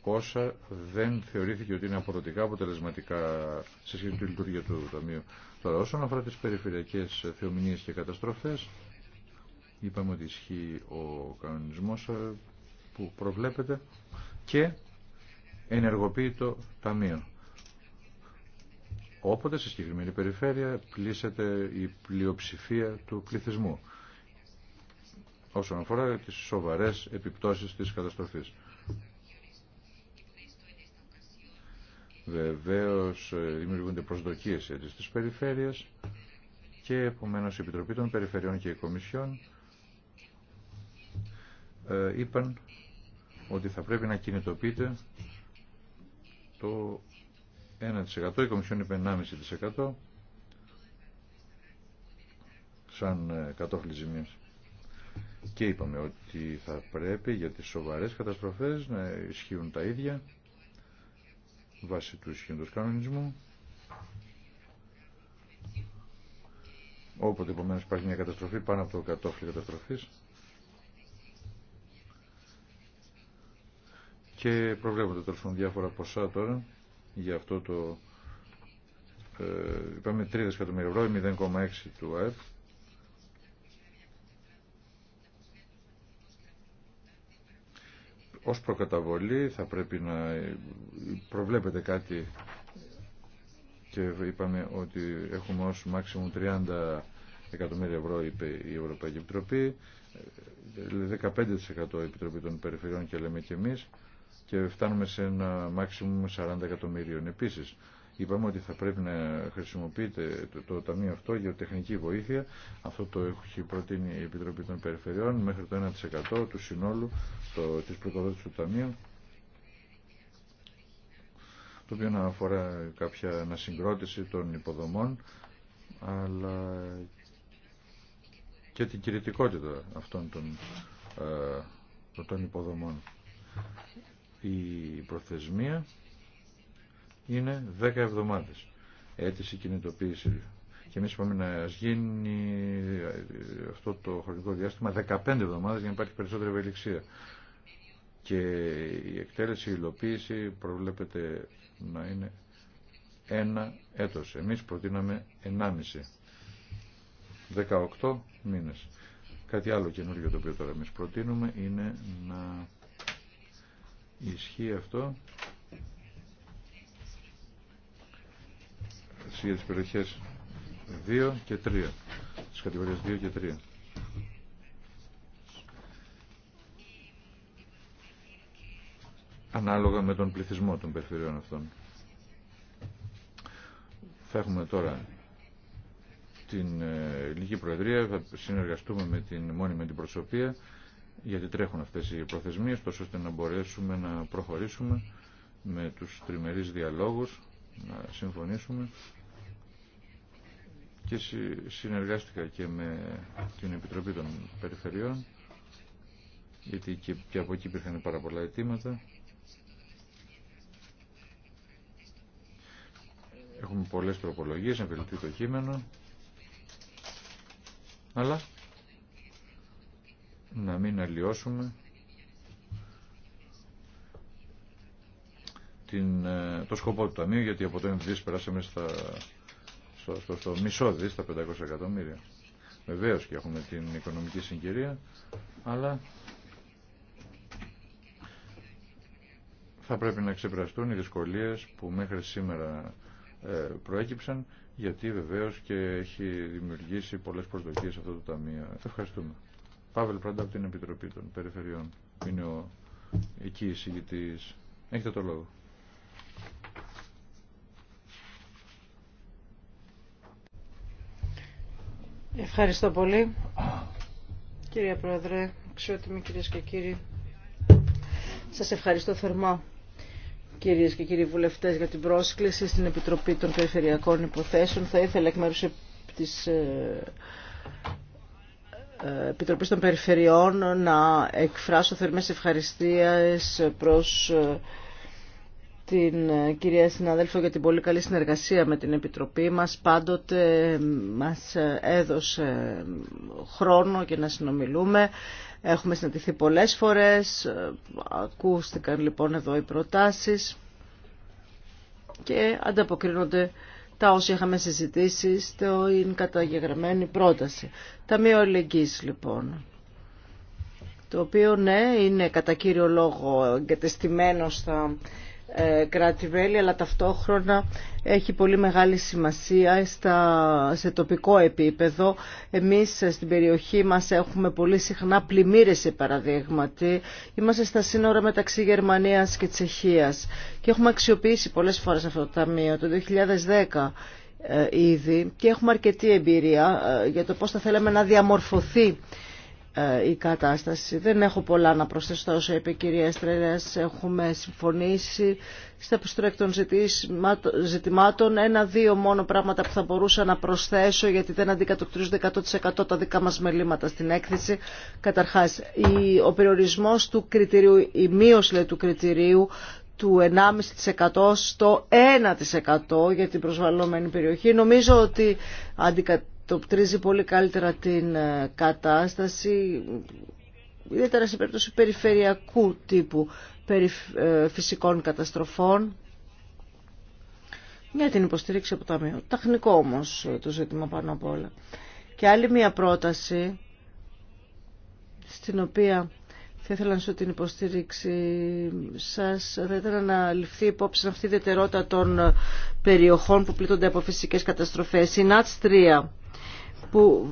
όσα δεν θεωρήθηκε ότι είναι αποδοτικά αποτελεσματικά σε σχέση με τη λειτουργία του Ταμείου. Τώρα, όσον αφορά τις περιφερειακές θεομηνίες και καταστροφές, είπαμε ότι ισχύει ο κανονισμός ε, που προβλέπεται και ενεργοποιεί το Ταμείο. Όποτε σε συγκεκριμένη περιφέρεια πλήσεται η πλειοψηφία του πληθυσμού όσον αφορά τις σοβαρές επιπτώσεις της καταστροφής. Βεβαίως ε, δημιουργούνται προσδοκίες έτσι ε, στις περιφέρειες και επομένως η Επιτροπή των Περιφερειών και η Κομισιόν ε, είπαν ότι θα πρέπει να κινητοποιείται το 1%, η Κομισιόν είπε 1,5% σαν κατόφλι ζημίας. Και είπαμε ότι θα πρέπει για τις σοβαρές καταστροφές να ισχύουν τα ίδια βάσει του ισχύοντος κανονισμού. Όποτε επομένω υπάρχει μια καταστροφή πάνω από το κατόφλι καταστροφής και προβλέπονται τέλο διάφορα ποσά τώρα για αυτό το ε, είπαμε 3 δισεκατομμύρια ευρώ, 0,6 του ΑΕΠ ως προκαταβολή θα πρέπει να προβλέπετε κάτι και είπαμε ότι έχουμε ως μάξιμου 30 εκατομμύρια ευρώ είπε η Ευρωπαϊκή Επιτροπή 15% η Επιτροπή των Περιφερειών και λέμε και εμείς και φτάνουμε σε ένα μάξιμου 40 εκατομμύριων επίσης είπαμε ότι θα πρέπει να χρησιμοποιείται το, ταμείο αυτό για τεχνική βοήθεια. Αυτό το έχει προτείνει η Επιτροπή των Περιφερειών μέχρι το 1% του συνόλου το, της του ταμείου το οποίο να αφορά κάποια ανασυγκρότηση των υποδομών αλλά και την κυριτικότητα αυτών των, ε, των υποδομών. Η προθεσμία είναι 10 εβδομάδες. Αίτηση κινητοποίηση. Και εμείς είπαμε να γίνει ε, αυτό το χρονικό διάστημα 15 εβδομάδες για να υπάρχει περισσότερη ευελιξία. Και η εκτέλεση, η υλοποίηση προβλέπεται να είναι ένα έτος. Εμείς προτείναμε 1,5. 18 μήνες. Κάτι άλλο καινούργιο το οποίο τώρα εμείς προτείνουμε είναι να ισχύει αυτό για τις περιοχές 2 και 3. Τις κατηγορίες 2 και 3. Ανάλογα με τον πληθυσμό των περιφερειών αυτών. Θα έχουμε τώρα την ε, Ελληνική Προεδρία, θα συνεργαστούμε με την μόνιμη την γιατί τρέχουν αυτές οι προθεσμίες, τόσο ώστε να μπορέσουμε να προχωρήσουμε με τους τριμερείς διαλόγους, να συμφωνήσουμε και συνεργάστηκα και με την Επιτροπή των Περιφερειών γιατί και από εκεί υπήρχαν πάρα πολλά αιτήματα. Έχουμε πολλές προπολογίες να βελτιωθεί το κείμενο. Αλλά να μην αλλοιώσουμε την, ε, το σκοπό του Ταμείου, γιατί από το ενδύσεις περάσαμε στα στο, στο, στο μισό δι, στα 500 εκατομμύρια. Βεβαίω και έχουμε την οικονομική συγκυρία, αλλά θα πρέπει να ξεπεραστούν οι δυσκολίες που μέχρι σήμερα ε, προέκυψαν, γιατί βεβαίω και έχει δημιουργήσει πολλές προσδοκίες αυτό το ταμείο. Ευχαριστούμε. Παύλ Πράντα από την Επιτροπή των Περιφερειών. Είναι ο εκεί εισηγητής. Έχετε το λόγο. Ευχαριστώ πολύ. Κύριε Πρόεδρε, αξιότιμοι κυρίες και κύριοι, σας ευχαριστώ θερμά κυρίες και κύριοι βουλευτές για την πρόσκληση στην Επιτροπή των Περιφερειακών Υποθέσεων. Θα ήθελα εκ μέρους της ε, ε, Επιτροπής των Περιφερειών να εκφράσω θερμές ευχαριστίες προς ε, την ε, κυρία συναδέλφο για την πολύ καλή συνεργασία με την Επιτροπή μας. Πάντοτε ε, μας ε, έδωσε χρόνο για να συνομιλούμε. Έχουμε συναντηθεί πολλές φορές. Ακούστηκαν λοιπόν εδώ οι προτάσεις και ανταποκρίνονται τα όσα είχαμε συζητήσει Είναι καταγεγραμμένη πρόταση. Ταμείο Ελεγγύης λοιπόν το οποίο ναι είναι κατά κύριο λόγο εγκατεστημένο στα ε, κρατη αλλά ταυτόχρονα έχει πολύ μεγάλη σημασία στα, σε τοπικό επίπεδο. Εμείς στην περιοχή μας έχουμε πολύ συχνά πλημμύρες, παραδείγματι. Είμαστε στα σύνορα μεταξύ Γερμανίας και Τσεχίας και έχουμε αξιοποιήσει πολλές φορές αυτό το ταμείο, το 2010 ε, ήδη και έχουμε αρκετή εμπειρία ε, για το πώς θα θέλαμε να διαμορφωθεί ε, η κατάσταση. Δεν έχω πολλά να προσθέσω όσο είπε η κυρία Στρέλιας. Έχουμε συμφωνήσει στα πιστρεκτων των ζητημάτων. Ένα-δύο μόνο πράγματα που θα μπορούσα να προσθέσω γιατί δεν αντικατοπτρίζονται 100% τα δικά μας μελήματα στην έκθεση. Καταρχάς, ο περιορισμός του κριτηρίου, η μείωση του κριτηρίου του 1,5% στο 1% για την προσβαλλόμενη περιοχή. Νομίζω ότι αντικα το πολύ καλύτερα την ε, κατάσταση, ιδιαίτερα σε περίπτωση περιφερειακού τύπου ε, φυσικών καταστροφών για την υποστήριξη από το Ταμείο. Ταχνικό όμως ε, το ζήτημα πάνω απ' όλα. Και άλλη μία πρόταση στην οποία θα ήθελα να σου την υποστήριξη σας. Θα ήθελα να ληφθεί υπόψη αυτή η ιδιαιτερότητα των περιοχών που πλήττονται από φυσικές καταστροφές. Η ΝΑΤΣ που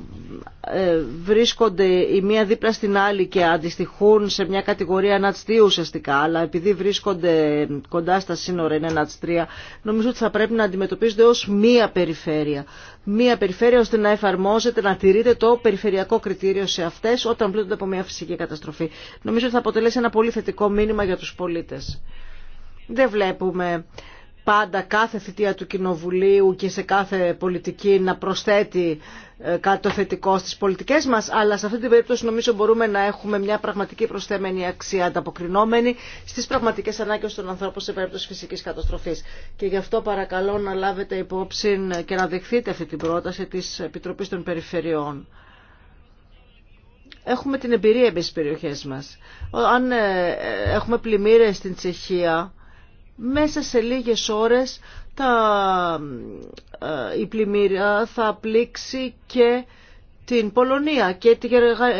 ε, βρίσκονται η μία δίπλα στην άλλη και αντιστοιχούν σε μια κατηγορία Nats ουσιαστικά, αλλά επειδή βρίσκονται κοντά στα σύνορα είναι είναι 3, νομίζω ότι θα πρέπει να αντιμετωπίζονται ως μία περιφέρεια. Μία περιφέρεια ώστε να εφαρμόζεται, να τηρείται το περιφερειακό κριτήριο σε αυτές όταν πλήττονται από μια φυσική καταστροφή. Νομίζω ότι θα αποτελέσει ένα πολύ θετικό μήνυμα για τους πολίτες. Δεν βλέπουμε πάντα κάθε θητεία του Κοινοβουλίου και σε κάθε πολιτική να προσθέτει ε, κάτι το θετικό στις πολιτικές μας, αλλά σε αυτή την περίπτωση νομίζω μπορούμε να έχουμε μια πραγματική προσθέμενη αξία ανταποκρινόμενη στις πραγματικές ανάγκες των ανθρώπων σε περίπτωση φυσικής καταστροφής. Και γι' αυτό παρακαλώ να λάβετε υπόψη και να δεχθείτε αυτή την πρόταση της Επιτροπής των Περιφερειών. Έχουμε την εμπειρία με στις περιοχές μας. Αν ε, ε, έχουμε πλημμύρες στην Τσεχία, μέσα σε λίγες ώρες τα, ε, η πλημμύρια θα πλήξει και την Πολωνία και τη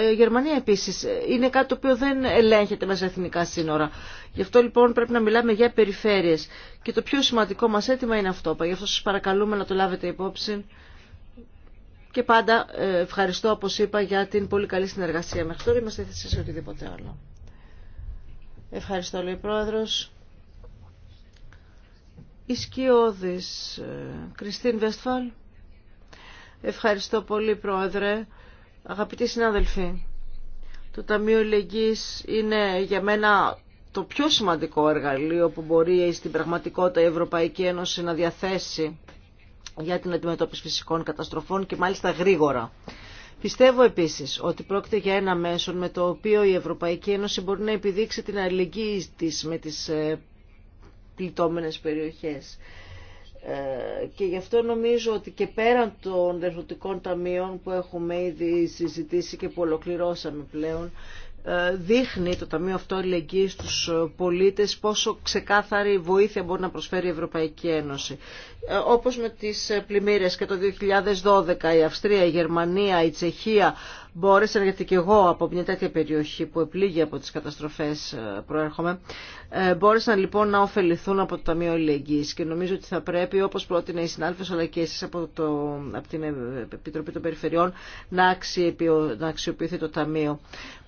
ε, Γερμανία επίσης. Είναι κάτι το οποίο δεν ελέγχεται μέσα εθνικά σύνορα. Γι' αυτό λοιπόν πρέπει να μιλάμε για περιφέρειες. Και το πιο σημαντικό μας αίτημα είναι αυτό. Γι' αυτό σας παρακαλούμε να το λάβετε υπόψη. Και πάντα ε, ευχαριστώ, όπως είπα, για την πολύ καλή συνεργασία μέχρι τώρα. Είμαστε σε οτιδήποτε άλλο. Ευχαριστώ, λέει Πρόεδρος. Η ε, Κριστίν Βεστφάλ. Ευχαριστώ πολύ, Πρόεδρε. Αγαπητοί συνάδελφοι, το Ταμείο Ελεγγύης είναι για μένα το πιο σημαντικό εργαλείο που μπορεί στην πραγματικότητα η Ευρωπαϊκή Ένωση να διαθέσει για την αντιμετώπιση φυσικών καταστροφών και μάλιστα γρήγορα. Πιστεύω επίσης ότι πρόκειται για ένα μέσο με το οποίο η Ευρωπαϊκή Ένωση μπορεί να επιδείξει την αλληλεγγύη της με τις ε, πληττόμενες περιοχές. Ε, και γι' αυτό νομίζω ότι και πέραν των δερφωτικών ταμείων που έχουμε ήδη συζητήσει και που ολοκληρώσαμε πλέον, ε, δείχνει το Ταμείο αυτό αλληλεγγύη στους πολίτες πόσο ξεκάθαρη βοήθεια μπορεί να προσφέρει η Ευρωπαϊκή Ένωση. Ε, όπως με τις ε, πλημμύρες και το 2012 η Αυστρία, η Γερμανία, η Τσεχία μπόρεσαν, γιατί και εγώ από μια τέτοια περιοχή που επλήγει από τις καταστροφές ε, προέρχομαι μπόρεσαν λοιπόν να ωφεληθούν από το Ταμείο Αλληλεγγύης και νομίζω ότι θα πρέπει όπως πρότεινε οι συνάδελφες αλλά και εσείς από, το, από την Επιτροπή των Περιφερειών να, αξιοποιηθεί, το Ταμείο.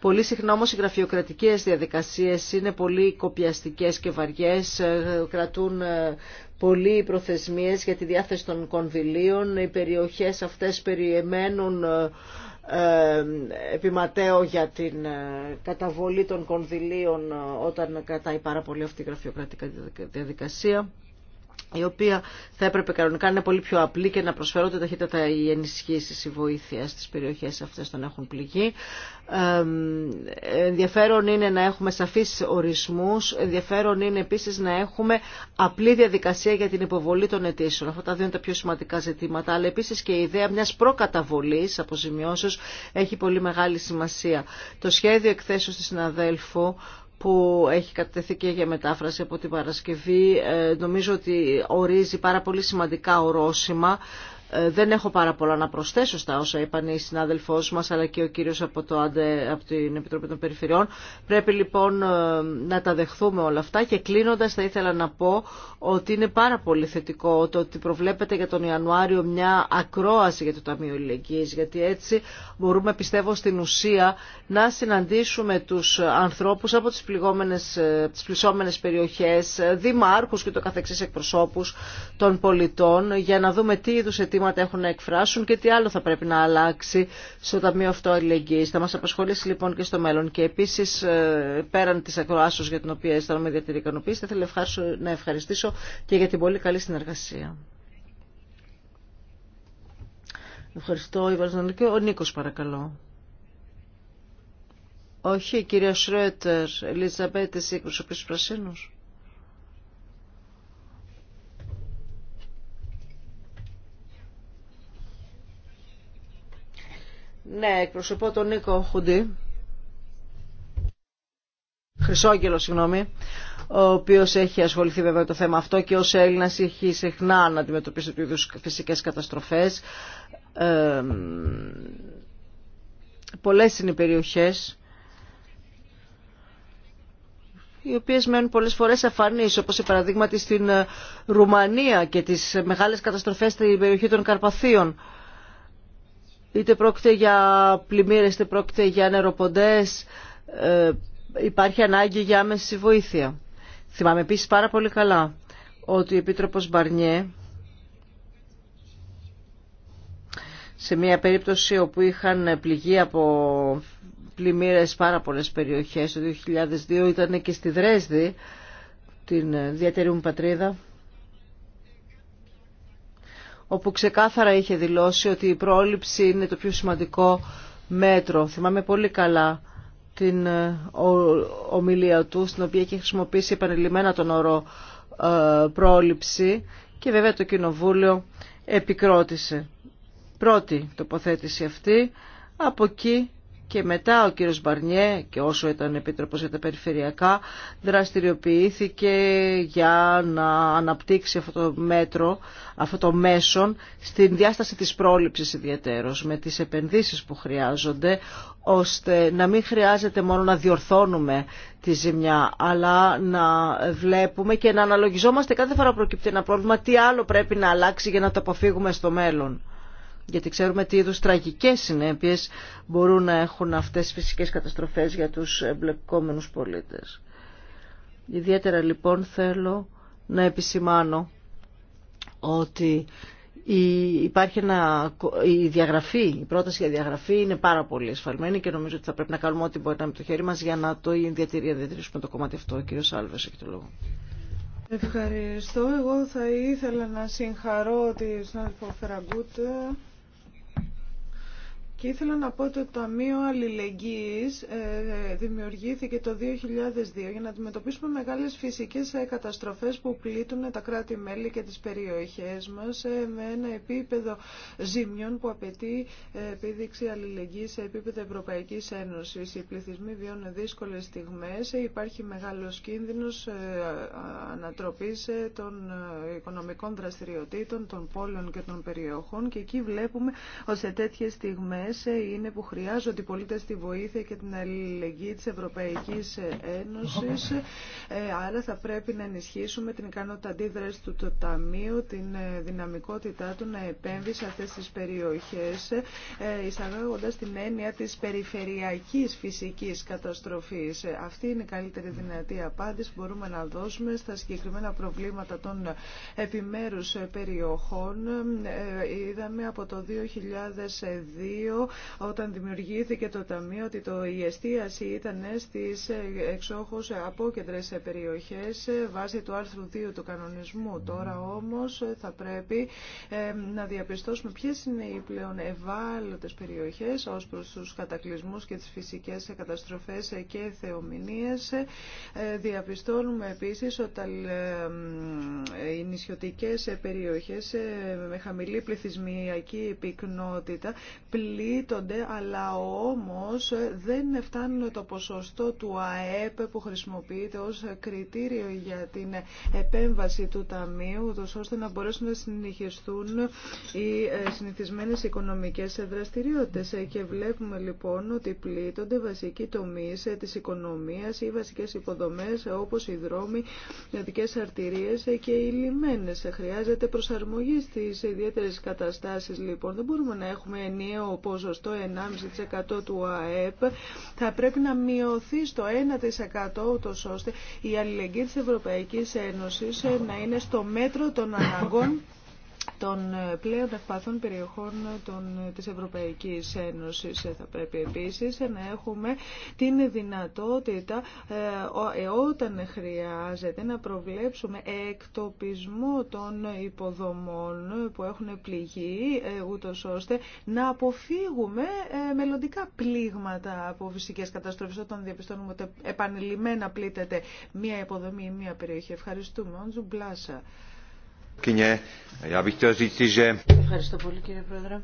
Πολύ συχνά όμως οι γραφειοκρατικές διαδικασίες είναι πολύ κοπιαστικές και βαριές, κρατούν Πολλοί οι προθεσμίες για τη διάθεση των κονδυλίων. Οι περιοχές αυτές περιεμένουν ε, ε, επιματέω για την ε, καταβολή των κονδυλίων όταν κατάει πάρα πολύ αυτή η γραφειοκρατική διαδικασία η οποία θα έπρεπε κανονικά να είναι πολύ πιο απλή και να προσφέρονται ταχύτατα οι ενισχύσεις, η βοήθεια στις περιοχές αυτές των έχουν πληγεί. Ε, ενδιαφέρον είναι να έχουμε σαφείς ορισμούς, ενδιαφέρον είναι επίσης να έχουμε απλή διαδικασία για την υποβολή των αιτήσεων. Αυτά τα δύο είναι τα πιο σημαντικά ζητήματα, αλλά επίσης και η ιδέα μιας προκαταβολής αποζημιώσεως έχει πολύ μεγάλη σημασία. Το σχέδιο εκθέσεως της συναδέλφου που έχει κατευθεί και για μετάφραση από την Παρασκευή ε, νομίζω ότι ορίζει πάρα πολύ σημαντικά ορόσημα ε, δεν έχω πάρα πολλά να προσθέσω στα όσα είπαν οι συνάδελφός μας αλλά και ο κύριος από, το από την Επιτροπή των Περιφερειών. Πρέπει λοιπόν ε, να τα δεχθούμε όλα αυτά και κλείνοντας θα ήθελα να πω ότι είναι πάρα πολύ θετικό το ότι προβλέπεται για τον Ιανουάριο μια ακρόαση για το Ταμείο Ηλεγγύης γιατί έτσι μπορούμε πιστεύω στην ουσία να συναντήσουμε τους ανθρώπους από τις, πληγόμενες, ε, τις πλησόμενες περιοχές, δημάρχους και το καθεξής εκπροσώπους των πολιτών για να δούμε τι είδους αιτήματα ζητήματα έχουν να εκφράσουν και τι άλλο θα πρέπει να αλλάξει στο Ταμείο Αυτό Αλληλεγγύης. Θα μας απασχολήσει λοιπόν και στο μέλλον. Και επίσης ε, πέραν της ακροάσεως για την οποία αισθάνομαι ιδιαίτερη ικανοποίηση, θα ήθελα να ευχαριστήσω και για την πολύ καλή συνεργασία. Ευχαριστώ, Και Ο Νίκος, παρακαλώ. Όχι, κυρία Σρέτερ, Ελίζα Μπέτες, εκπροσωπής Ναι, εκπροσωπώ τον Νίκο Χουντή. Χρυσόγγελο, συγγνώμη, ο οποίο έχει ασχοληθεί βέβαια με το θέμα αυτό και ω Έλληνα έχει συχνά να αντιμετωπίσει του είδου φυσικέ καταστροφέ. Πολλέ είναι οι περιοχέ οι οποίε μένουν πολλέ φορέ αφανεί, όπω η παραδείγματι στην ε, Ρουμανία και τι μεγάλε καταστροφέ στην περιοχή των Καρπαθίων είτε πρόκειται για πλημμύρες, είτε πρόκειται για νεροποντές, ε, υπάρχει ανάγκη για άμεση βοήθεια. Θυμάμαι επίσης πάρα πολύ καλά ότι ο Επίτροπος Μπαρνιέ σε μια περίπτωση όπου είχαν πληγεί από πλημμύρες πάρα πολλές περιοχές το 2002 ήταν και στη Δρέσδη την διατηρή μου πατρίδα όπου ξεκάθαρα είχε δηλώσει ότι η πρόληψη είναι το πιο σημαντικό μέτρο. Θυμάμαι πολύ καλά την ε, ομιλία του, στην οποία είχε χρησιμοποιήσει επανειλημμένα τον όρο ε, πρόληψη και βέβαια το Κοινοβούλιο επικρότησε. Πρώτη τοποθέτηση αυτή, από εκεί και μετά ο κύριος Μπαρνιέ και όσο ήταν επίτροπος για τα περιφερειακά δραστηριοποιήθηκε για να αναπτύξει αυτό το μέτρο, αυτό το μέσον στην διάσταση της πρόληψης ιδιαίτερος με τις επενδύσεις που χρειάζονται ώστε να μην χρειάζεται μόνο να διορθώνουμε τη ζημιά αλλά να βλέπουμε και να αναλογιζόμαστε κάθε φορά προκύπτει ένα πρόβλημα τι άλλο πρέπει να αλλάξει για να το αποφύγουμε στο μέλλον γιατί ξέρουμε τι είδους τραγικές συνέπειες μπορούν να έχουν αυτές οι φυσικές καταστροφές για τους εμπλεκόμενους πολίτες. Ιδιαίτερα λοιπόν θέλω να επισημάνω ότι η, υπάρχει ένα, η διαγραφή, η πρόταση για διαγραφή είναι πάρα πολύ εσφαλμένη και νομίζω ότι θα πρέπει να κάνουμε ό,τι μπορεί να με το χέρι μας για να το διατηρήσουμε το κομμάτι αυτό. Ο κύριος Άλβες έχει το λόγο. Ευχαριστώ. Εγώ θα ήθελα να συγχαρώ τη συνάδελφο Φεραγκούτ και ήθελα να πω ότι το Ταμείο Αλληλεγγύης ε, δημιουργήθηκε το 2002 για να αντιμετωπίσουμε μεγάλες φυσικές ε, καταστροφές που πλήττουν τα κράτη-μέλη και τις περιοχές μας ε, με ένα επίπεδο ζημιών που απαιτεί επίδειξη αλληλεγγύης σε επίπεδο Ευρωπαϊκής Ένωσης. Οι πληθυσμοί βιώνουν δύσκολες στιγμές, υπάρχει μεγάλος κίνδυνος ανατροπής των οικονομικών δραστηριοτήτων, των πόλεων και των περιοχών και εκεί βλέπουμε ότι σε τέτοιες στιγμές ε, είναι που χρειάζονται οι πολίτες τη βοήθεια και την αλληλεγγύη της Ευρωπαϊκής Ένωσης. Ε, άρα θα πρέπει να ενισχύσουμε την ικανότητα αντίδραση του το Ταμείου, την ε, δυναμικότητά του να επέμβει σε αυτές τις περιοχές, εισαγάγοντας την έννοια της περιφερειακής φυσικής καταστροφής. Αυτή είναι η καλύτερη δυνατή απάντηση που μπορούμε να δώσουμε στα συγκεκριμένα προβλήματα των επιμέρους περιοχών. Είδαμε από το 2002 όταν δημιουργήθηκε το Ταμείο ότι το, η εστίαση ήταν στις ε, εξόχους απόκεντρες περιοχές ε, βάσει του άρθρου 2 του κανονισμού. Τώρα όμως ε, θα πρέπει να διαπιστώσουμε ποιες είναι οι πλέον ευάλωτες περιοχές ως προς τους κατακλυσμούς και τις φυσικές καταστροφές και θεομηνίες. Διαπιστώνουμε επίσης ότι οι νησιωτικές περιοχές με χαμηλή πληθυσμιακή πυκνότητα αλλά όμως δεν φτάνουν το ποσοστό του ΑΕΠ που χρησιμοποιείται ως κριτήριο για την επέμβαση του Ταμείου, ώστε να μπορέσουν να συνεχιστούν οι ε, συνηθισμένες οικονομικές δραστηριότητες. Και βλέπουμε λοιπόν ότι πλήττονται βασικοί τομείς της οικονομίας ή βασικές υποδομές όπως οι δρόμοι, οι δικές αρτηρίες και οι λιμένες. Χρειάζεται προσαρμογή στις ιδιαίτερες καταστάσεις λοιπόν. Δεν μπορούμε να έχουμε ενιαίο ποσοστό 1,5% του ΑΕΠ θα πρέπει να μειωθεί στο 1% ούτως ώστε η αλληλεγγύη της Ευρωπαϊκής Ένωσης να είναι στο μέτρο των αναγκών των ε, πλέον ευπαθών περιοχών των, ε, της Ευρωπαϊκής Ένωσης ε, θα πρέπει επίσης να έχουμε την δυνατότητα όταν χρειάζεται να προβλέψουμε εκτοπισμό των υποδομών που έχουν πληγεί ούτως ώστε να αποφύγουμε μελλοντικά πλήγματα από φυσικές καταστροφές όταν διαπιστώνουμε ότι επανειλημμένα πλήττεται μία υποδομή ή μία περιοχή. Ευχαριστούμε. Ευχαριστώ πολύ κύριε Πρόεδρε.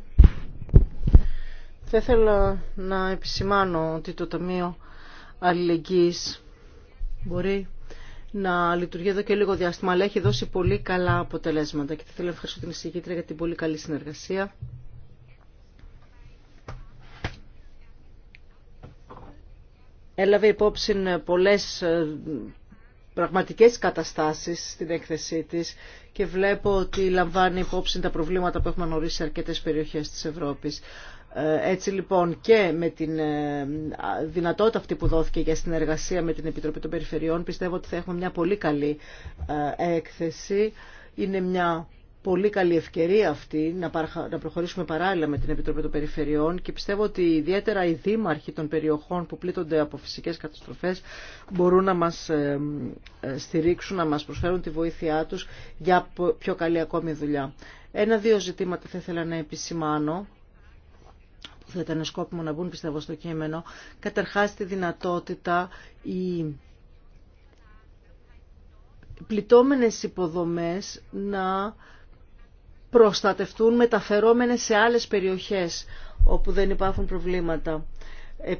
Θα ήθελα να επισημάνω ότι το Ταμείο Αλληλεγγύης μπορεί να λειτουργεί εδώ και λίγο διάστημα, αλλά έχει δώσει πολύ καλά αποτελέσματα και θα ήθελα να ευχαριστώ την εισηγήτρια για την πολύ καλή συνεργασία. Έλαβε υπόψη πολλές ε, πραγματικές καταστάσεις στην έκθεσή της και βλέπω ότι λαμβάνει υπόψη τα προβλήματα που έχουμε γνωρίσει σε αρκετές περιοχές της Ευρώπης. Ε, έτσι λοιπόν και με την ε, δυνατότητα αυτή που δόθηκε για συνεργασία με την Επιτροπή των Περιφερειών πιστεύω ότι θα έχουμε μια πολύ καλή ε, έκθεση. Είναι μια πολύ καλή ευκαιρία αυτή να προχωρήσουμε παράλληλα με την Επιτροπή των Περιφερειών και πιστεύω ότι ιδιαίτερα οι δήμαρχοι των περιοχών που πλήττονται από φυσικές καταστροφές μπορούν να μας ε, ε, στηρίξουν, να μας προσφέρουν τη βοήθειά τους για πιο καλή ακόμη δουλειά. Ένα-δύο ζητήματα θα ήθελα να επισημάνω που θα ήταν σκόπιμο να μπουν πιστεύω στο κείμενο. Καταρχάς τη δυνατότητα η πληττόμενες υποδομές να προστατευτούν μεταφερόμενες σε άλλες περιοχές όπου δεν υπάρχουν προβλήματα. Ε,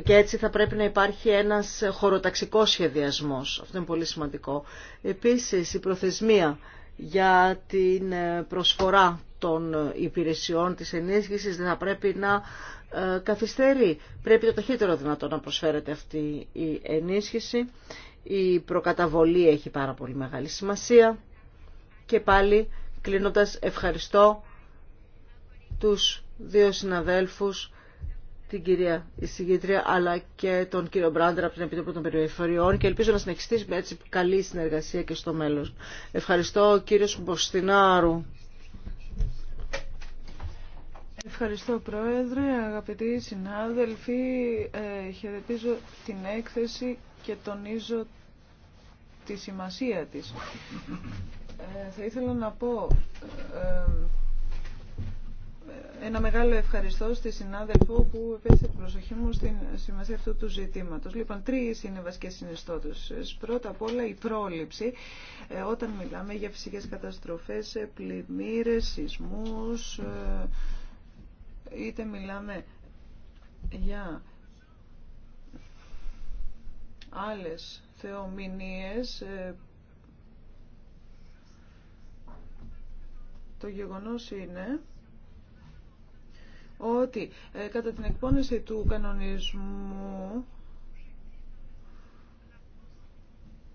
και έτσι θα πρέπει να υπάρχει ένας χωροταξικός σχεδιασμός. Αυτό είναι πολύ σημαντικό. Επίσης η προθεσμία για την ε, προσφορά των ε, υπηρεσιών της ενίσχυσης δεν θα πρέπει να καθυστερεί. Πρέπει το ταχύτερο δυνατό να προσφέρεται αυτή η ενίσχυση. Η προκαταβολή έχει πάρα πολύ μεγάλη σημασία. Και πάλι Κλείνοντας, ευχαριστώ τους δύο συναδέλφους, την κυρία εισηγήτρια, αλλά και τον κύριο Μπράντερ από την Επιτροπή των Περιφερειών και ελπίζω να συνεχιστεί με έτσι καλή συνεργασία και στο μέλλον. Ευχαριστώ κύριο Μποστινάρου. Ευχαριστώ Πρόεδρε, αγαπητοί συνάδελφοι, ε, χαιρετίζω την έκθεση και τονίζω τη σημασία της. Ε, θα ήθελα να πω ε, ένα μεγάλο ευχαριστώ στη συνάδελφο που επέστρεψε την προσοχή μου στην σημασία αυτού του ζητήματος. Λοιπόν, τρεις είναι βασικές συνιστότησες. Πρώτα απ' όλα η πρόληψη, ε, όταν μιλάμε για φυσικές καταστροφές, ε, πλημμύρες, σεισμούς, είτε μιλάμε για άλλες θεομηνίες Το γεγονός είναι ότι ε, κατά την εκπόνηση του κανονισμού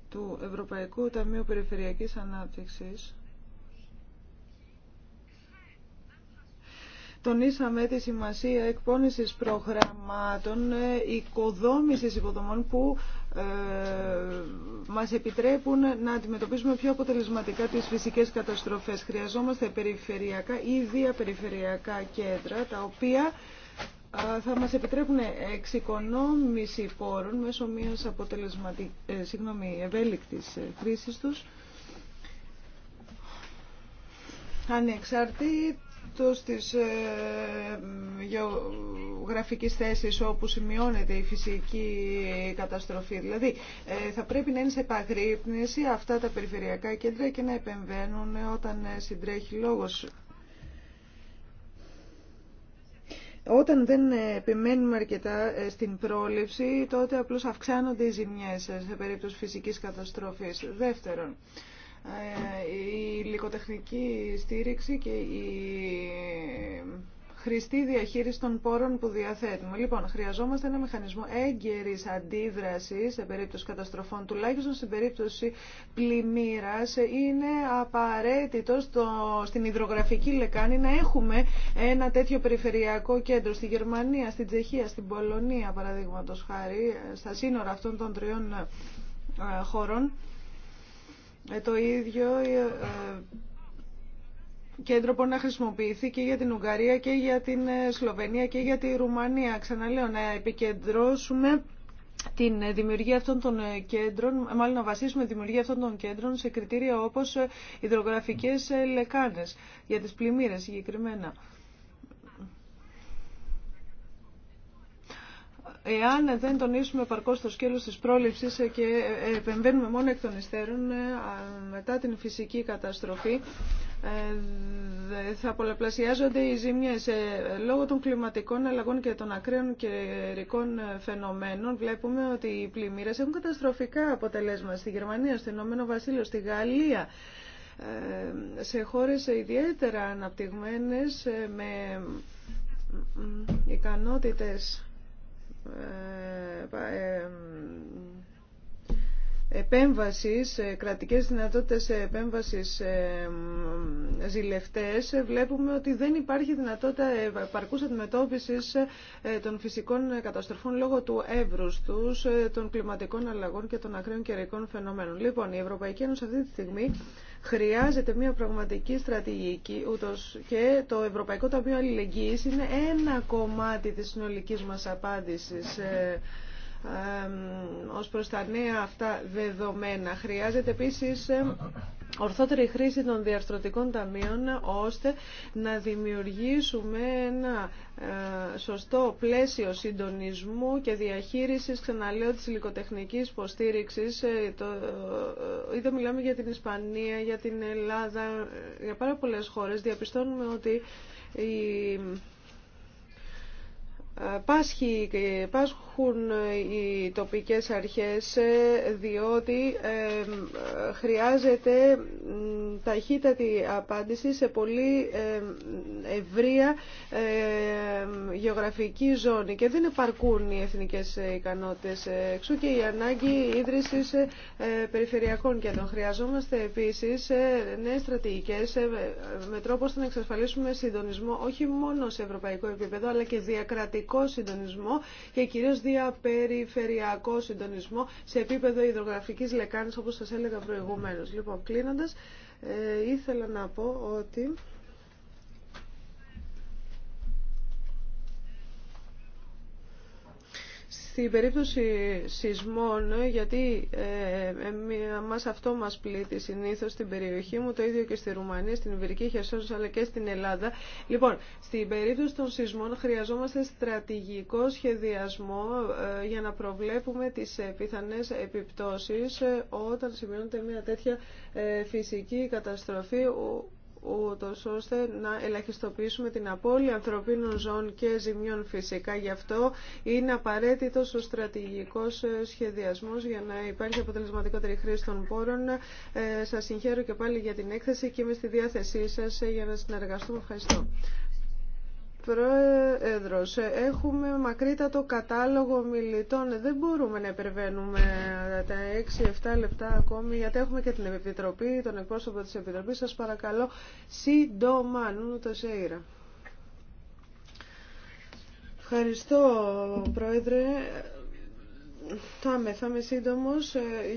του Ευρωπαϊκού Ταμείου Περιφερειακής Ανάπτυξης τονίσαμε τη σημασία εκπόνησης προγραμμάτων ε, οικοδόμησης υποδομών που ε, μας επιτρέπουν να αντιμετωπίσουμε πιο αποτελεσματικά τις φυσικές καταστροφές. Χρειαζόμαστε περιφερειακά ή διαπεριφερειακά κέντρα, τα οποία ε, θα μας επιτρέπουν εξοικονόμηση πόρων μέσω μιας αποτελεσματικής, ε, ευέλικτης ευέλικτης χρήσης τους ανεξαρτήτως εκτός της ε, γεωγραφικής θέσης όπου σημειώνεται η φυσική καταστροφή. Δηλαδή ε, θα πρέπει να είναι σε επαγρύπνηση αυτά τα περιφερειακά κέντρα και να επεμβαίνουν όταν ε, συντρέχει λόγος. Όταν δεν επιμένουμε αρκετά στην πρόληψη, τότε απλώς αυξάνονται οι ζημιές σε περίπτωση φυσικής καταστροφής. Δεύτερον, ε, η υλικοτεχνική στήριξη και η χρηστή διαχείριση των πόρων που διαθέτουμε. Λοιπόν, χρειαζόμαστε ένα μηχανισμό έγκαιρη αντίδραση σε περίπτωση καταστροφών, τουλάχιστον στην περίπτωση πλημμύρα. Είναι απαραίτητο στην υδρογραφική λεκάνη να έχουμε ένα τέτοιο περιφερειακό κέντρο στη Γερμανία, στην Τσεχία, στην Πολωνία, παραδείγματο χάρη, στα σύνορα αυτών των τριών ε, χωρών. Ε, το ίδιο ε, ε, κέντρο μπορεί να χρησιμοποιηθεί και για την Ουγγαρία και για την Σλοβενία και για τη Ρουμανία. Ξαναλέω, να επικεντρώσουμε την δημιουργία αυτών των κέντρων, μάλλον να βασίσουμε τη δημιουργία αυτών των κέντρων σε κριτήρια όπως υδρογραφικές λεκάνες για τις πλημμύρες συγκεκριμένα. Εάν δεν τονίσουμε παρκώς το σκέλος της πρόληψης και επεμβαίνουμε μόνο εκ των υστέρων ε, μετά την φυσική καταστροφή, ε, θα πολλαπλασιάζονται οι ζημιές. Ε, λόγω των κλιματικών αλλαγών και των ακραίων καιρικών φαινομένων βλέπουμε ότι οι πλημμύρες έχουν καταστροφικά αποτελέσματα στη Γερμανία, στο Ηνωμένο Βασίλειο, στη Γαλλία σε χώρες ιδιαίτερα αναπτυγμένες με ικανότητες ε, ε, επέμβασης, ε, κρατικές δυνατότητες επέμβασης ζηλευτές, βλέπουμε ότι δεν υπάρχει δυνατότητα παρκούς αντιμετώπισης των φυσικών καταστροφών λόγω του εύρους τους, των κλιματικών αλλαγών και των ακραίων καιρικών φαινομένων. Λοιπόν, η Ευρωπαϊκή Ένωση αυτή τη στιγμή Χρειάζεται μια πραγματική στρατηγική, ούτως και το Ευρωπαϊκό Ταμείο Αλληλεγγύης είναι ένα κομμάτι της συνολικής μας απάντησης ε, ως προς τα νέα αυτά δεδομένα. Χρειάζεται επίσης ορθότερη χρήση των διαρθρωτικών ταμείων ώστε να δημιουργήσουμε ένα ε, σωστό πλαίσιο συντονισμού και διαχείρισης ξαναλέω της υλικοτεχνικής υποστήριξης ε, το, ε, μιλάμε για την Ισπανία, για την Ελλάδα για πάρα πολλές χώρες διαπιστώνουμε ότι Πάσχουν οι τοπικές αρχές ε, διότι ε, χρειάζεται ταχύτατη απάντηση σε πολύ ε, ευρεία γεωγραφική ζώνη και δεν επαρκούν οι εθνικές ικανότητες εξού και η ανάγκη ίδρυσης περιφερειακών κέντρων. Χρειαζόμαστε επίσης νέες στρατηγικές με τρόπο να εξασφαλίσουμε συντονισμό όχι μόνο σε ευρωπαϊκό επίπεδο αλλά και διακρατικό συντονισμό και κυρίως διαπεριφερειακό συντονισμό σε επίπεδο υδρογραφικής λεκάνης όπως σας έλεγα προηγουμένως. Λοιπόν, κλείνοντας, ε, ήθελα να πω ότι... στην περίπτωση σεισμών, γιατί ε, ε, μας αυτό μας πλήττει συνήθως στην περιοχή μου, το ίδιο και στη Ρουμανία, στην Ιβυρική Χερσόνησο αλλά και στην Ελλάδα. Λοιπόν, στην περίπτωση των σεισμών χρειαζόμαστε στρατηγικό σχεδιασμό ε, για να προβλέπουμε τις πιθανές επιπτώσεις όταν σημειώνεται μια τέτοια φυσική καταστροφή ούτως ώστε να ελαχιστοποιήσουμε την απώλεια ανθρωπίνων ζώων και ζημιών φυσικά. Γι' αυτό είναι απαραίτητος ο στρατηγικός ε, σχεδιασμός για να υπάρχει αποτελεσματικότερη χρήση των πόρων. Ε, σας συγχαίρω και πάλι για την έκθεση και είμαι στη διάθεσή σας ε, για να συνεργαστούμε. Ευχαριστώ. Πρόεδρος, έχουμε μακρύτατο κατάλογο μιλητών. Δεν μπορούμε να υπερβαίνουμε τα 6-7 λεπτά ακόμη, γιατί έχουμε και την Επιτροπή, τον εκπρόσωπο της Επιτροπής. Σας παρακαλώ, σύντομα, νου το σέιρα. Ευχαριστώ, Πρόεδρε τάμε θα είμαι σύντομο ε,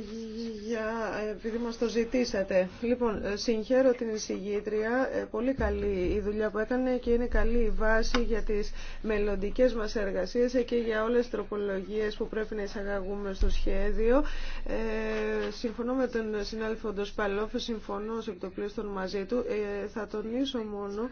για... επειδή μα το ζητήσατε. Λοιπόν, ε, συγχαίρω την εισηγήτρια. Ε, πολύ καλή η δουλειά που έκανε και είναι καλή η βάση για τις μελλοντικέ μα εργασίες και για όλες τι τροπολογίες που πρέπει να εισαγαγούμε στο σχέδιο. Ε, συμφωνώ με τον συνάδελφο Ντοσπαλόφ, συμφωνώ σε επιτοπλίστων μαζί του. θα τονίσω μόνο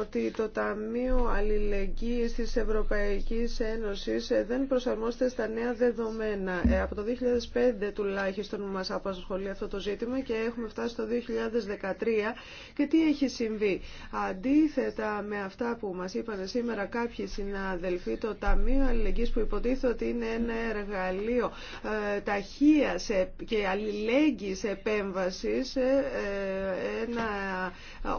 ότι το Ταμείο Αλληλεγγύης της Ευρωπαϊκής Ένωσης ε, δεν προσαρμόζεται στα νέα δεδομένα. Ε, από το 2005 τουλάχιστον μας απασχολεί αυτό το ζήτημα και έχουμε φτάσει στο 2013 και τι έχει συμβεί. Αντίθετα με αυτά που μας είπαν σήμερα κάποιοι συναδελφοί, το Ταμείο Αλληλεγγύης που υποτίθεται ότι είναι ένα εργαλείο ε, ταχείας και αλληλέγγυης επέμβασης, ένα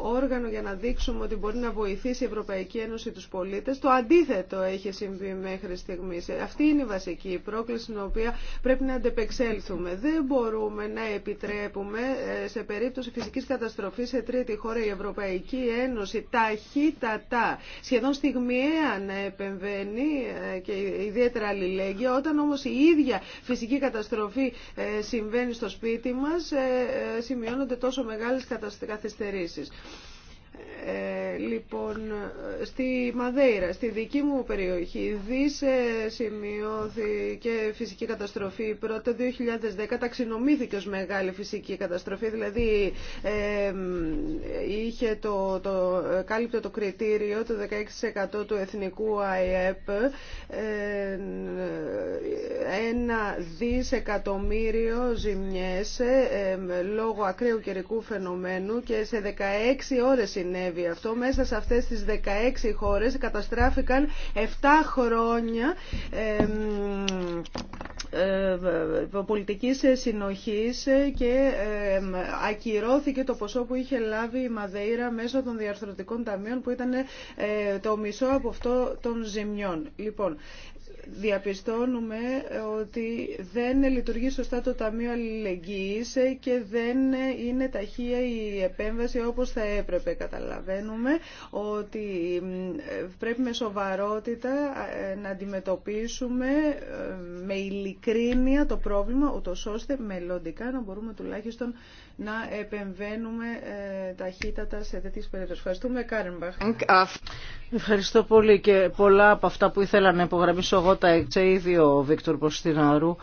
όργανο για να δείξουμε ότι μπορεί να βοηθήσει η Ευρωπαϊκή Ένωση τους πολίτες. Το αντίθετο έχει συμβεί μέχρι στιγμής. Αυτή είναι η βασική πρόκληση στην οποία πρέπει να αντεπεξέλθουμε. Δεν μπορούμε να επιτρέπουμε ε, σε περίπτωση φυσικής καταστροφής σε τρίτη χώρα η Ευρωπαϊκή Ένωση ταχύτατα, σχεδόν στιγμιαία να επεμβαίνει ε, και ιδιαίτερα αλληλέγγυα. Όταν όμως η ίδια φυσική καταστροφή ε, συμβαίνει στο σπίτι μας, σημειώνονται τόσο μεγάλες καθυστερήσει. Ε, λοιπόν, στη Μαδέιρα, στη δική μου περιοχή, δίσε σημειώθηκε φυσική καταστροφή. Πρώτα 2010 ταξινομήθηκε ως μεγάλη φυσική καταστροφή, δηλαδή ε, είχε το, το, κάλυπτε το κριτήριο το 16% του εθνικού ΑΕΠ, ε, ένα δισεκατομμύριο ζημιές ε, λόγω ακραίου καιρικού φαινομένου και σε 16 ώρες συνέβη αυτό. Μέσα σε αυτές τις 16 χώρες καταστράφηκαν 7 χρόνια ε, πολιτικής συνοχής και ακυρώθηκε το ποσό που είχε λάβει η Μαδέιρα μέσω των διαρθρωτικών ταμείων που ήταν ε, το μισό από αυτό των ζημιών. Λοιπόν, διαπιστώνουμε ότι δεν λειτουργεί σωστά το Ταμείο Αλληλεγγύης και δεν είναι ταχεία η επέμβαση όπως θα έπρεπε. Καταλαβαίνουμε ότι πρέπει με σοβαρότητα ε, να αντιμετωπίσουμε ε, με ειλικρίνεια το πρόβλημα, ούτως ώστε μελλοντικά να μπορούμε τουλάχιστον να επεμβαίνουμε ε, ταχύτατα σε τέτοιες περιπτώσεις. Ευχαριστούμε, Κάρενμπαχ. Ευχαριστώ πολύ και πολλά από αυτά που ήθελα να υπογραμμίσω εγώ τα ήδη ο Βίκτορ Ποστινάρου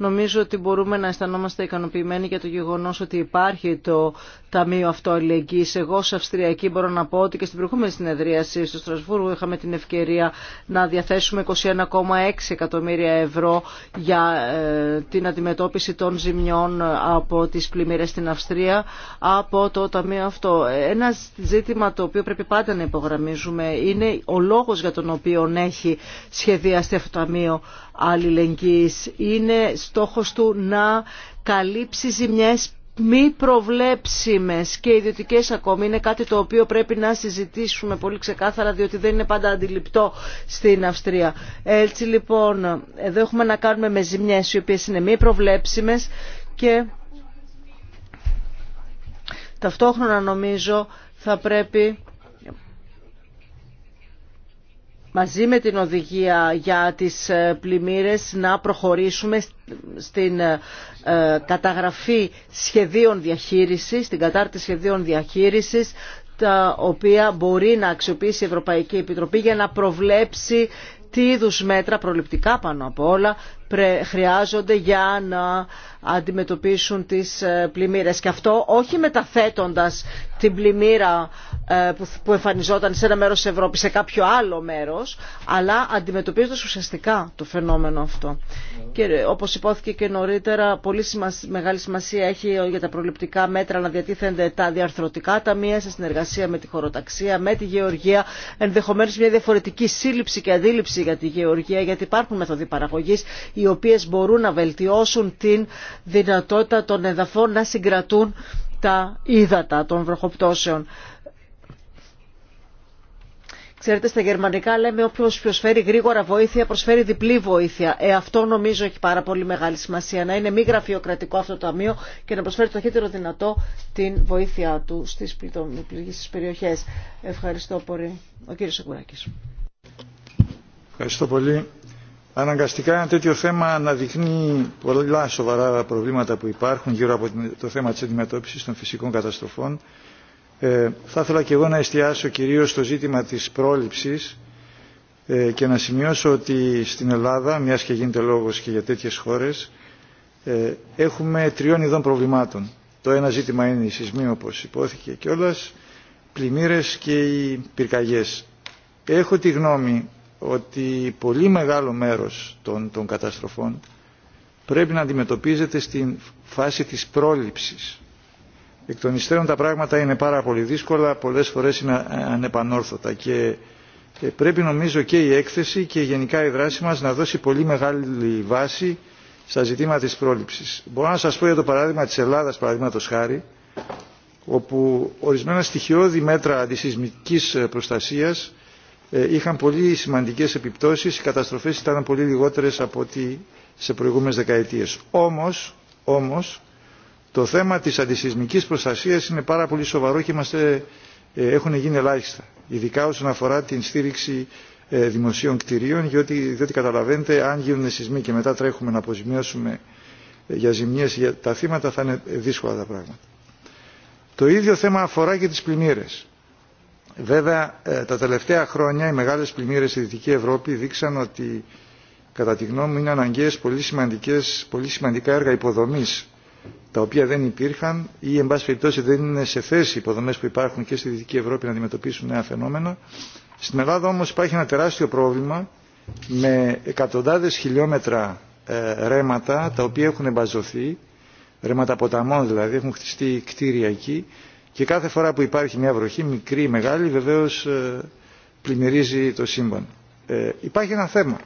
Νομίζω ότι μπορούμε να αισθανόμαστε ικανοποιημένοι για το γεγονός ότι υπάρχει το Ταμείο Αυτό Εγώ σε Αυστριακή μπορώ να πω ότι και στην προηγούμενη συνεδρίαση στο Στρασβούργο είχαμε την ευκαιρία να διαθέσουμε 21,6 εκατομμύρια ευρώ για ε, την αντιμετώπιση των ζημιών από τις πλημμύρες στην Αυστρία από το Ταμείο Αυτό. Ένα ζήτημα το οποίο πρέπει πάντα να υπογραμμίζουμε είναι ο λόγος για τον οποίο έχει σχεδιαστεί αυτό το Ταμείο Αλληλεγγύης. Είναι στόχος του να καλύψει ζημιές μη προβλέψιμες και ιδιωτικές ακόμη είναι κάτι το οποίο πρέπει να συζητήσουμε πολύ ξεκάθαρα διότι δεν είναι πάντα αντιληπτό στην Αυστρία. Έτσι λοιπόν εδώ έχουμε να κάνουμε με ζημιές οι οποίες είναι μη προβλέψιμες και ταυτόχρονα νομίζω θα πρέπει μαζί με την οδηγία για τις ε, πλημμύρες να προχωρήσουμε στην ε, ε, καταγραφή σχεδίων διαχείρισης, στην κατάρτιση σχεδίων διαχείρισης, τα οποία μπορεί να αξιοποιήσει η Ευρωπαϊκή Επιτροπή για να προβλέψει τι είδου μέτρα προληπτικά πάνω απ' όλα χρειάζονται για να αντιμετωπίσουν τις πλημμύρες. Και αυτό όχι μεταθέτοντας την πλημμύρα ε, που εμφανιζόταν σε ένα μέρος της Ευρώπης σε κάποιο άλλο μέρος, αλλά αντιμετωπίζοντας ουσιαστικά το φαινόμενο αυτό. Και όπως υπόθηκε και νωρίτερα, πολύ μεγάλη σημασία έχει για τα προληπτικά μέτρα να διατίθενται τα διαρθρωτικά ταμεία σε συνεργασία με τη χωροταξία, με τη γεωργία, ενδεχομένως μια διαφορετική σύλληψη και αντίληψη για τη γεωργία, γιατί υπάρχουν μεθοδοί παραγωγής οι οποίες μπορούν να βελτιώσουν την δυνατότητα των εδαφών να συγκρατούν τα ύδατα των βροχοπτώσεων. Ξέρετε, στα γερμανικά λέμε όποιο προσφέρει γρήγορα βοήθεια προσφέρει διπλή βοήθεια. Ε, αυτό νομίζω έχει πάρα πολύ μεγάλη σημασία. Να είναι μη γραφειοκρατικό αυτό το ταμείο και να προσφέρει το χύτερο δυνατό την βοήθειά του στι πληγήσει περιοχέ. Ευχαριστώ πολύ. Ο κύριο Σεκουράκη. Ευχαριστώ πολύ αναγκαστικά ένα τέτοιο θέμα αναδεικνύει πολλά σοβαρά προβλήματα που υπάρχουν γύρω από το θέμα της αντιμετώπισης των φυσικών καταστροφών. Ε, θα ήθελα και εγώ να εστιάσω κυρίως στο ζήτημα της πρόληψης ε, και να σημειώσω ότι στην Ελλάδα, μιας και γίνεται λόγος και για τέτοιες χώρες, ε, έχουμε τριών ειδών προβλημάτων. Το ένα ζήτημα είναι οι σεισμοί όπως υπόθηκε κιόλας, πλημμύρες και οι πυρκαγιές. Έχω τη γνώμη ότι πολύ μεγάλο μέρος των, των καταστροφών πρέπει να αντιμετωπίζεται στην φάση της πρόληψης. Εκ των υστέρων τα πράγματα είναι πάρα πολύ δύσκολα, πολλές φορές είναι ανεπανόρθωτα και πρέπει νομίζω και η έκθεση και γενικά η δράση μας να δώσει πολύ μεγάλη βάση στα ζητήματα της πρόληψης. Μπορώ να σας πω για το παράδειγμα της Ελλάδας, παραδείγματος χάρη, όπου ορισμένα στοιχειώδη μέτρα αντισυσμικής προστασίας ε, είχαν πολύ σημαντικές επιπτώσεις, οι καταστροφές ήταν πολύ λιγότερες από ό,τι σε προηγούμενες δεκαετίες. Όμως, όμως το θέμα της αντισυσμικής προστασίας είναι πάρα πολύ σοβαρό και είμαστε, ε, έχουν γίνει ελάχιστα, ειδικά όσον αφορά την στήριξη ε, δημοσίων κτηρίων, διότι, διότι καταλαβαίνετε αν γίνουν σεισμοί και μετά τρέχουμε να αποζημιώσουμε για ζημιές για τα θύματα θα είναι δύσκολα τα πράγματα. Το ίδιο θέμα αφορά και τις πλημμύρες. Βέβαια, ε, τα τελευταία χρόνια οι μεγάλες πλημμύρες στη Δυτική Ευρώπη δείξαν ότι κατά τη γνώμη μου είναι αναγκαίες πολύ, σημαντικά έργα υποδομής τα οποία δεν υπήρχαν ή εν πάση περιπτώσει δεν είναι σε θέση υποδομές που υπάρχουν και στη Δυτική Ευρώπη να αντιμετωπίσουν νέα φαινόμενα. Στην Ελλάδα όμως υπάρχει ένα τεράστιο πρόβλημα με εκατοντάδες χιλιόμετρα ε, ρέματα τα οποία έχουν εμπαζωθεί, ρέματα ποταμών δηλαδή, έχουν χτιστεί κτίρια εκεί και κάθε φορά που υπάρχει μια βροχή, μικρή ή μεγάλη, βεβαίως ε, πλημμυρίζει το σύμπαν. Ε, υπάρχει ένα θέμα.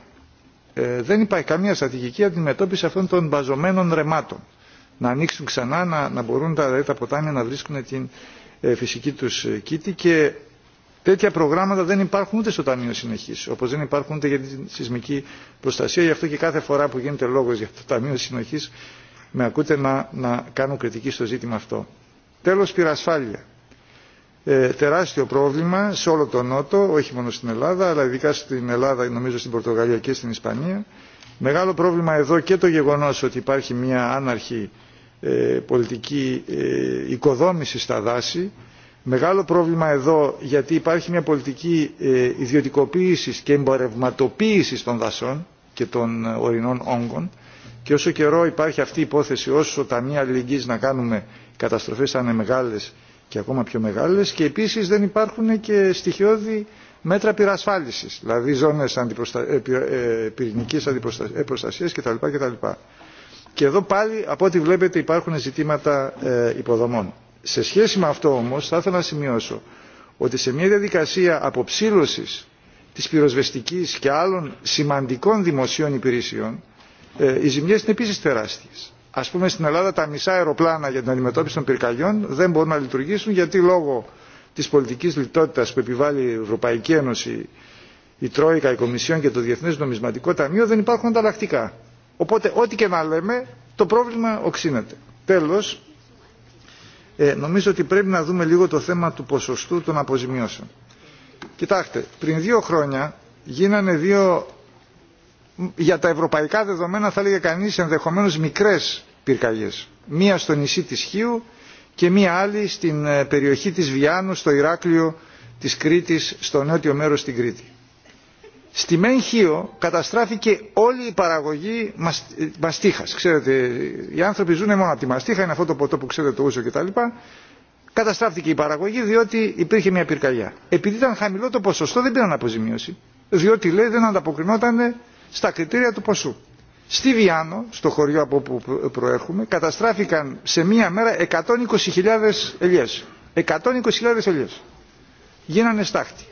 Ε, δεν υπάρχει καμία στρατηγική αντιμετώπιση αυτών των μπαζωμένων ρεμάτων. Να ανοίξουν ξανά, να, να μπορούν τα, δηλαδή, τα ποτάμια να βρίσκουν την ε, φυσική τους ε, κήτη και τέτοια προγράμματα δεν υπάρχουν ούτε στο Ταμείο Συνοχής, όπως δεν υπάρχουν ούτε για την σεισμική προστασία. Γι' αυτό και κάθε φορά που γίνεται λόγος για το Ταμείο Συνοχής με ακούτε να, να κάνω κριτική στο ζήτημα αυτό. Τέλος, πυρασφάλεια. Ε, τεράστιο πρόβλημα σε όλο τον Νότο, όχι μόνο στην Ελλάδα, αλλά ειδικά στην Ελλάδα, νομίζω στην Πορτογαλία και στην Ισπανία. Μεγάλο πρόβλημα εδώ και το γεγονός ότι υπάρχει μια άναρχη ε, πολιτική ε, οικοδόμηση στα δάση. Μεγάλο πρόβλημα εδώ γιατί υπάρχει μια πολιτική ε, ιδιωτικοποίησης και εμπορευματοποίησης των δασών και των ορεινών όγκων και όσο καιρό υπάρχει αυτή η υπόθεση όσο ταμεία αλληλεγγύης να κάνουμε καταστροφές θα είναι μεγάλες και ακόμα πιο μεγάλες και επίσης δεν υπάρχουν και στοιχειώδη μέτρα πυρασφάλισης, δηλαδή ζώνες αντιπροστα... Ε, ε, πυρηνικής αντιπροστασίας ε, κτλ. κτλ. Και εδώ πάλι από ό,τι βλέπετε υπάρχουν ζητήματα υποδομών. Σε σχέση με αυτό όμως θα ήθελα να σημειώσω ότι σε μια διαδικασία αποψήλωσης της πυροσβεστικής και άλλων σημαντικών δημοσίων υπηρεσιών οι ζημιές είναι επίσης τεράστιες. Α πούμε στην Ελλάδα τα μισά αεροπλάνα για την αντιμετώπιση των πυρκαγιών δεν μπορούν να λειτουργήσουν γιατί λόγω τη πολιτική λιτότητα που επιβάλλει η Ευρωπαϊκή Ένωση, η Τρόικα, η Κομισιόν και το Διεθνέ Νομισματικό Ταμείο δεν υπάρχουν ανταλλακτικά. Οπότε ό,τι και να λέμε το πρόβλημα οξύνεται. Τέλο, ε, νομίζω ότι πρέπει να δούμε λίγο το θέμα του ποσοστού των αποζημιώσεων. Κοιτάξτε, πριν δύο χρόνια γίνανε δύο για τα ευρωπαϊκά δεδομένα θα έλεγε κανείς ενδεχομένως μικρές πυρκαγιές. Μία στο νησί της Χίου και μία άλλη στην ε, περιοχή της Βιάνου, στο Ηράκλειο της Κρήτης, στο νότιο μέρος στην Κρήτη. Στη Μέν Χίο καταστράφηκε όλη η παραγωγή ε, μαστίχας. Ξέρετε, οι άνθρωποι ζουν μόνο από τη μαστίχα, είναι αυτό το ποτό που ξέρετε το ούζο κτλ. Καταστράφηκε η παραγωγή διότι υπήρχε μια πυρκαγιά. Επειδή ήταν χαμηλό το ποσοστό δεν πήραν αποζημίωση. Διότι λέει δεν ανταποκρινόταν στα κριτήρια του ποσού. Στη Βιάνο, στο χωριό από όπου προέρχομαι, καταστράφηκαν σε μία μέρα 120.000 ελιές. 120.000 ελιές. Γίνανε στάχτη.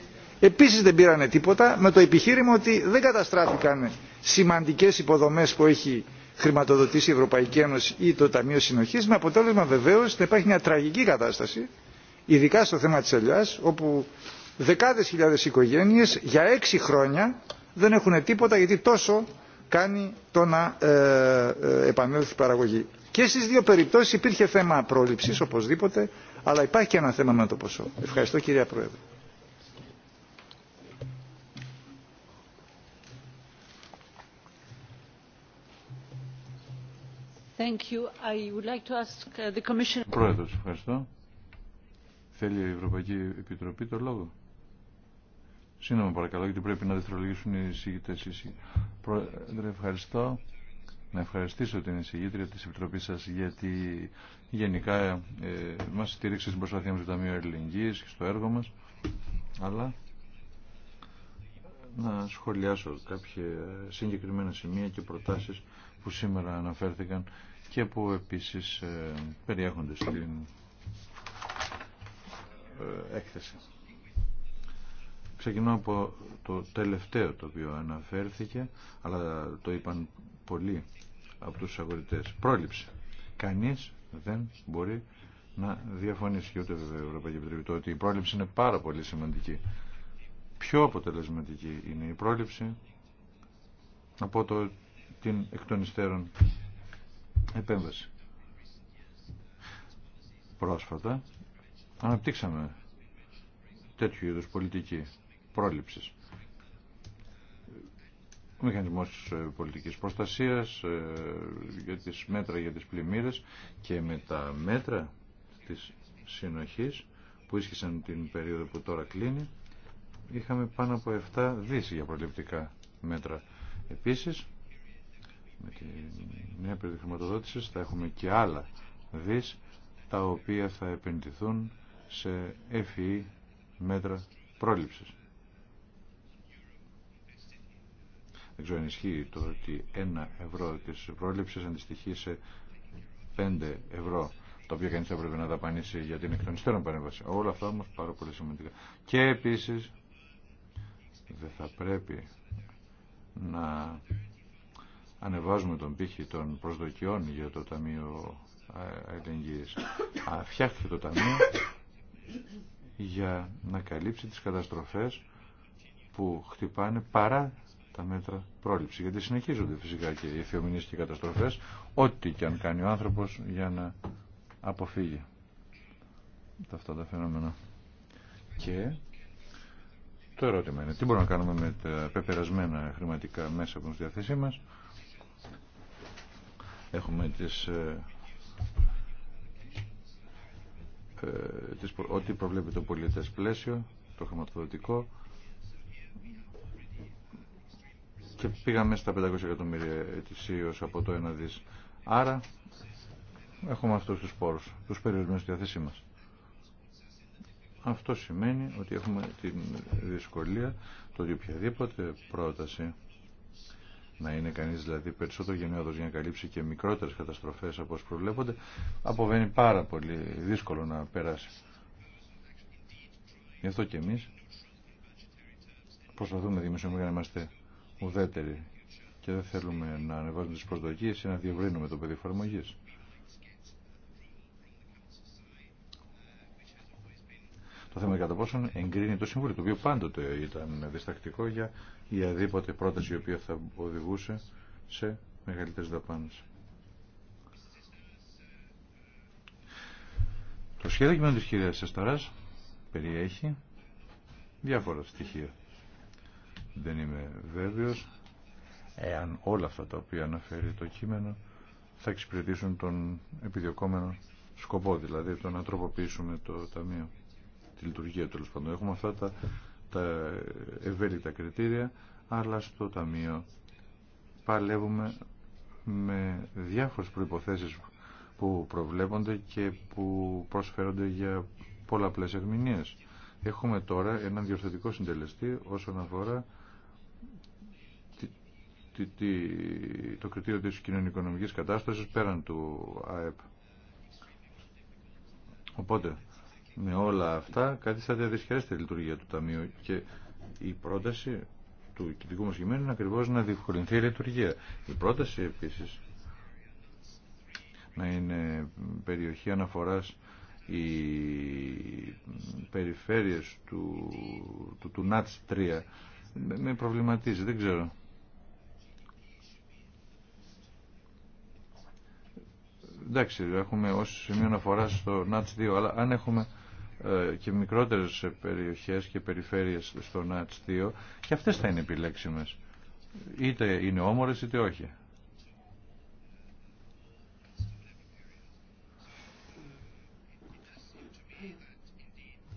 Επίσης δεν πήρανε τίποτα με το επιχείρημα ότι δεν καταστράφηκαν σημαντικές υποδομές που έχει χρηματοδοτήσει η Ευρωπαϊκή Ένωση ή το Ταμείο Συνοχής με αποτέλεσμα βεβαίως να υπάρχει μια τραγική κατάσταση ειδικά στο θέμα της ελιάς όπου δεκάδες χιλιάδες οικογένειες για έξι χρόνια δεν έχουν τίποτα γιατί τόσο κάνει το να ε, ε, επανέλθει η παραγωγή. Και στις δύο περιπτώσεις υπήρχε θέμα πρόληψης οπωσδήποτε, αλλά υπάρχει και ένα θέμα με το ποσό. Ευχαριστώ κυρία Πρόεδρε. Thank you. I would like to ask uh, the Commission... Πρόεδρος, ευχαριστώ. Θέλει η Ευρωπαϊκή Επιτροπή το λόγο. Σύνομα παρακαλώ, γιατί πρέπει να δευτερολογήσουν οι εσείς. Πρόεδρε, ευχαριστώ. Να ευχαριστήσω την εισηγήτρια της Επιτροπής σας γιατί γενικά ε, μας στήριξε στην προσπάθειά μας του Ταμείου Ελληνική και στο έργο μας. Αλλά να σχολιάσω κάποια συγκεκριμένα σημεία και προτάσεις που σήμερα αναφέρθηκαν και που επίσης ε, περιέχονται στην ε, έκθεση. Ξεκινώ από το τελευταίο το οποίο αναφέρθηκε, αλλά το είπαν πολλοί από τους αγορητές. Πρόληψη. Κανείς δεν μπορεί να διαφωνήσει και ούτε βέβαια η Ευρωπαϊκή Επιτροπή το ότι η πρόληψη είναι πάρα πολύ σημαντική. Πιο αποτελεσματική είναι η πρόληψη από το, την εκ των υστέρων επέμβαση. Πρόσφατα αναπτύξαμε τέτοιου είδους πολιτική πρόληψης. Ο μηχανισμός ε, πολιτικής προστασίας ε, για τις μέτρα για τις πλημμύρες και με τα μέτρα της συνοχής που ίσχυσαν την περίοδο που τώρα κλείνει είχαμε πάνω από 7 δις για προληπτικά μέτρα. Επίσης, με τη νέα περίοδο χρηματοδότηση θα έχουμε και άλλα δις τα οποία θα επενδυθούν σε FEE e μέτρα πρόληψης. Δεν το ότι ένα ευρώ τη πρόληψη αντιστοιχεί σε πέντε ευρώ το οποίο κανείς θα πρέπει να δαπανίσει για την εκ των υστέρων παρέμβαση. Όλα αυτά όμω πάρα πολύ σημαντικά. Και επίσης δεν θα πρέπει να ανεβάζουμε τον πύχη των προσδοκιών για το Ταμείο ε, Αλληλεγγύης. Φτιάχτηκε το Ταμείο για να καλύψει τις καταστροφές που χτυπάνε παρά τα μέτρα πρόληψη. Γιατί συνεχίζονται φυσικά και οι θεομηνίες και οι καταστροφές, ό,τι και αν κάνει ο άνθρωπος για να αποφύγει τα αυτά τα φαινόμενα. Και το ερώτημα είναι τι μπορούμε να κάνουμε με τα πεπερασμένα χρηματικά μέσα από τη διάθεσή μας. Έχουμε τις, ε, ε ό,τι προβλέπει το πολιτέ πλαίσιο, το χρηματοδοτικό, και πήγαμε στα 500 εκατομμύρια ετησίω από το 1 δι. Άρα έχουμε αυτού του πόρου, του περιορισμού στη διάθεσή μα. Αυτό σημαίνει ότι έχουμε τη δυσκολία το ότι οποιαδήποτε πρόταση να είναι κανείς δηλαδή περισσότερο γενναιόδος για να καλύψει και μικρότερες καταστροφές από όσες προβλέπονται, αποβαίνει πάρα πολύ δύσκολο να περάσει. Γι' αυτό και εμείς προσπαθούμε δημιουργικά να είμαστε Ουδέτερη και δεν θέλουμε να ανεβάζουμε τις προσδοκίες ή να διευρύνουμε το πεδίο εφαρμογή. Το θέμα ειναι κατά πόσον εγκρίνει το Συμβούλιο, το οποίο πάντοτε ήταν διστακτικό για η πρόταση η οποία θα οδηγούσε σε μεγαλύτερες δαπάνες. Το σχέδιο κειμένου της κυρίας Σεσταράς περιέχει διάφορα στοιχεία. Δεν είμαι βέβαιος εάν όλα αυτά τα οποία αναφέρει το κείμενο θα εξυπηρετήσουν τον επιδιωκόμενο σκοπό, δηλαδή το να τροποποιήσουμε το Ταμείο, τη λειτουργία του. πάντων. Έχουμε αυτά τα, τα ευέλικτα κριτήρια, αλλά στο Ταμείο παλεύουμε με διάφορες προϋποθέσεις που προβλέπονται και που προσφέρονται για πολλαπλές ερμηνείες. Έχουμε τώρα έναν διορθωτικό συντελεστή όσον αφορά το κριτήριο της κοινωνικονομικής κατάστασης πέραν του ΑΕΠ. Οπότε, με όλα αυτά, κάτι θα διαδυσχερέσει τη λειτουργία του Ταμείου και η πρόταση του κοινωνικού μας κειμένου είναι ακριβώς να διευκολυνθεί η λειτουργία. Η πρόταση επίσης να είναι περιοχή αναφοράς οι περιφέρειες του, του, του ΝΑΤΣ 3 με προβληματίζει, δεν ξέρω. εντάξει, έχουμε ως σημείο αναφορά στο ΝΑΤΣ 2, αλλά αν έχουμε ε, και μικρότερες περιοχές και περιφέρειες στο ΝΑΤΣ 2 και αυτές θα είναι επιλέξιμες. Είτε είναι όμορες είτε όχι.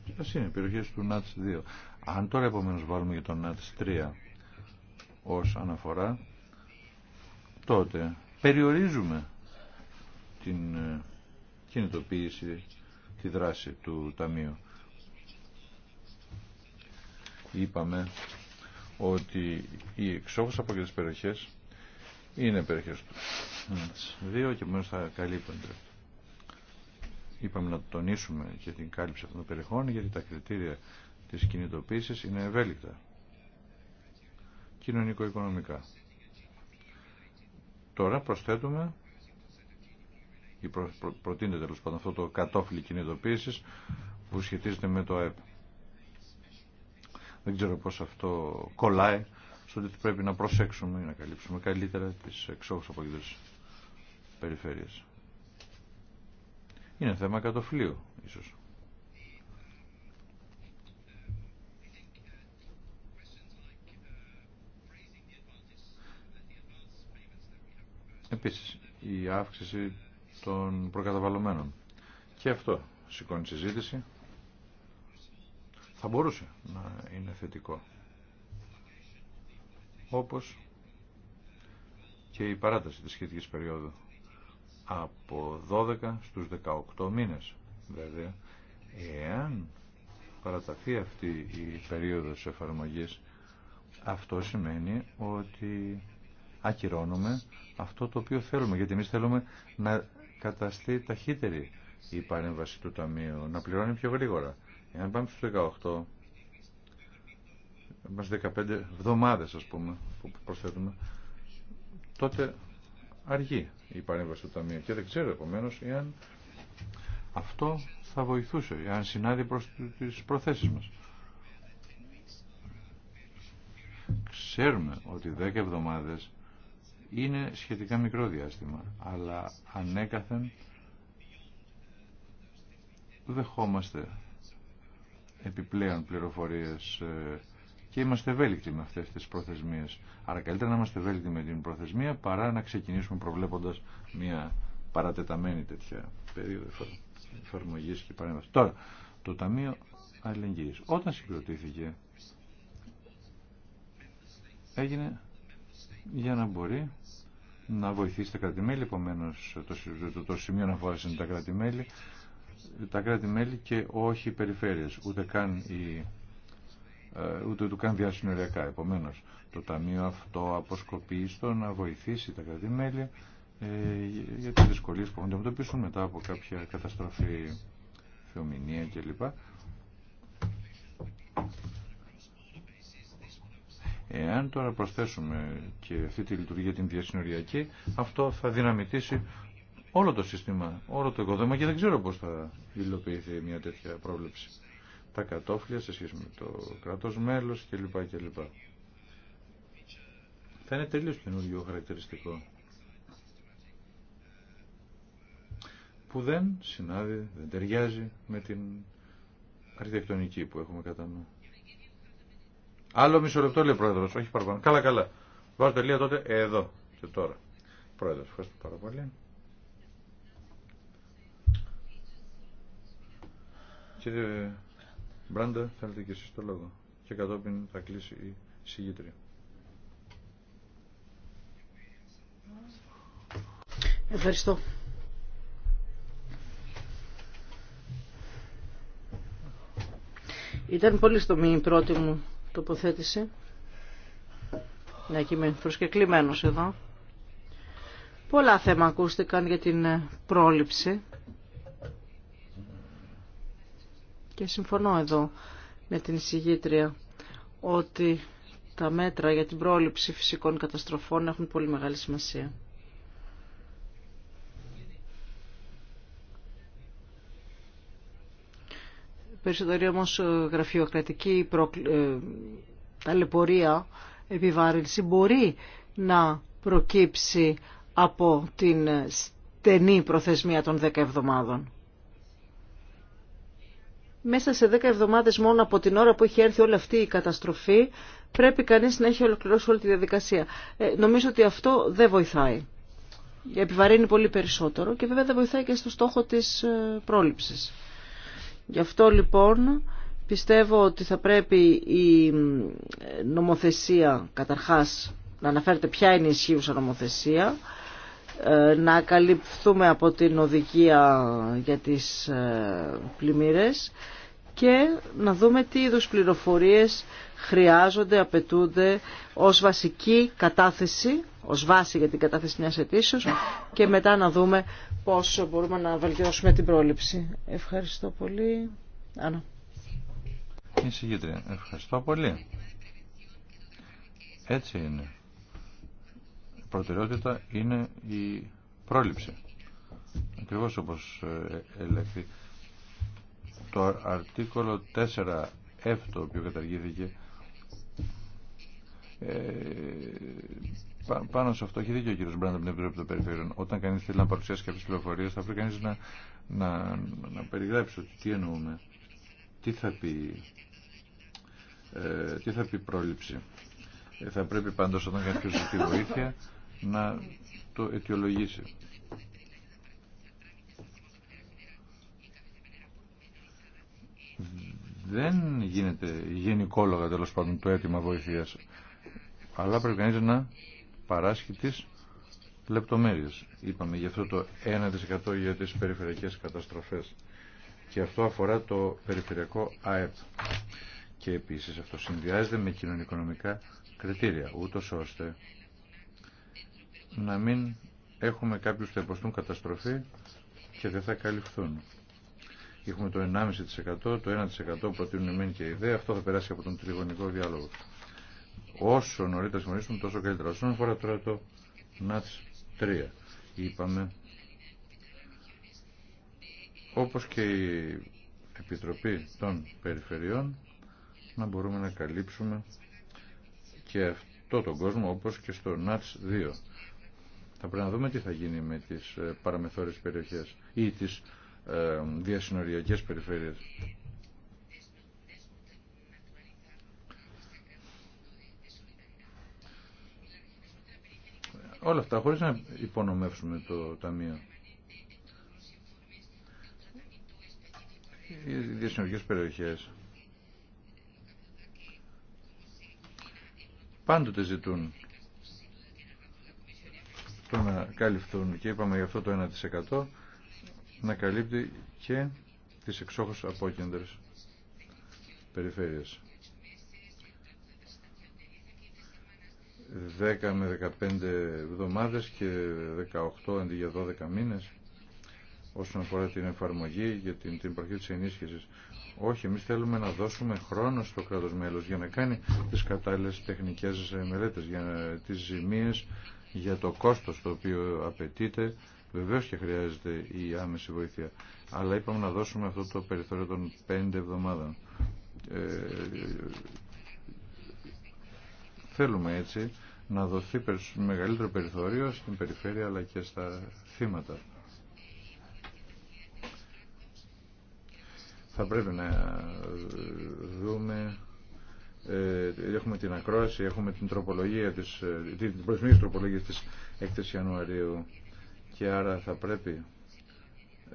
Αυτές είναι περιοχές του ΝΑΤΣ 2. Αν τώρα επομένως βάλουμε για το ΝΑΤΣ 3 ως αναφορά, τότε περιορίζουμε την ε, κινητοποίηση, τη δράση του Ταμείου. Είπαμε ότι οι εξόχους από τις περιοχές είναι περιοχές του. Δύο και μόνο θα καλύπτονται. Είπαμε να τονίσουμε και την κάλυψη αυτών των περιοχών γιατί τα κριτήρια της κινητοποίησης είναι ευέλικτα. Κοινωνικο-οικονομικά. Τώρα προσθέτουμε ή προ, προτείνεται τέλο πάντων αυτό το κατόφλι κινητοποίηση που σχετίζεται με το ΑΕΠ. Δεν ξέρω πώς αυτό κολλάει στο ότι πρέπει να προσέξουμε ή να καλύψουμε καλύτερα τις εξόχους απογοήτες περιφέρειες. Είναι θέμα κατοφλίου ίσως. Επίσης, η να καλυψουμε καλυτερα τις από απογοητες περιφερειες ειναι θεμα κατοφλιου ισως επισης η αυξηση των προκαταβαλωμένων. Και αυτό σηκώνει συζήτηση. Θα μπορούσε να είναι θετικό. Όπως και η παράταση της σχετικής περίοδου από 12 στους 18 μήνες. Βέβαια, εάν παραταθεί αυτή η περίοδος εφαρμογής, αυτό σημαίνει ότι ακυρώνουμε αυτό το οποίο θέλουμε, γιατί εμείς θέλουμε να καταστεί ταχύτερη η παρέμβαση του Ταμείου, να πληρώνει πιο γρήγορα. Εάν πάμε στους 18, μας 15 εβδομάδες ας πούμε που προσθέτουμε, τότε αργεί η παρέμβαση του Ταμείου και δεν ξέρω επομένω εάν αυτό θα βοηθούσε, εάν συνάδει προς τις προθέσεις μας. Ξέρουμε ότι 10 εβδομάδες είναι σχετικά μικρό διάστημα, αλλά ανέκαθεν δεχόμαστε επιπλέον πληροφορίες ε, και είμαστε ευέλικτοι με αυτές τις προθεσμίες. Άρα καλύτερα να είμαστε ευέλικτοι με την προθεσμία παρά να ξεκινήσουμε προβλέποντας μια παρατεταμένη τέτοια περίοδο εφαρμογή και παρέμβαση. Τώρα, το Ταμείο Αλληλεγγύης. Όταν συγκροτήθηκε έγινε για να μπορεί να βοηθήσει τα κράτη-μέλη. Επομένω, το, το, το, σημείο είναι τα κρατη τα κρατη και όχι οι περιφέρειες, ούτε καν οι ε, ούτε του καν διασυνοριακά. Επομένω, το Ταμείο αυτό αποσκοπεί στο να βοηθήσει τα κράτη-μέλη ε, για τι δυσκολίε που έχουν αντιμετωπίσουν μετά από κάποια καταστροφή, θεομηνία κλπ. Εάν τώρα προσθέσουμε και αυτή τη λειτουργία την διασυνοριακή, αυτό θα δυναμητήσει όλο το σύστημα, όλο το οικοδόμα και δεν ξέρω πώς θα υλοποιηθεί μια τέτοια πρόβλεψη. Τα κατόφλια σε σχέση με το κράτος μέλος κλπ. κλπ. Θα είναι τελείως καινούργιο χαρακτηριστικό. Που δεν συνάδει, δεν ταιριάζει με την αρχιτεκτονική που έχουμε κατά νου. Άλλο μισό λεπτό λέει ο πρόεδρος, όχι παραπάνω. Καλά, καλά. Βάζω τελεία τότε εδώ και τώρα. Πρόεδρος, ευχαριστώ πάρα πολύ. Κύριε Μπράντα, θέλετε και εσείς το λόγο. Και κατόπιν θα κλείσει η συγγήτρια. Ευχαριστώ. Ήταν πολύ στομή η πρώτη μου τοποθέτηση. να και είμαι εδώ. Πολλά θέματα ακούστηκαν για την ε, πρόληψη. Και συμφωνώ εδώ με την εισηγήτρια ότι τα μέτρα για την πρόληψη φυσικών καταστροφών έχουν πολύ μεγάλη σημασία. Περισσότερη όμως ε, γραφειοκρατική ε, ταλαιπωρία, επιβάρυνση μπορεί να προκύψει από την στενή προθεσμία των 10 εβδομάδων. Μέσα σε 10 εβδομάδες μόνο από την ώρα που έχει έρθει όλη αυτή η καταστροφή πρέπει κανείς να έχει ολοκληρώσει όλη τη διαδικασία. Ε, νομίζω ότι αυτό δεν βοηθάει. Επιβαρύνει πολύ περισσότερο και βέβαια δεν βοηθάει και στο στόχο της πρόληψης. Γι' αυτό λοιπόν πιστεύω ότι θα πρέπει η νομοθεσία καταρχάς να αναφέρεται ποια είναι η ισχύουσα νομοθεσία, ε, να καλυφθούμε από την οδηγία για τις ε, πλημμύρες και να δούμε τι είδους πληροφορίες χρειάζονται, απαιτούνται ως βασική κατάθεση, ως βάση για την κατάθεση μιας αιτήσεως και μετά να δούμε πόσο μπορούμε να βελτιώσουμε την πρόληψη. Ευχαριστώ πολύ. Άννα. Εισηγήτρια, ευχαριστώ πολύ. Έτσι είναι. Η προτεραιότητα είναι η πρόληψη. Ακριβώς όπως ε, έλεγχε το αρτίκολο 4F το οποίο καταργήθηκε ε, πάνω σε αυτό έχει δίκιο ο κύριο Μπράντα από την Επιτροπή των Περιφερειών. Όταν κανεί θέλει να παρουσιάσει κάποιε πληροφορίε, θα πρέπει κανεί να, να, να περιγράψει ότι τι εννοούμε, τι θα πει, ε, τι θα πει πρόληψη. Ε, θα πρέπει πάντω όταν κάποιο ζητεί βοήθεια να το αιτιολογήσει. Δεν γίνεται γενικόλογα τέλο πάντων το αίτημα βοηθεία. Αλλά πρέπει κανεί να παράσχει τις λεπτομέρειες. Είπαμε γι' αυτό το 1% για τις περιφερειακές καταστροφές. Και αυτό αφορά το περιφερειακό ΑΕΠ. Και επίσης αυτό συνδυάζεται με κοινωνικονομικά κριτήρια, ούτως ώστε να μην έχουμε κάποιους που θα υποστούν καταστροφή και δεν θα καλυφθούν. Έχουμε το 1,5%, το 1% προτείνουν μεν και ιδέα, αυτό θα περάσει από τον τριγωνικό διάλογο. Όσο νωρίτερα συμφωνήσουμε, τόσο καλύτερα. Όσον αφορά τώρα το ΝΑΤΣ 3, είπαμε, όπως και η Επιτροπή των Περιφερειών, να μπορούμε να καλύψουμε και αυτό τον κόσμο, όπως και στο ΝΑΤΣ 2. Θα πρέπει να δούμε τι θα γίνει με τις ε, παραμεθόρες περιοχές ή τις ε, διασυνοριακές περιφέρειες. Όλα αυτά χωρίς να υπονομεύσουμε το Ταμείο. Οι διασυνορικές περιοχές πάντοτε ζητούν το να καλυφθούν και είπαμε γι' αυτό το 1% να καλύπτει και τις εξόχως απόκεντρες περιφέρειες. 10 με 15 εβδομάδες και 18 αντί για 12 μήνες όσον αφορά την εφαρμογή για την, την τη της ενίσχυσης. Όχι, εμείς θέλουμε να δώσουμε χρόνο στο κράτος μέλος για να κάνει τις κατάλληλες τεχνικές μελέτες, για τις ζημίες, για το κόστος το οποίο απαιτείται. Βεβαίω και χρειάζεται η άμεση βοήθεια. Αλλά είπαμε να δώσουμε αυτό το περιθώριο των 5 εβδομάδων. Ε, Θέλουμε έτσι να δοθεί μεγαλύτερο περιθώριο στην περιφέρεια αλλά και στα θύματα. Θα πρέπει να ε, δούμε ε, έχουμε την ακρόαση, έχουμε την τροπολογία της, ε, την τροπολογία της 6 Ιανουαρίου και άρα θα πρέπει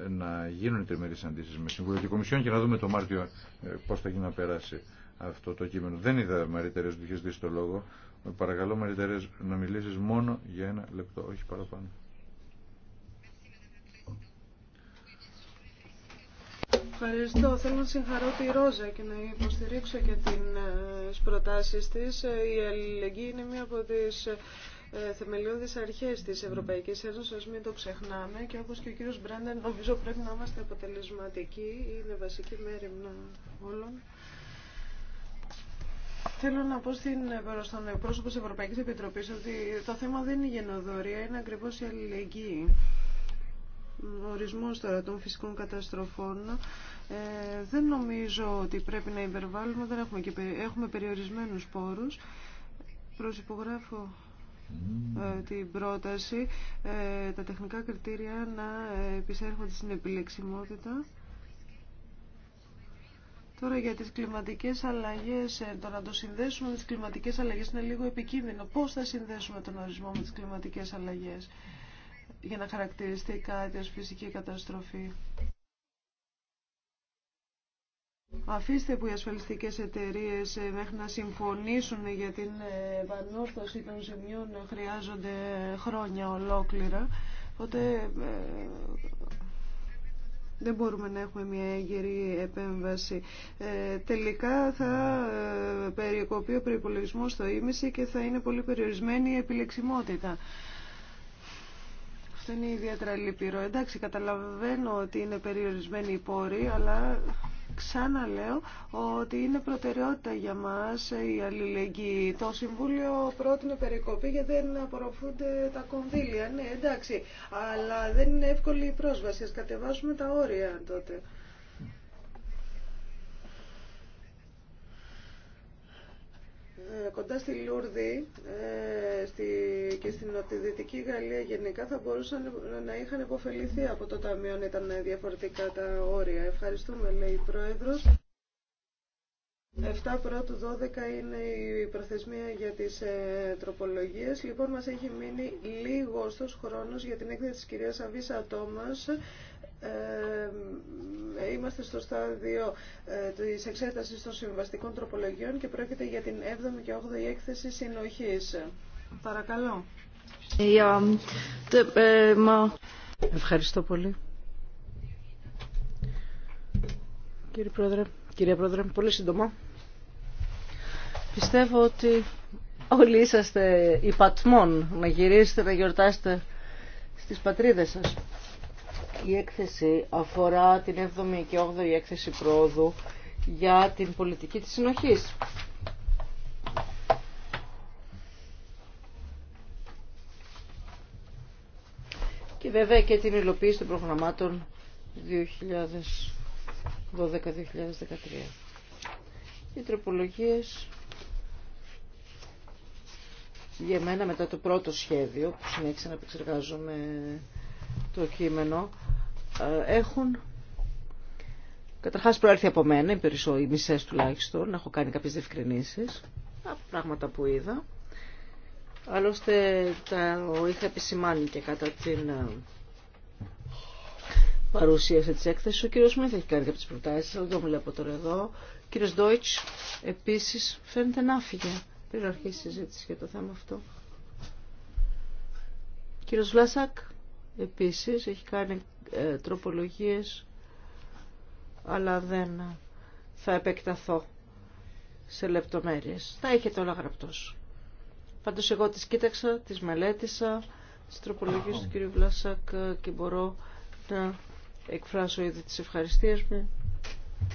να γίνουν οι τριμερείς αντίσεις με συμβουλευτική Κομισιόν και να δούμε το Μάρτιο πώς θα γίνει να περάσει αυτό το κείμενο. Δεν είδα Μαριτερές που είχες δει στο λόγο. Παρακαλώ Μαριτερές να μιλήσεις μόνο για ένα λεπτό, όχι παραπάνω. Ευχαριστώ. Θέλω να συγχαρώ τη Ρόζα και να υποστηρίξω και ε, τις προτάσεις της. Ε, η αλληλεγγύη είναι μία από τις ε, θεμελιώδεις αρχές της Ευρωπαϊκής Ένωσης, μην το ξεχνάμε και όπως και ο κύριος Μπράντερ νομίζω πρέπει να είμαστε αποτελεσματικοί, είναι βασική μέρη όλων. Θέλω να πω στην, στον πρόσωπο τη Ευρωπαϊκής Επιτροπής ότι το θέμα δεν είναι η γενοδορία, είναι ακριβώ η αλληλεγγύη. Ο τώρα των φυσικών καταστροφών ε, δεν νομίζω ότι πρέπει να υπερβάλλουμε, δεν έχουμε, και, έχουμε περιορισμένους πόρους. Προσυπογράφω ε, mm. την πρόταση ε, τα τεχνικά κριτήρια να ε, επισέρχονται στην επιλεξιμότητα. Τώρα για τις κλιματικές αλλαγές, ε, το να το συνδέσουμε με τις κλιματικές αλλαγές είναι λίγο επικίνδυνο. Πώς θα συνδέσουμε τον ορισμό με τις κλιματικές αλλαγές για να χαρακτηριστεί κάτι ως φυσική καταστροφή. Αφήστε που οι ασφαλιστικές εταιρείες ε, μέχρι να συμφωνήσουν για την ε, επανόρθωση των ζημιών χρειάζονται χρόνια ολόκληρα. Οπότε δεν μπορούμε να έχουμε μια έγκαιρη επέμβαση. Ε, τελικά θα ε, περικοπεί ο προπολογισμό στο ίμιση και θα είναι πολύ περιορισμένη η επιλεξιμότητα. Αυτό είναι ιδιαίτερα λυπηρό. Εντάξει, καταλαβαίνω ότι είναι περιορισμένοι οι πόροι, αλλά ξαναλέω ότι είναι προτεραιότητα για μας η αλληλεγγύη. Το Συμβούλιο πρότεινε περικοπή γιατί δεν απορροφούνται τα κονδύλια. Ναι, εντάξει, αλλά δεν είναι εύκολη η πρόσβαση. Ας κατεβάσουμε τα όρια τότε. Ε, κοντά στη Λούρδη ε, στη, και στην νοτιδυτική Γαλλία γενικά θα μπορούσαν να είχαν υποφεληθεί από το Ταμείο αν ήταν διαφορετικά τα όρια. Ευχαριστούμε, λέει η Πρόεδρος. 7 πρώτου 12 είναι η προθεσμία για τις ε, τροπολογίες. Λοιπόν, μας έχει μείνει λίγο λίγος χρόνος για την έκθεση της κυρίας Αβίσα Τόμας. Ε, ε, είμαστε στο στάδιο ε, της εξέτασης των συμβαστικών τροπολογιών και πρόκειται για την 7η και 8η έκθεση συνοχής. Παρακαλώ. Ευχαριστώ πολύ. Κύριε Πρόεδρε, κυρία Πρόεδρε, πολύ σύντομα. Πιστεύω ότι όλοι είσαστε υπατμών να γυρίσετε, να γιορτάσετε στις πατρίδες σας η έκθεση αφορά την 7η και 8η έκθεση πρόοδου για την πολιτική της συνοχής. Και βέβαια και την υλοποίηση των προγραμμάτων 2012-2013. Οι τροπολογίες για μένα μετά το πρώτο σχέδιο που συνέχισα να επεξεργάζομαι το κείμενο ε, έχουν καταρχάς προέρθει από μένα, οι, περισσό, οι μισές τουλάχιστον, έχω κάνει κάποιες διευκρινήσεις από πράγματα που είδα. Άλλωστε τα είχα επισημάνει και κατά την ε, παρουσίαση της έκθεσης. Ο κύριος Μιθ έχει κάνει κάποιες προτάσεις, αλλά δεν βλέπω τώρα εδώ. Ο κύριος Ντόιτς επίσης φαίνεται να φύγε πριν αρχίσει η συζήτηση για το θέμα αυτό. κύριος Βλάσακ επίσης έχει κάνει ε, τροπολογίες αλλά δεν θα επεκταθώ σε λεπτομέρειες. Θα έχετε όλα γραπτός. Πάντως εγώ τις κοίταξα, τις μελέτησα, τις τροπολογίες του κύριου Βλάσακ και μπορώ να εκφράσω ήδη τις ευχαριστίες μου.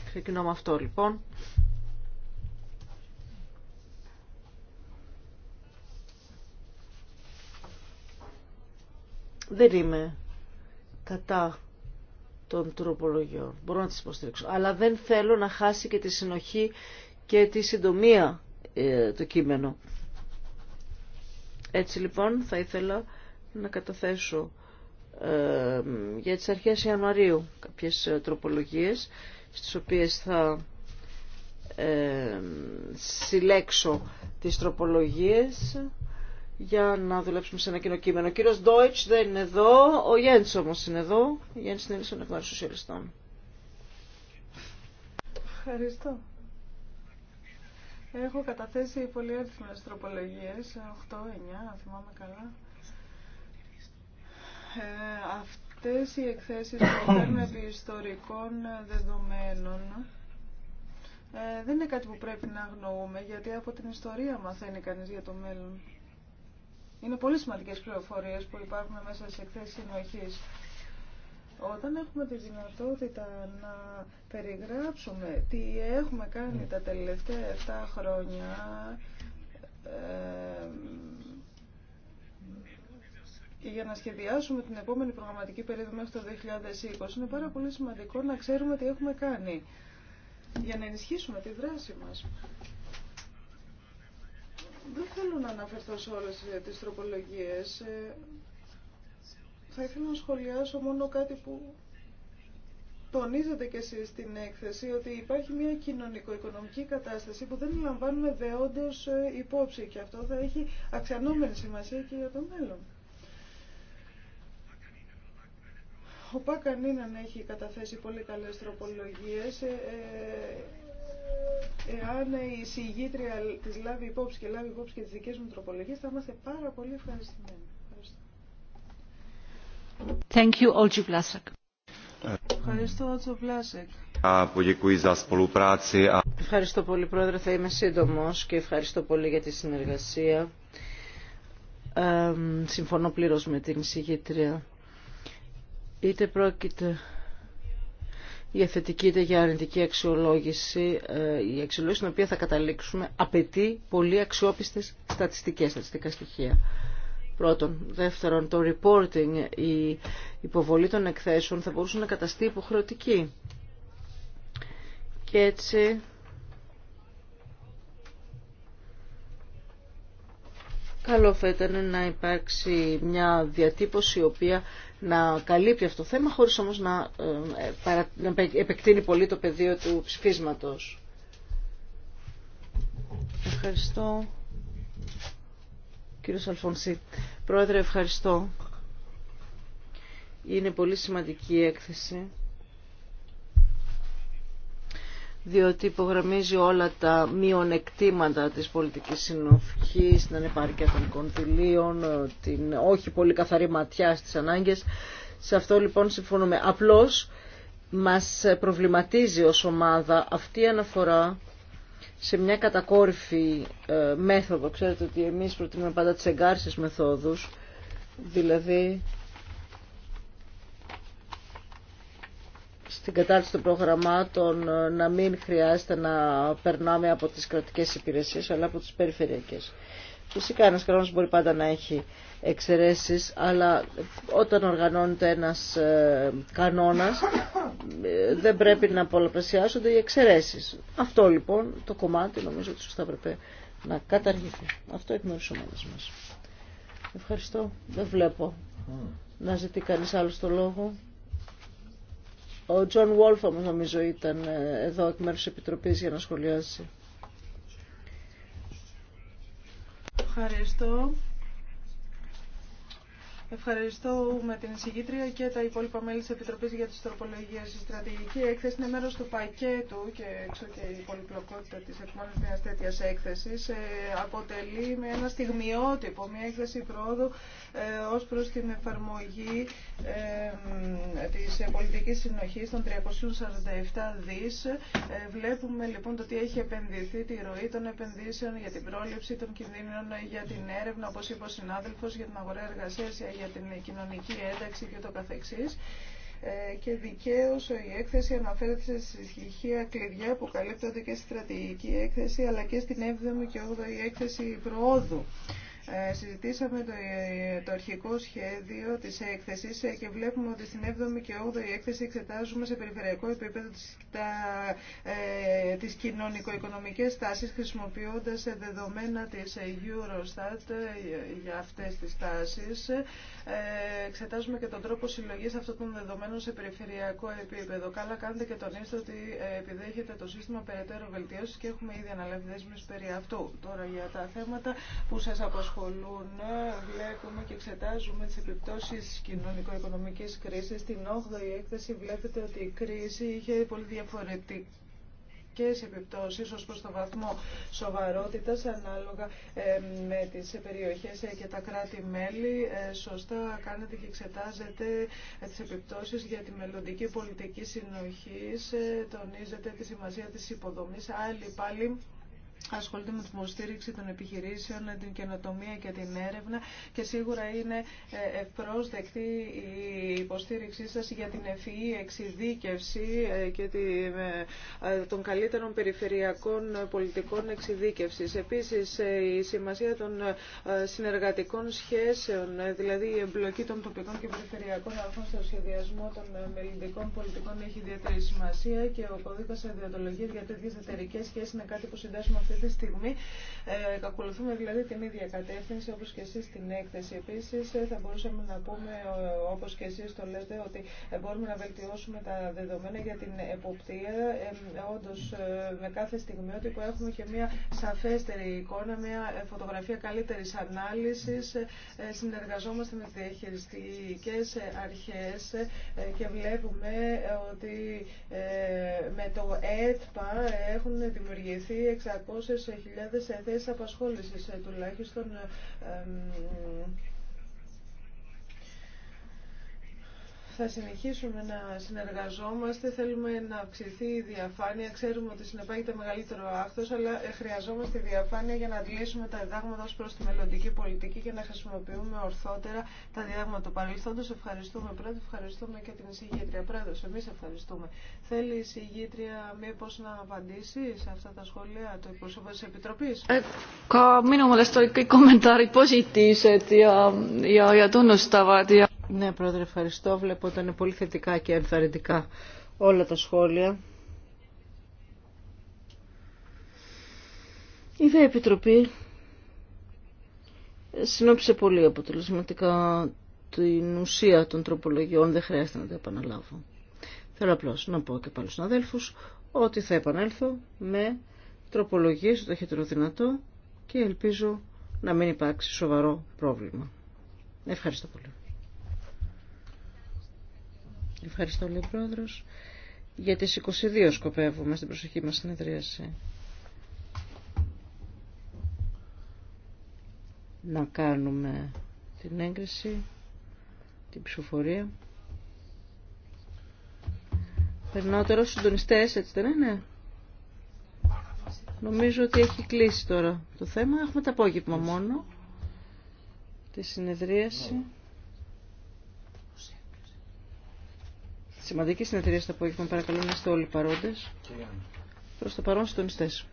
Ξεκινώ με αυτό λοιπόν. δεν είμαι κατά των τροπολογιών. Μπορώ να τις υποστηρίξω. Αλλά δεν θέλω να χάσει και τη συνοχή και τη συντομία ε, το κείμενο. Έτσι λοιπόν θα ήθελα να καταθέσω ε, για τις αρχές Ιανουαρίου κάποιες ε, τροπολογίες στις οποίες θα ε, συλλέξω τις τροπολογίες για να δουλέψουμε σε ένα κοινό κείμενο. Ο κύριο Ντόιτ δεν είναι εδώ, ο Γιέντς όμω είναι εδώ. Ο Γιέντς είναι στον εκ σοσιαλιστών. Ευχαριστώ. Έχω καταθέσει πολύ έρευνε τροπολογίες, 8-9, αν θυμάμαι καλά. Ε, αυτές οι εκθέσεις που επί ιστορικών δεδομένων ε, δεν είναι κάτι που πρέπει να αγνοούμε, γιατί από την ιστορία μαθαίνει κανείς για το μέλλον. Είναι πολύ σημαντικέ πληροφορίε που υπάρχουν μέσα σε εκθέσει συνοχή. Όταν έχουμε τη δυνατότητα να περιγράψουμε τι έχουμε κάνει τα τελευταία 7 χρόνια, ε, για να σχεδιάσουμε την επόμενη προγραμματική περίοδο μέχρι το 2020, είναι πάρα πολύ σημαντικό να ξέρουμε τι έχουμε κάνει για να ενισχύσουμε τη δράση μας. Δεν θέλω να αναφερθώ σε όλες ε, τις τροπολογίες. Ε, θα ήθελα να σχολιάσω μόνο κάτι που τονίζετε και εσείς στην έκθεση, ότι υπάρχει μια κοινωνικο-οικονομική κατάσταση που δεν λαμβάνουμε δεόντως ε, υπόψη και αυτό θα έχει αξιανόμενη σημασία και για το μέλλον. Ο Πάκανίναν έχει καταθέσει πολύ καλές τροπολογίες. Εάν η συγγήτρια τη λάβει υπόψη και λάβει υπόψη και τι δικέ μου τροπολογίε, θα είμαστε πάρα πολύ ευχαριστημένοι. Ευχαριστώ, Ότσο Βλάσεκ. Ευχαριστώ πολύ, Πρόεδρε. Θα είμαι σύντομο και ευχαριστώ πολύ για τη συνεργασία. Ε, συμφωνώ πλήρω με την συγγήτρια. Είτε πρόκειται η θετική είτε για αρνητική αξιολόγηση, ε, η αξιολόγηση στην οποία θα καταλήξουμε απαιτεί πολύ αξιόπιστες στατιστικές, στατιστικά στοιχεία. Πρώτον. Δεύτερον, το reporting, η υποβολή των εκθέσεων θα μπορούσε να καταστεί υποχρεωτική. Και έτσι καλό θα να υπάρξει μια διατύπωση η οποία να καλύπτει αυτό το θέμα χωρίς όμως να, ε, να επεκτείνει πολύ το πεδίο του ψηφίσματος. Ευχαριστώ. Κύριο Αλφονσί. Πρόεδρε, ευχαριστώ. Είναι πολύ σημαντική η έκθεση διότι υπογραμμίζει όλα τα μειονεκτήματα της πολιτικής συνοχής, την ανεπάρκεια των κονδυλίων, την όχι πολύ καθαρή ματιά στις ανάγκες. Σε αυτό λοιπόν συμφωνούμε. Απλώς μας προβληματίζει ως ομάδα αυτή η αναφορά σε μια κατακόρυφη ε, μέθοδο. Ξέρετε ότι εμείς προτείνουμε πάντα τις εγκάρσεις μεθόδους, δηλαδή στην κατάρτιση των προγραμμάτων ε, να μην χρειάζεται να περνάμε από τις κρατικές υπηρεσίες αλλά από τις περιφερειακές. Φυσικά ένας κανόνας μπορεί πάντα να έχει εξαιρέσει, αλλά όταν οργανώνεται ένας ε, κανόνας ε, δεν πρέπει να πολλαπλασιάζονται οι εξαιρέσει. Αυτό λοιπόν το κομμάτι νομίζω ότι σωστά πρέπει να καταργηθεί. Αυτό εκ μέρους μας. Ευχαριστώ. Δεν βλέπω να ζητεί κανείς άλλο το λόγο. Ο Τζον Βόλφ όμως νομίζω ήταν ε, εδώ εκ μέρους της Επιτροπής για να σχολιάσει. Ευχαριστώ. Ευχαριστώ με την εισηγήτρια και τα υπόλοιπα μέλη της Επιτροπής για τις τροπολογίε Η στρατηγική έκθεση είναι μέρος του πακέτου και έξω και η πολυπλοκότητα της εκμόνωσης μιας τέτοιας έκθεσης ε, αποτελεί με ένα στιγμιότυπο, μια έκθεση πρόοδου ε, ως προς την εφαρμογή ε, της πολιτικής συνοχής των 347 δις. Ε, βλέπουμε λοιπόν το τι έχει επενδυθεί, τη ροή των επενδύσεων για την πρόληψη των κινδύνων, για την έρευνα, όπως είπε ο συνάδελφος, για την αγορά εργασίας, για την κοινωνική ένταξη και το καθεξής ε, και δικαίω η έκθεση αναφέρεται σε στοιχεία κλειδιά που καλύπτονται και στη στρατηγική έκθεση αλλά και στην 7η και 8η έκθεση προόδου. Ε, συζητήσαμε το, το αρχικό σχέδιο της έκθεσης ε, και βλέπουμε ότι στην 7η και 8η έκθεση εξετάζουμε σε περιφερειακό επίπεδο τις, ε, κοινωνικο-οικονομικές τάσεις χρησιμοποιώντας δεδομένα της Eurostat ε, για αυτές τις τάσεις. εξετάζουμε και τον τρόπο συλλογής αυτών των δεδομένων σε περιφερειακό επίπεδο. Καλά κάνετε και τονίστε ότι επιδέχεται το σύστημα περαιτέρω βελτίωσης και έχουμε ήδη αναλάβει δέσμευση περί αυτού. Τώρα για τα θέματα που σας αποσχολούν απασχολούν. Βλέπουμε και εξετάζουμε τις επιπτώσεις κοινωνικο-οικονομικής κρίσης. Στην 8η έκθεση βλέπετε ότι η κρίση είχε πολύ διαφορετική και επιπτώσεις ως προς το βαθμό σοβαρότητας ανάλογα ε, με τις περιοχές ε, και τα κράτη-μέλη. Ε, σωστά κάνετε και εξετάζετε τις επιπτώσεις για τη μελλοντική πολιτική συνοχή. τονίζετε τη σημασία της υποδομής. Άλλοι πάλι ασχολείται με την υποστήριξη των επιχειρήσεων, την καινοτομία και την έρευνα και σίγουρα είναι ε, ευπρόσδεκτη η υποστήριξή σας για την ευφυή εξειδίκευση ε, και ε, των καλύτερων περιφερειακών πολιτικών εξειδίκευσης. Επίσης, η σημασία των συνεργατικών σχέσεων, δηλαδή η εμπλοκή των τοπικών και περιφερειακών αρχών στο σχεδιασμό των μελλοντικών πολιτικών έχει ιδιαίτερη σημασία και ο κώδικας ιδιωτολογίας για τέτοιες εταιρικές σχέσεις είναι κάτι που συντάσσουμε αυτή αυτή τη στιγμή ε, ακολουθούμε δηλαδή την ίδια κατεύθυνση όπως και εσείς στην έκθεση. Επίσης ε, θα μπορούσαμε να πούμε ε, όπως και εσείς το λέτε ότι ε, μπορούμε να βελτιώσουμε τα δεδομένα για την εποπτεία ε, όντως με κάθε στιγμή ότι έχουμε και μια σαφέστερη εικόνα, μια φωτογραφία καλύτερης ανάλυσης. συνεργαζόμαστε με τις διαχειριστικές αρχές και βλέπουμε ότι με το ΕΤΠΑ έχουν δημιουργηθεί 600 200.000 θέσει απασχόληση, ε, τουλάχιστον ε, Θα συνεχίσουμε να συνεργαζόμαστε, θέλουμε να αυξηθεί η διαφάνεια. Ξέρουμε ότι συνεπάγεται μεγαλύτερο άκθο, αλλά ε, χρειαζόμαστε διαφάνεια για να αντλήσουμε τα διδάγματα ω προς τη μελλοντική πολιτική και να χρησιμοποιούμε ορθότερα τα διδάγματα του παρελθόντο. Ευχαριστούμε πρώτα, ευχαριστούμε και την εισηγήτρια. Πρόεδρος, εμείς ευχαριστούμε. Θέλει η εισηγήτρια μήπως να απαντήσει σε αυτά τα σχόλια του εκπροσώπου τη Επιτροπή. κομμεντάρι, πώ ja ja τον ja ναι, Πρόεδρε, ευχαριστώ. Βλέπω ότι είναι πολύ θετικά και ενθαρρυντικά όλα τα σχόλια. Η ΔΕ Επιτροπή συνόψε πολύ αποτελεσματικά την ουσία των τροπολογιών. Δεν χρειάζεται να τα επαναλάβω. Θέλω απλώς να πω και πάλι στους αδέλφους ότι θα επανέλθω με τροπολογίες το ταχύτερο δυνατό και ελπίζω να μην υπάρξει σοβαρό πρόβλημα. Ευχαριστώ πολύ. Ευχαριστώ, λέει Πρόεδρος. Για τις 22 σκοπεύουμε στην προσοχή μας συνεδρίαση. Να κάνουμε την έγκριση, την ψηφοφορία. Περνάω τώρα στους συντονιστές, έτσι δεν είναι. Νομίζω ότι έχει κλείσει τώρα το θέμα. Έχουμε το απόγευμα μόνο τη συνεδρίαση. Σημαντική συνεταιρία στο απόγευμα. Παρακαλώ να είστε όλοι παρόντες. Προς το παρόν συντονιστές.